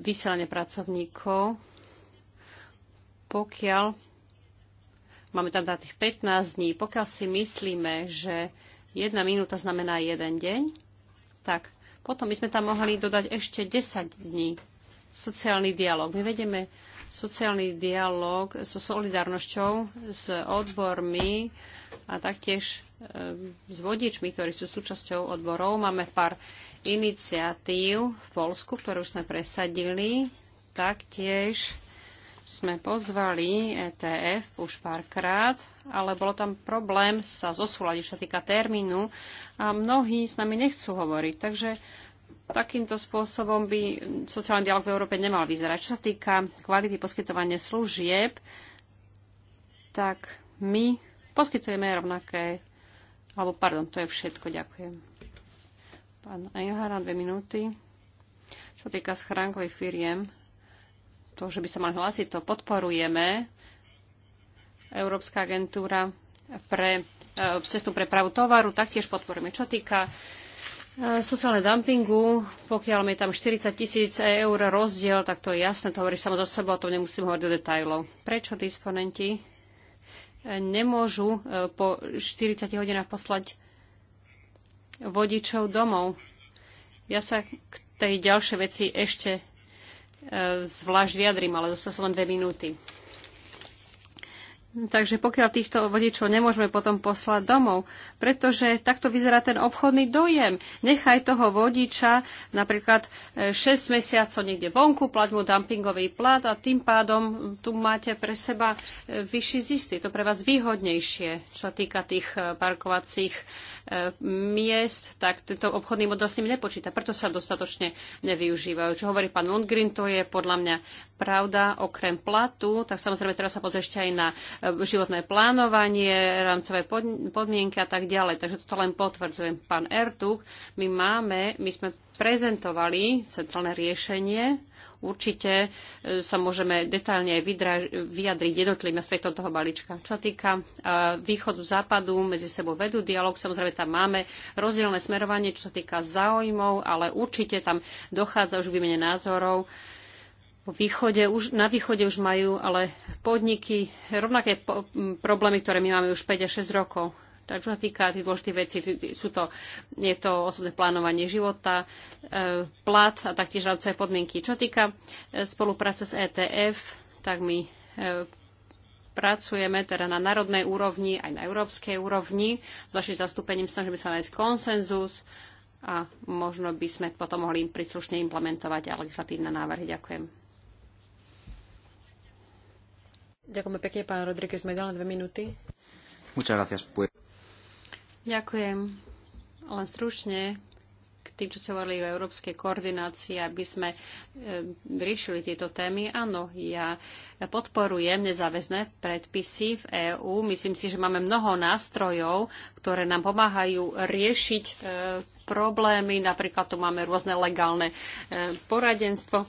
vysielania pracovníkov. Pokiaľ, máme tam dať tých 15 dní, pokiaľ si myslíme, že jedna minúta znamená jeden deň, tak potom by sme tam mohli dodať ešte 10 dní sociálny dialog. My vedeme sociálny dialog so solidárnosťou, s odbormi a taktiež eh, s vodičmi, ktorí sú súčasťou odborov. Máme pár iniciatív v Polsku, ktoré už sme presadili. Taktiež sme pozvali ETF už párkrát, ale bolo tam problém sa zosúľadiť, čo týka termínu a mnohí s nami nechcú hovoriť. Takže takýmto spôsobom by sociálny dialog v Európe nemal vyzerať. Čo sa týka kvality poskytovania služieb, tak my poskytujeme rovnaké, alebo pardon, to je všetko, ďakujem. Pán Engelhard, dve minúty. Čo týka schránkových firiem, to, že by sa mali hlásiť, to podporujeme. Európska agentúra pre e, pre prepravu tovaru taktiež podporujeme. Čo týka e, sociálne dumpingu, pokiaľ je tam 40 tisíc eur rozdiel, tak to je jasné, to hovorí samo za sebou, to nemusím hovoriť do detajlov. Prečo disponenti e, nemôžu po 40 hodinách poslať vodičov domov? Ja sa k tej ďalšej veci ešte zvlášť vyjadrím, ale dostal som len dve minúty. Takže pokiaľ týchto vodičov nemôžeme potom poslať domov, pretože takto vyzerá ten obchodný dojem. Nechaj toho vodiča napríklad 6 e, mesiacov niekde vonku, plať mu dumpingový plat a tým pádom tu máte pre seba e, vyšší zisty. To pre vás výhodnejšie, čo sa týka tých e, parkovacích miest, tak tento obchodný model s nimi nepočíta. Preto sa dostatočne nevyužívajú. Čo hovorí pán Lundgren, to je podľa mňa pravda. Okrem platu, tak samozrejme teraz sa pozriešte aj na e, životné plánovanie, rámcové podmienky a tak ďalej. Takže toto len potvrdzujem. Pán Ertuk, my máme, my sme prezentovali centrálne riešenie Určite e, sa môžeme detálne vyjadriť jednotlivým aspektom toho balíčka. Čo týka e, východu, západu, medzi sebou vedú dialog. Samozrejme, tam máme rozdielne smerovanie, čo sa týka záujmov, ale určite tam dochádza už výmene názorov. východe už, na východe už majú ale podniky rovnaké po, problémy, ktoré my máme už 5 a 6 rokov tak čo sa týka tých dôležitých vecí, sú to, je to osobné plánovanie života, e, plat a taktiež rámcové podmienky. Čo týka e, spolupráce s ETF, tak my e, pracujeme teda na národnej úrovni, aj na európskej úrovni. S vašim zastúpením snažíme sa nájsť konsenzus a možno by sme potom mohli im príslušne implementovať aj legislatívne návrhy. Ďakujem. Ďakujeme pekne, pán Rodríguez dali dve minúty. Muchas gracias. Pues. Ďakujem. Len stručne k tým, čo ste hovorili o európskej koordinácii, aby sme e, riešili tieto témy. Áno, ja podporujem nezáväzné predpisy v EÚ. Myslím si, že máme mnoho nástrojov, ktoré nám pomáhajú riešiť e, problémy. Napríklad tu máme rôzne legálne e, poradenstvo,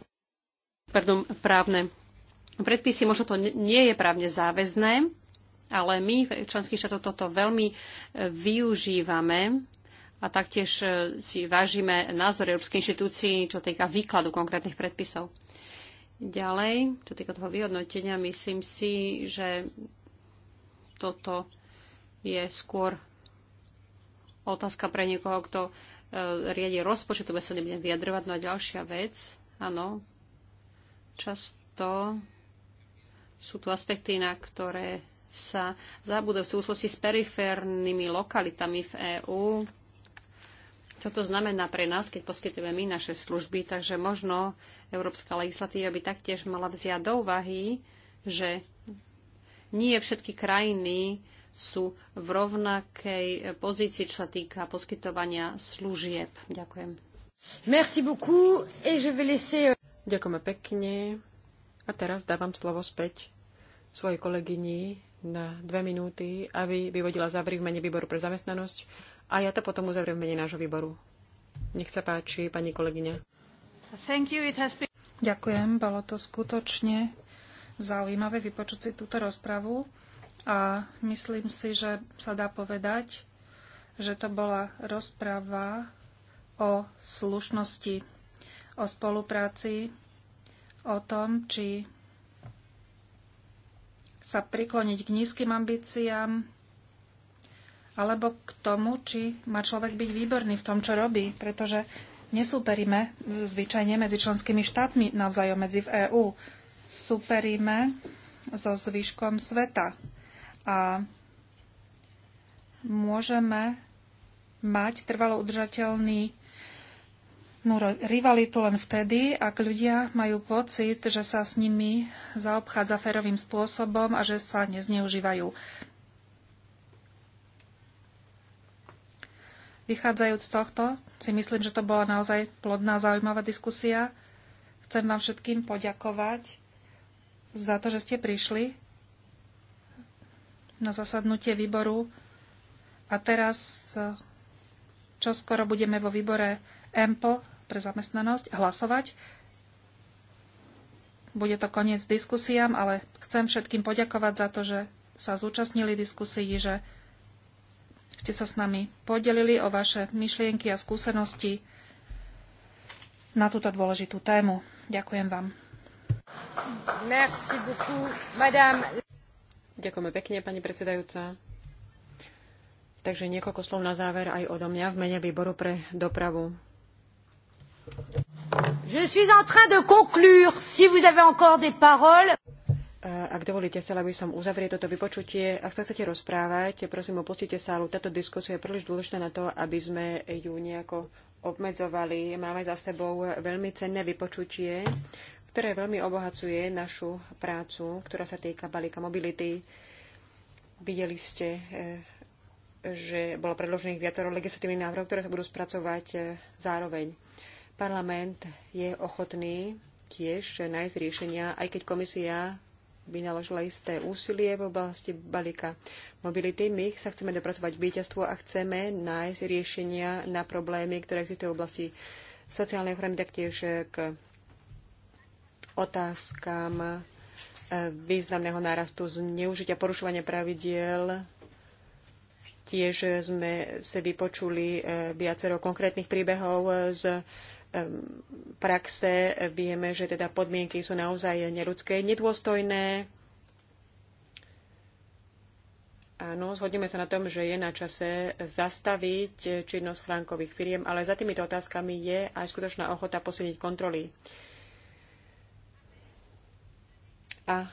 pardon, právne predpisy. Možno to nie je právne záväzné, ale my v členských štátoch toto veľmi e, využívame a taktiež e, si vážime názor Európskej inštitúcií, čo týka výkladu konkrétnych predpisov. Ďalej, čo týka toho vyhodnotenia, myslím si, že toto je skôr otázka pre niekoho, kto e, riadi rozpočet, to sa nebudem vyjadrovať. No a ďalšia vec, áno, často sú tu aspekty, na ktoré sa zabúda v súvislosti s periférnymi lokalitami v EÚ. Čo to znamená pre nás, keď poskytujeme my naše služby, takže možno európska legislatíva by taktiež mala vziať do úvahy, že nie všetky krajiny sú v rovnakej pozícii, čo sa týka poskytovania služieb. Ďakujem. Merci beaucoup et je vais laisser... Euh, Ďakujeme pekne. A teraz dávam slovo späť svojej kolegyni na dve minúty, aby vyvodila závery v mene výboru pre zamestnanosť a ja to potom uzavriem v mene nášho výboru. Nech sa páči, pani kolegyňa. Been... Ďakujem, bolo to skutočne zaujímavé vypočuť si túto rozpravu a myslím si, že sa dá povedať, že to bola rozprava o slušnosti, o spolupráci, o tom, či sa prikloniť k nízkym ambíciám alebo k tomu, či má človek byť výborný v tom, čo robí, pretože nesúperíme zvyčajne medzi členskými štátmi navzájom medzi v EÚ. Súperíme so zvyškom sveta. A môžeme mať trvalo udržateľný štátnu rivalitu len vtedy, ak ľudia majú pocit, že sa s nimi zaobchádza férovým spôsobom a že sa nezneužívajú. Vychádzajúc z tohto, si myslím, že to bola naozaj plodná, zaujímavá diskusia. Chcem vám všetkým poďakovať za to, že ste prišli na zasadnutie výboru. A teraz, čo skoro budeme vo výbore EMPL pre zamestnanosť hlasovať. Bude to koniec diskusiám, ale chcem všetkým poďakovať za to, že sa zúčastnili diskusii, že ste sa s nami podelili o vaše myšlienky a skúsenosti na túto dôležitú tému. Ďakujem vám. Merci beaucoup, madame. Ďakujeme pekne, pani predsedajúca. Takže niekoľko slov na záver aj odo mňa v mene výboru pre dopravu. Je suis en train de conclure. Si vous avez encore des paroles. Ak dovolíte, chcela by som uzavrieť toto vypočutie. Ak chcete rozprávať, prosím, opustite sálu. Táto diskusia je príliš dôležitá na to, aby sme ju nejako obmedzovali. Máme za sebou veľmi cenné vypočutie, ktoré veľmi obohacuje našu prácu, ktorá sa týka balíka mobility. Videli ste, eh, že bolo predložených viacero legislatívnych návrhov, ktoré sa budú spracovať eh, zároveň. Parlament je ochotný tiež nájsť riešenia, aj keď komisia vynaložila isté úsilie v oblasti balíka mobility. My sa chceme dopracovať k víťazstvu a chceme nájsť riešenia na problémy, ktoré existujú v oblasti sociálnej ochrany, taktiež k otázkam e, významného nárastu zneužitia porušovania pravidiel. Tiež sme sa vypočuli e, viacero konkrétnych príbehov z praxe vieme, že teda podmienky sú naozaj neludské, nedôstojné. Áno, zhodneme sa na tom, že je na čase zastaviť činnosť chránkových firiem, ale za týmito otázkami je aj skutočná ochota posilniť kontroly. A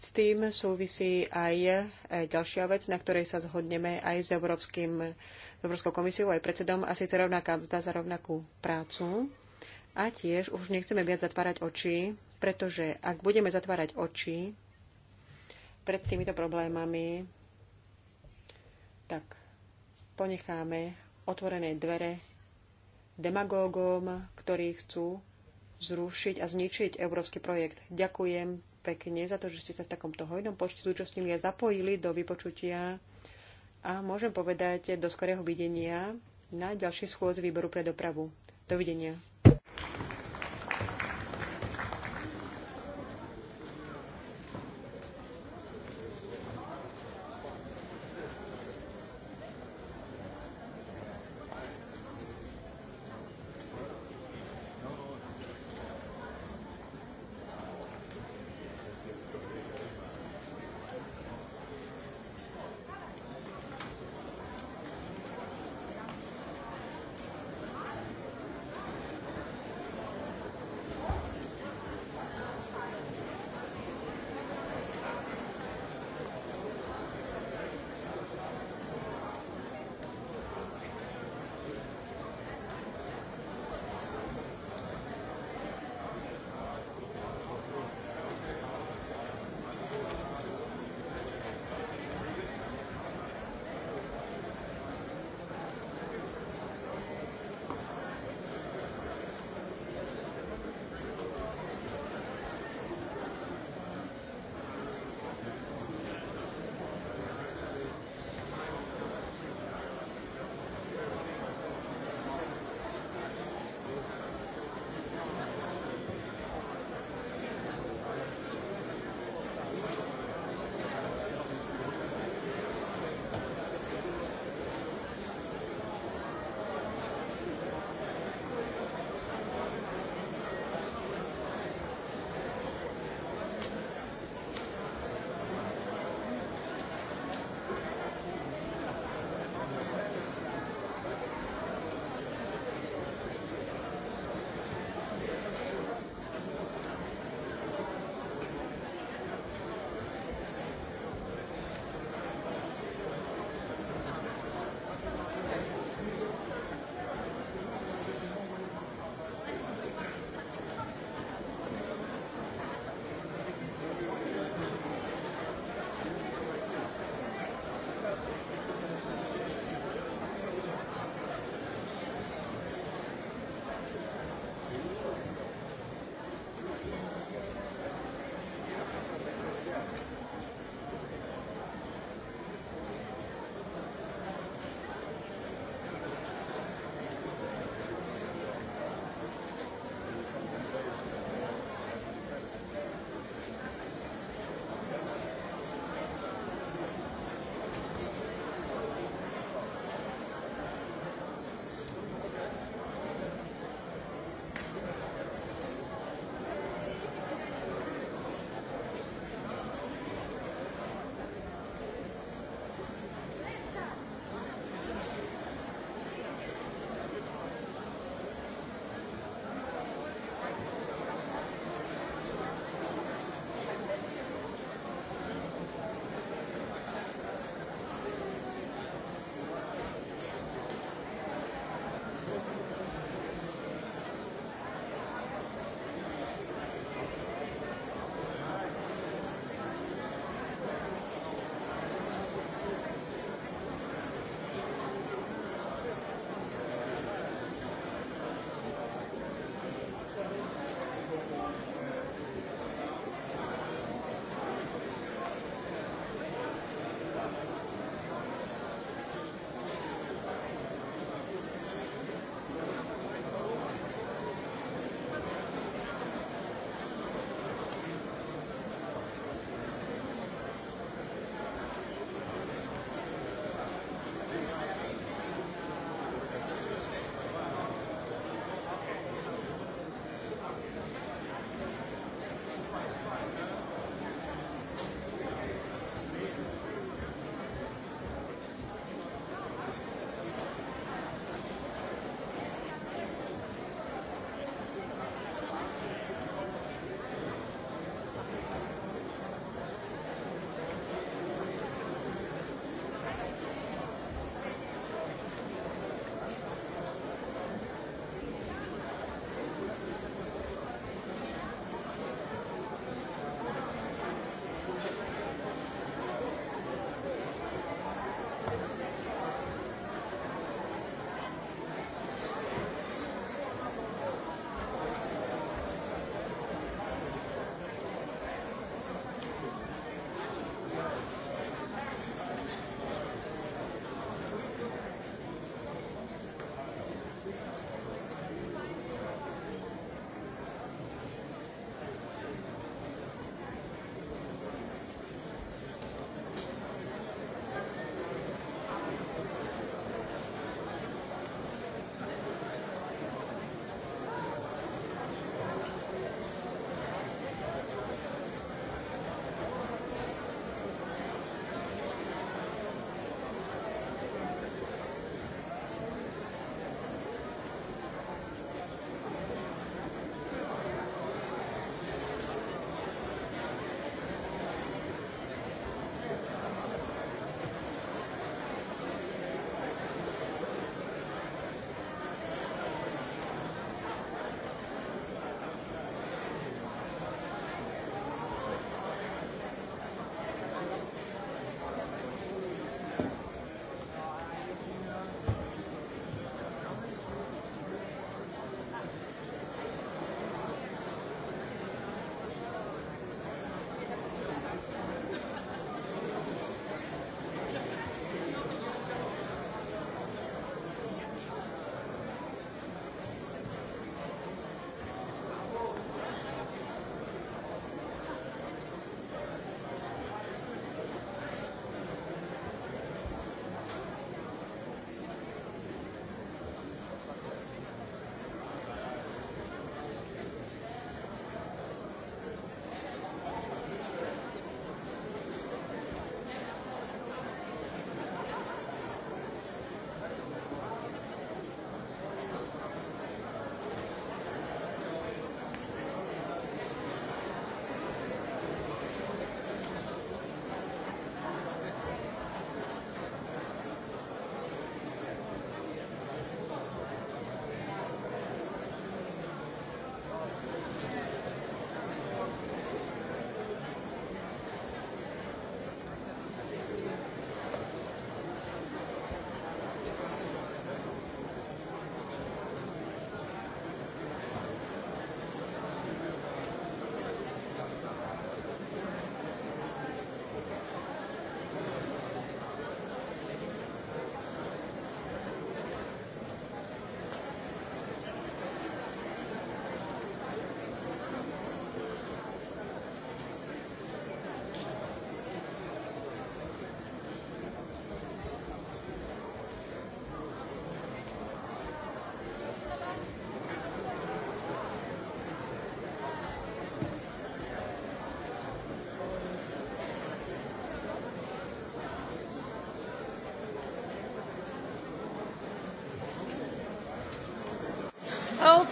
s tým súvisí aj ďalšia vec, na ktorej sa zhodneme aj s Európskym Európskou komisiou aj predsedom a síce rovnaká mzda za rovnakú prácu. A tiež už nechceme viac zatvárať oči, pretože ak budeme zatvárať oči pred týmito problémami, tak ponecháme otvorené dvere demagógom, ktorí chcú zrušiť a zničiť európsky projekt. Ďakujem pekne za to, že ste sa v takomto hojnom počte zúčastnili a zapojili do vypočutia a môžem povedať do skorého videnia na ďalšej schôdzi výboru pre dopravu. Dovidenia.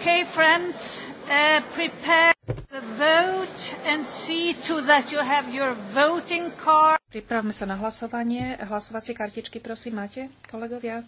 Okay, friends, uh, prepare the vote and see to that you have your voting card. Pripravme sa na hlasovanie. Hlasovacie kartičky, prosím, máte, kolegovia?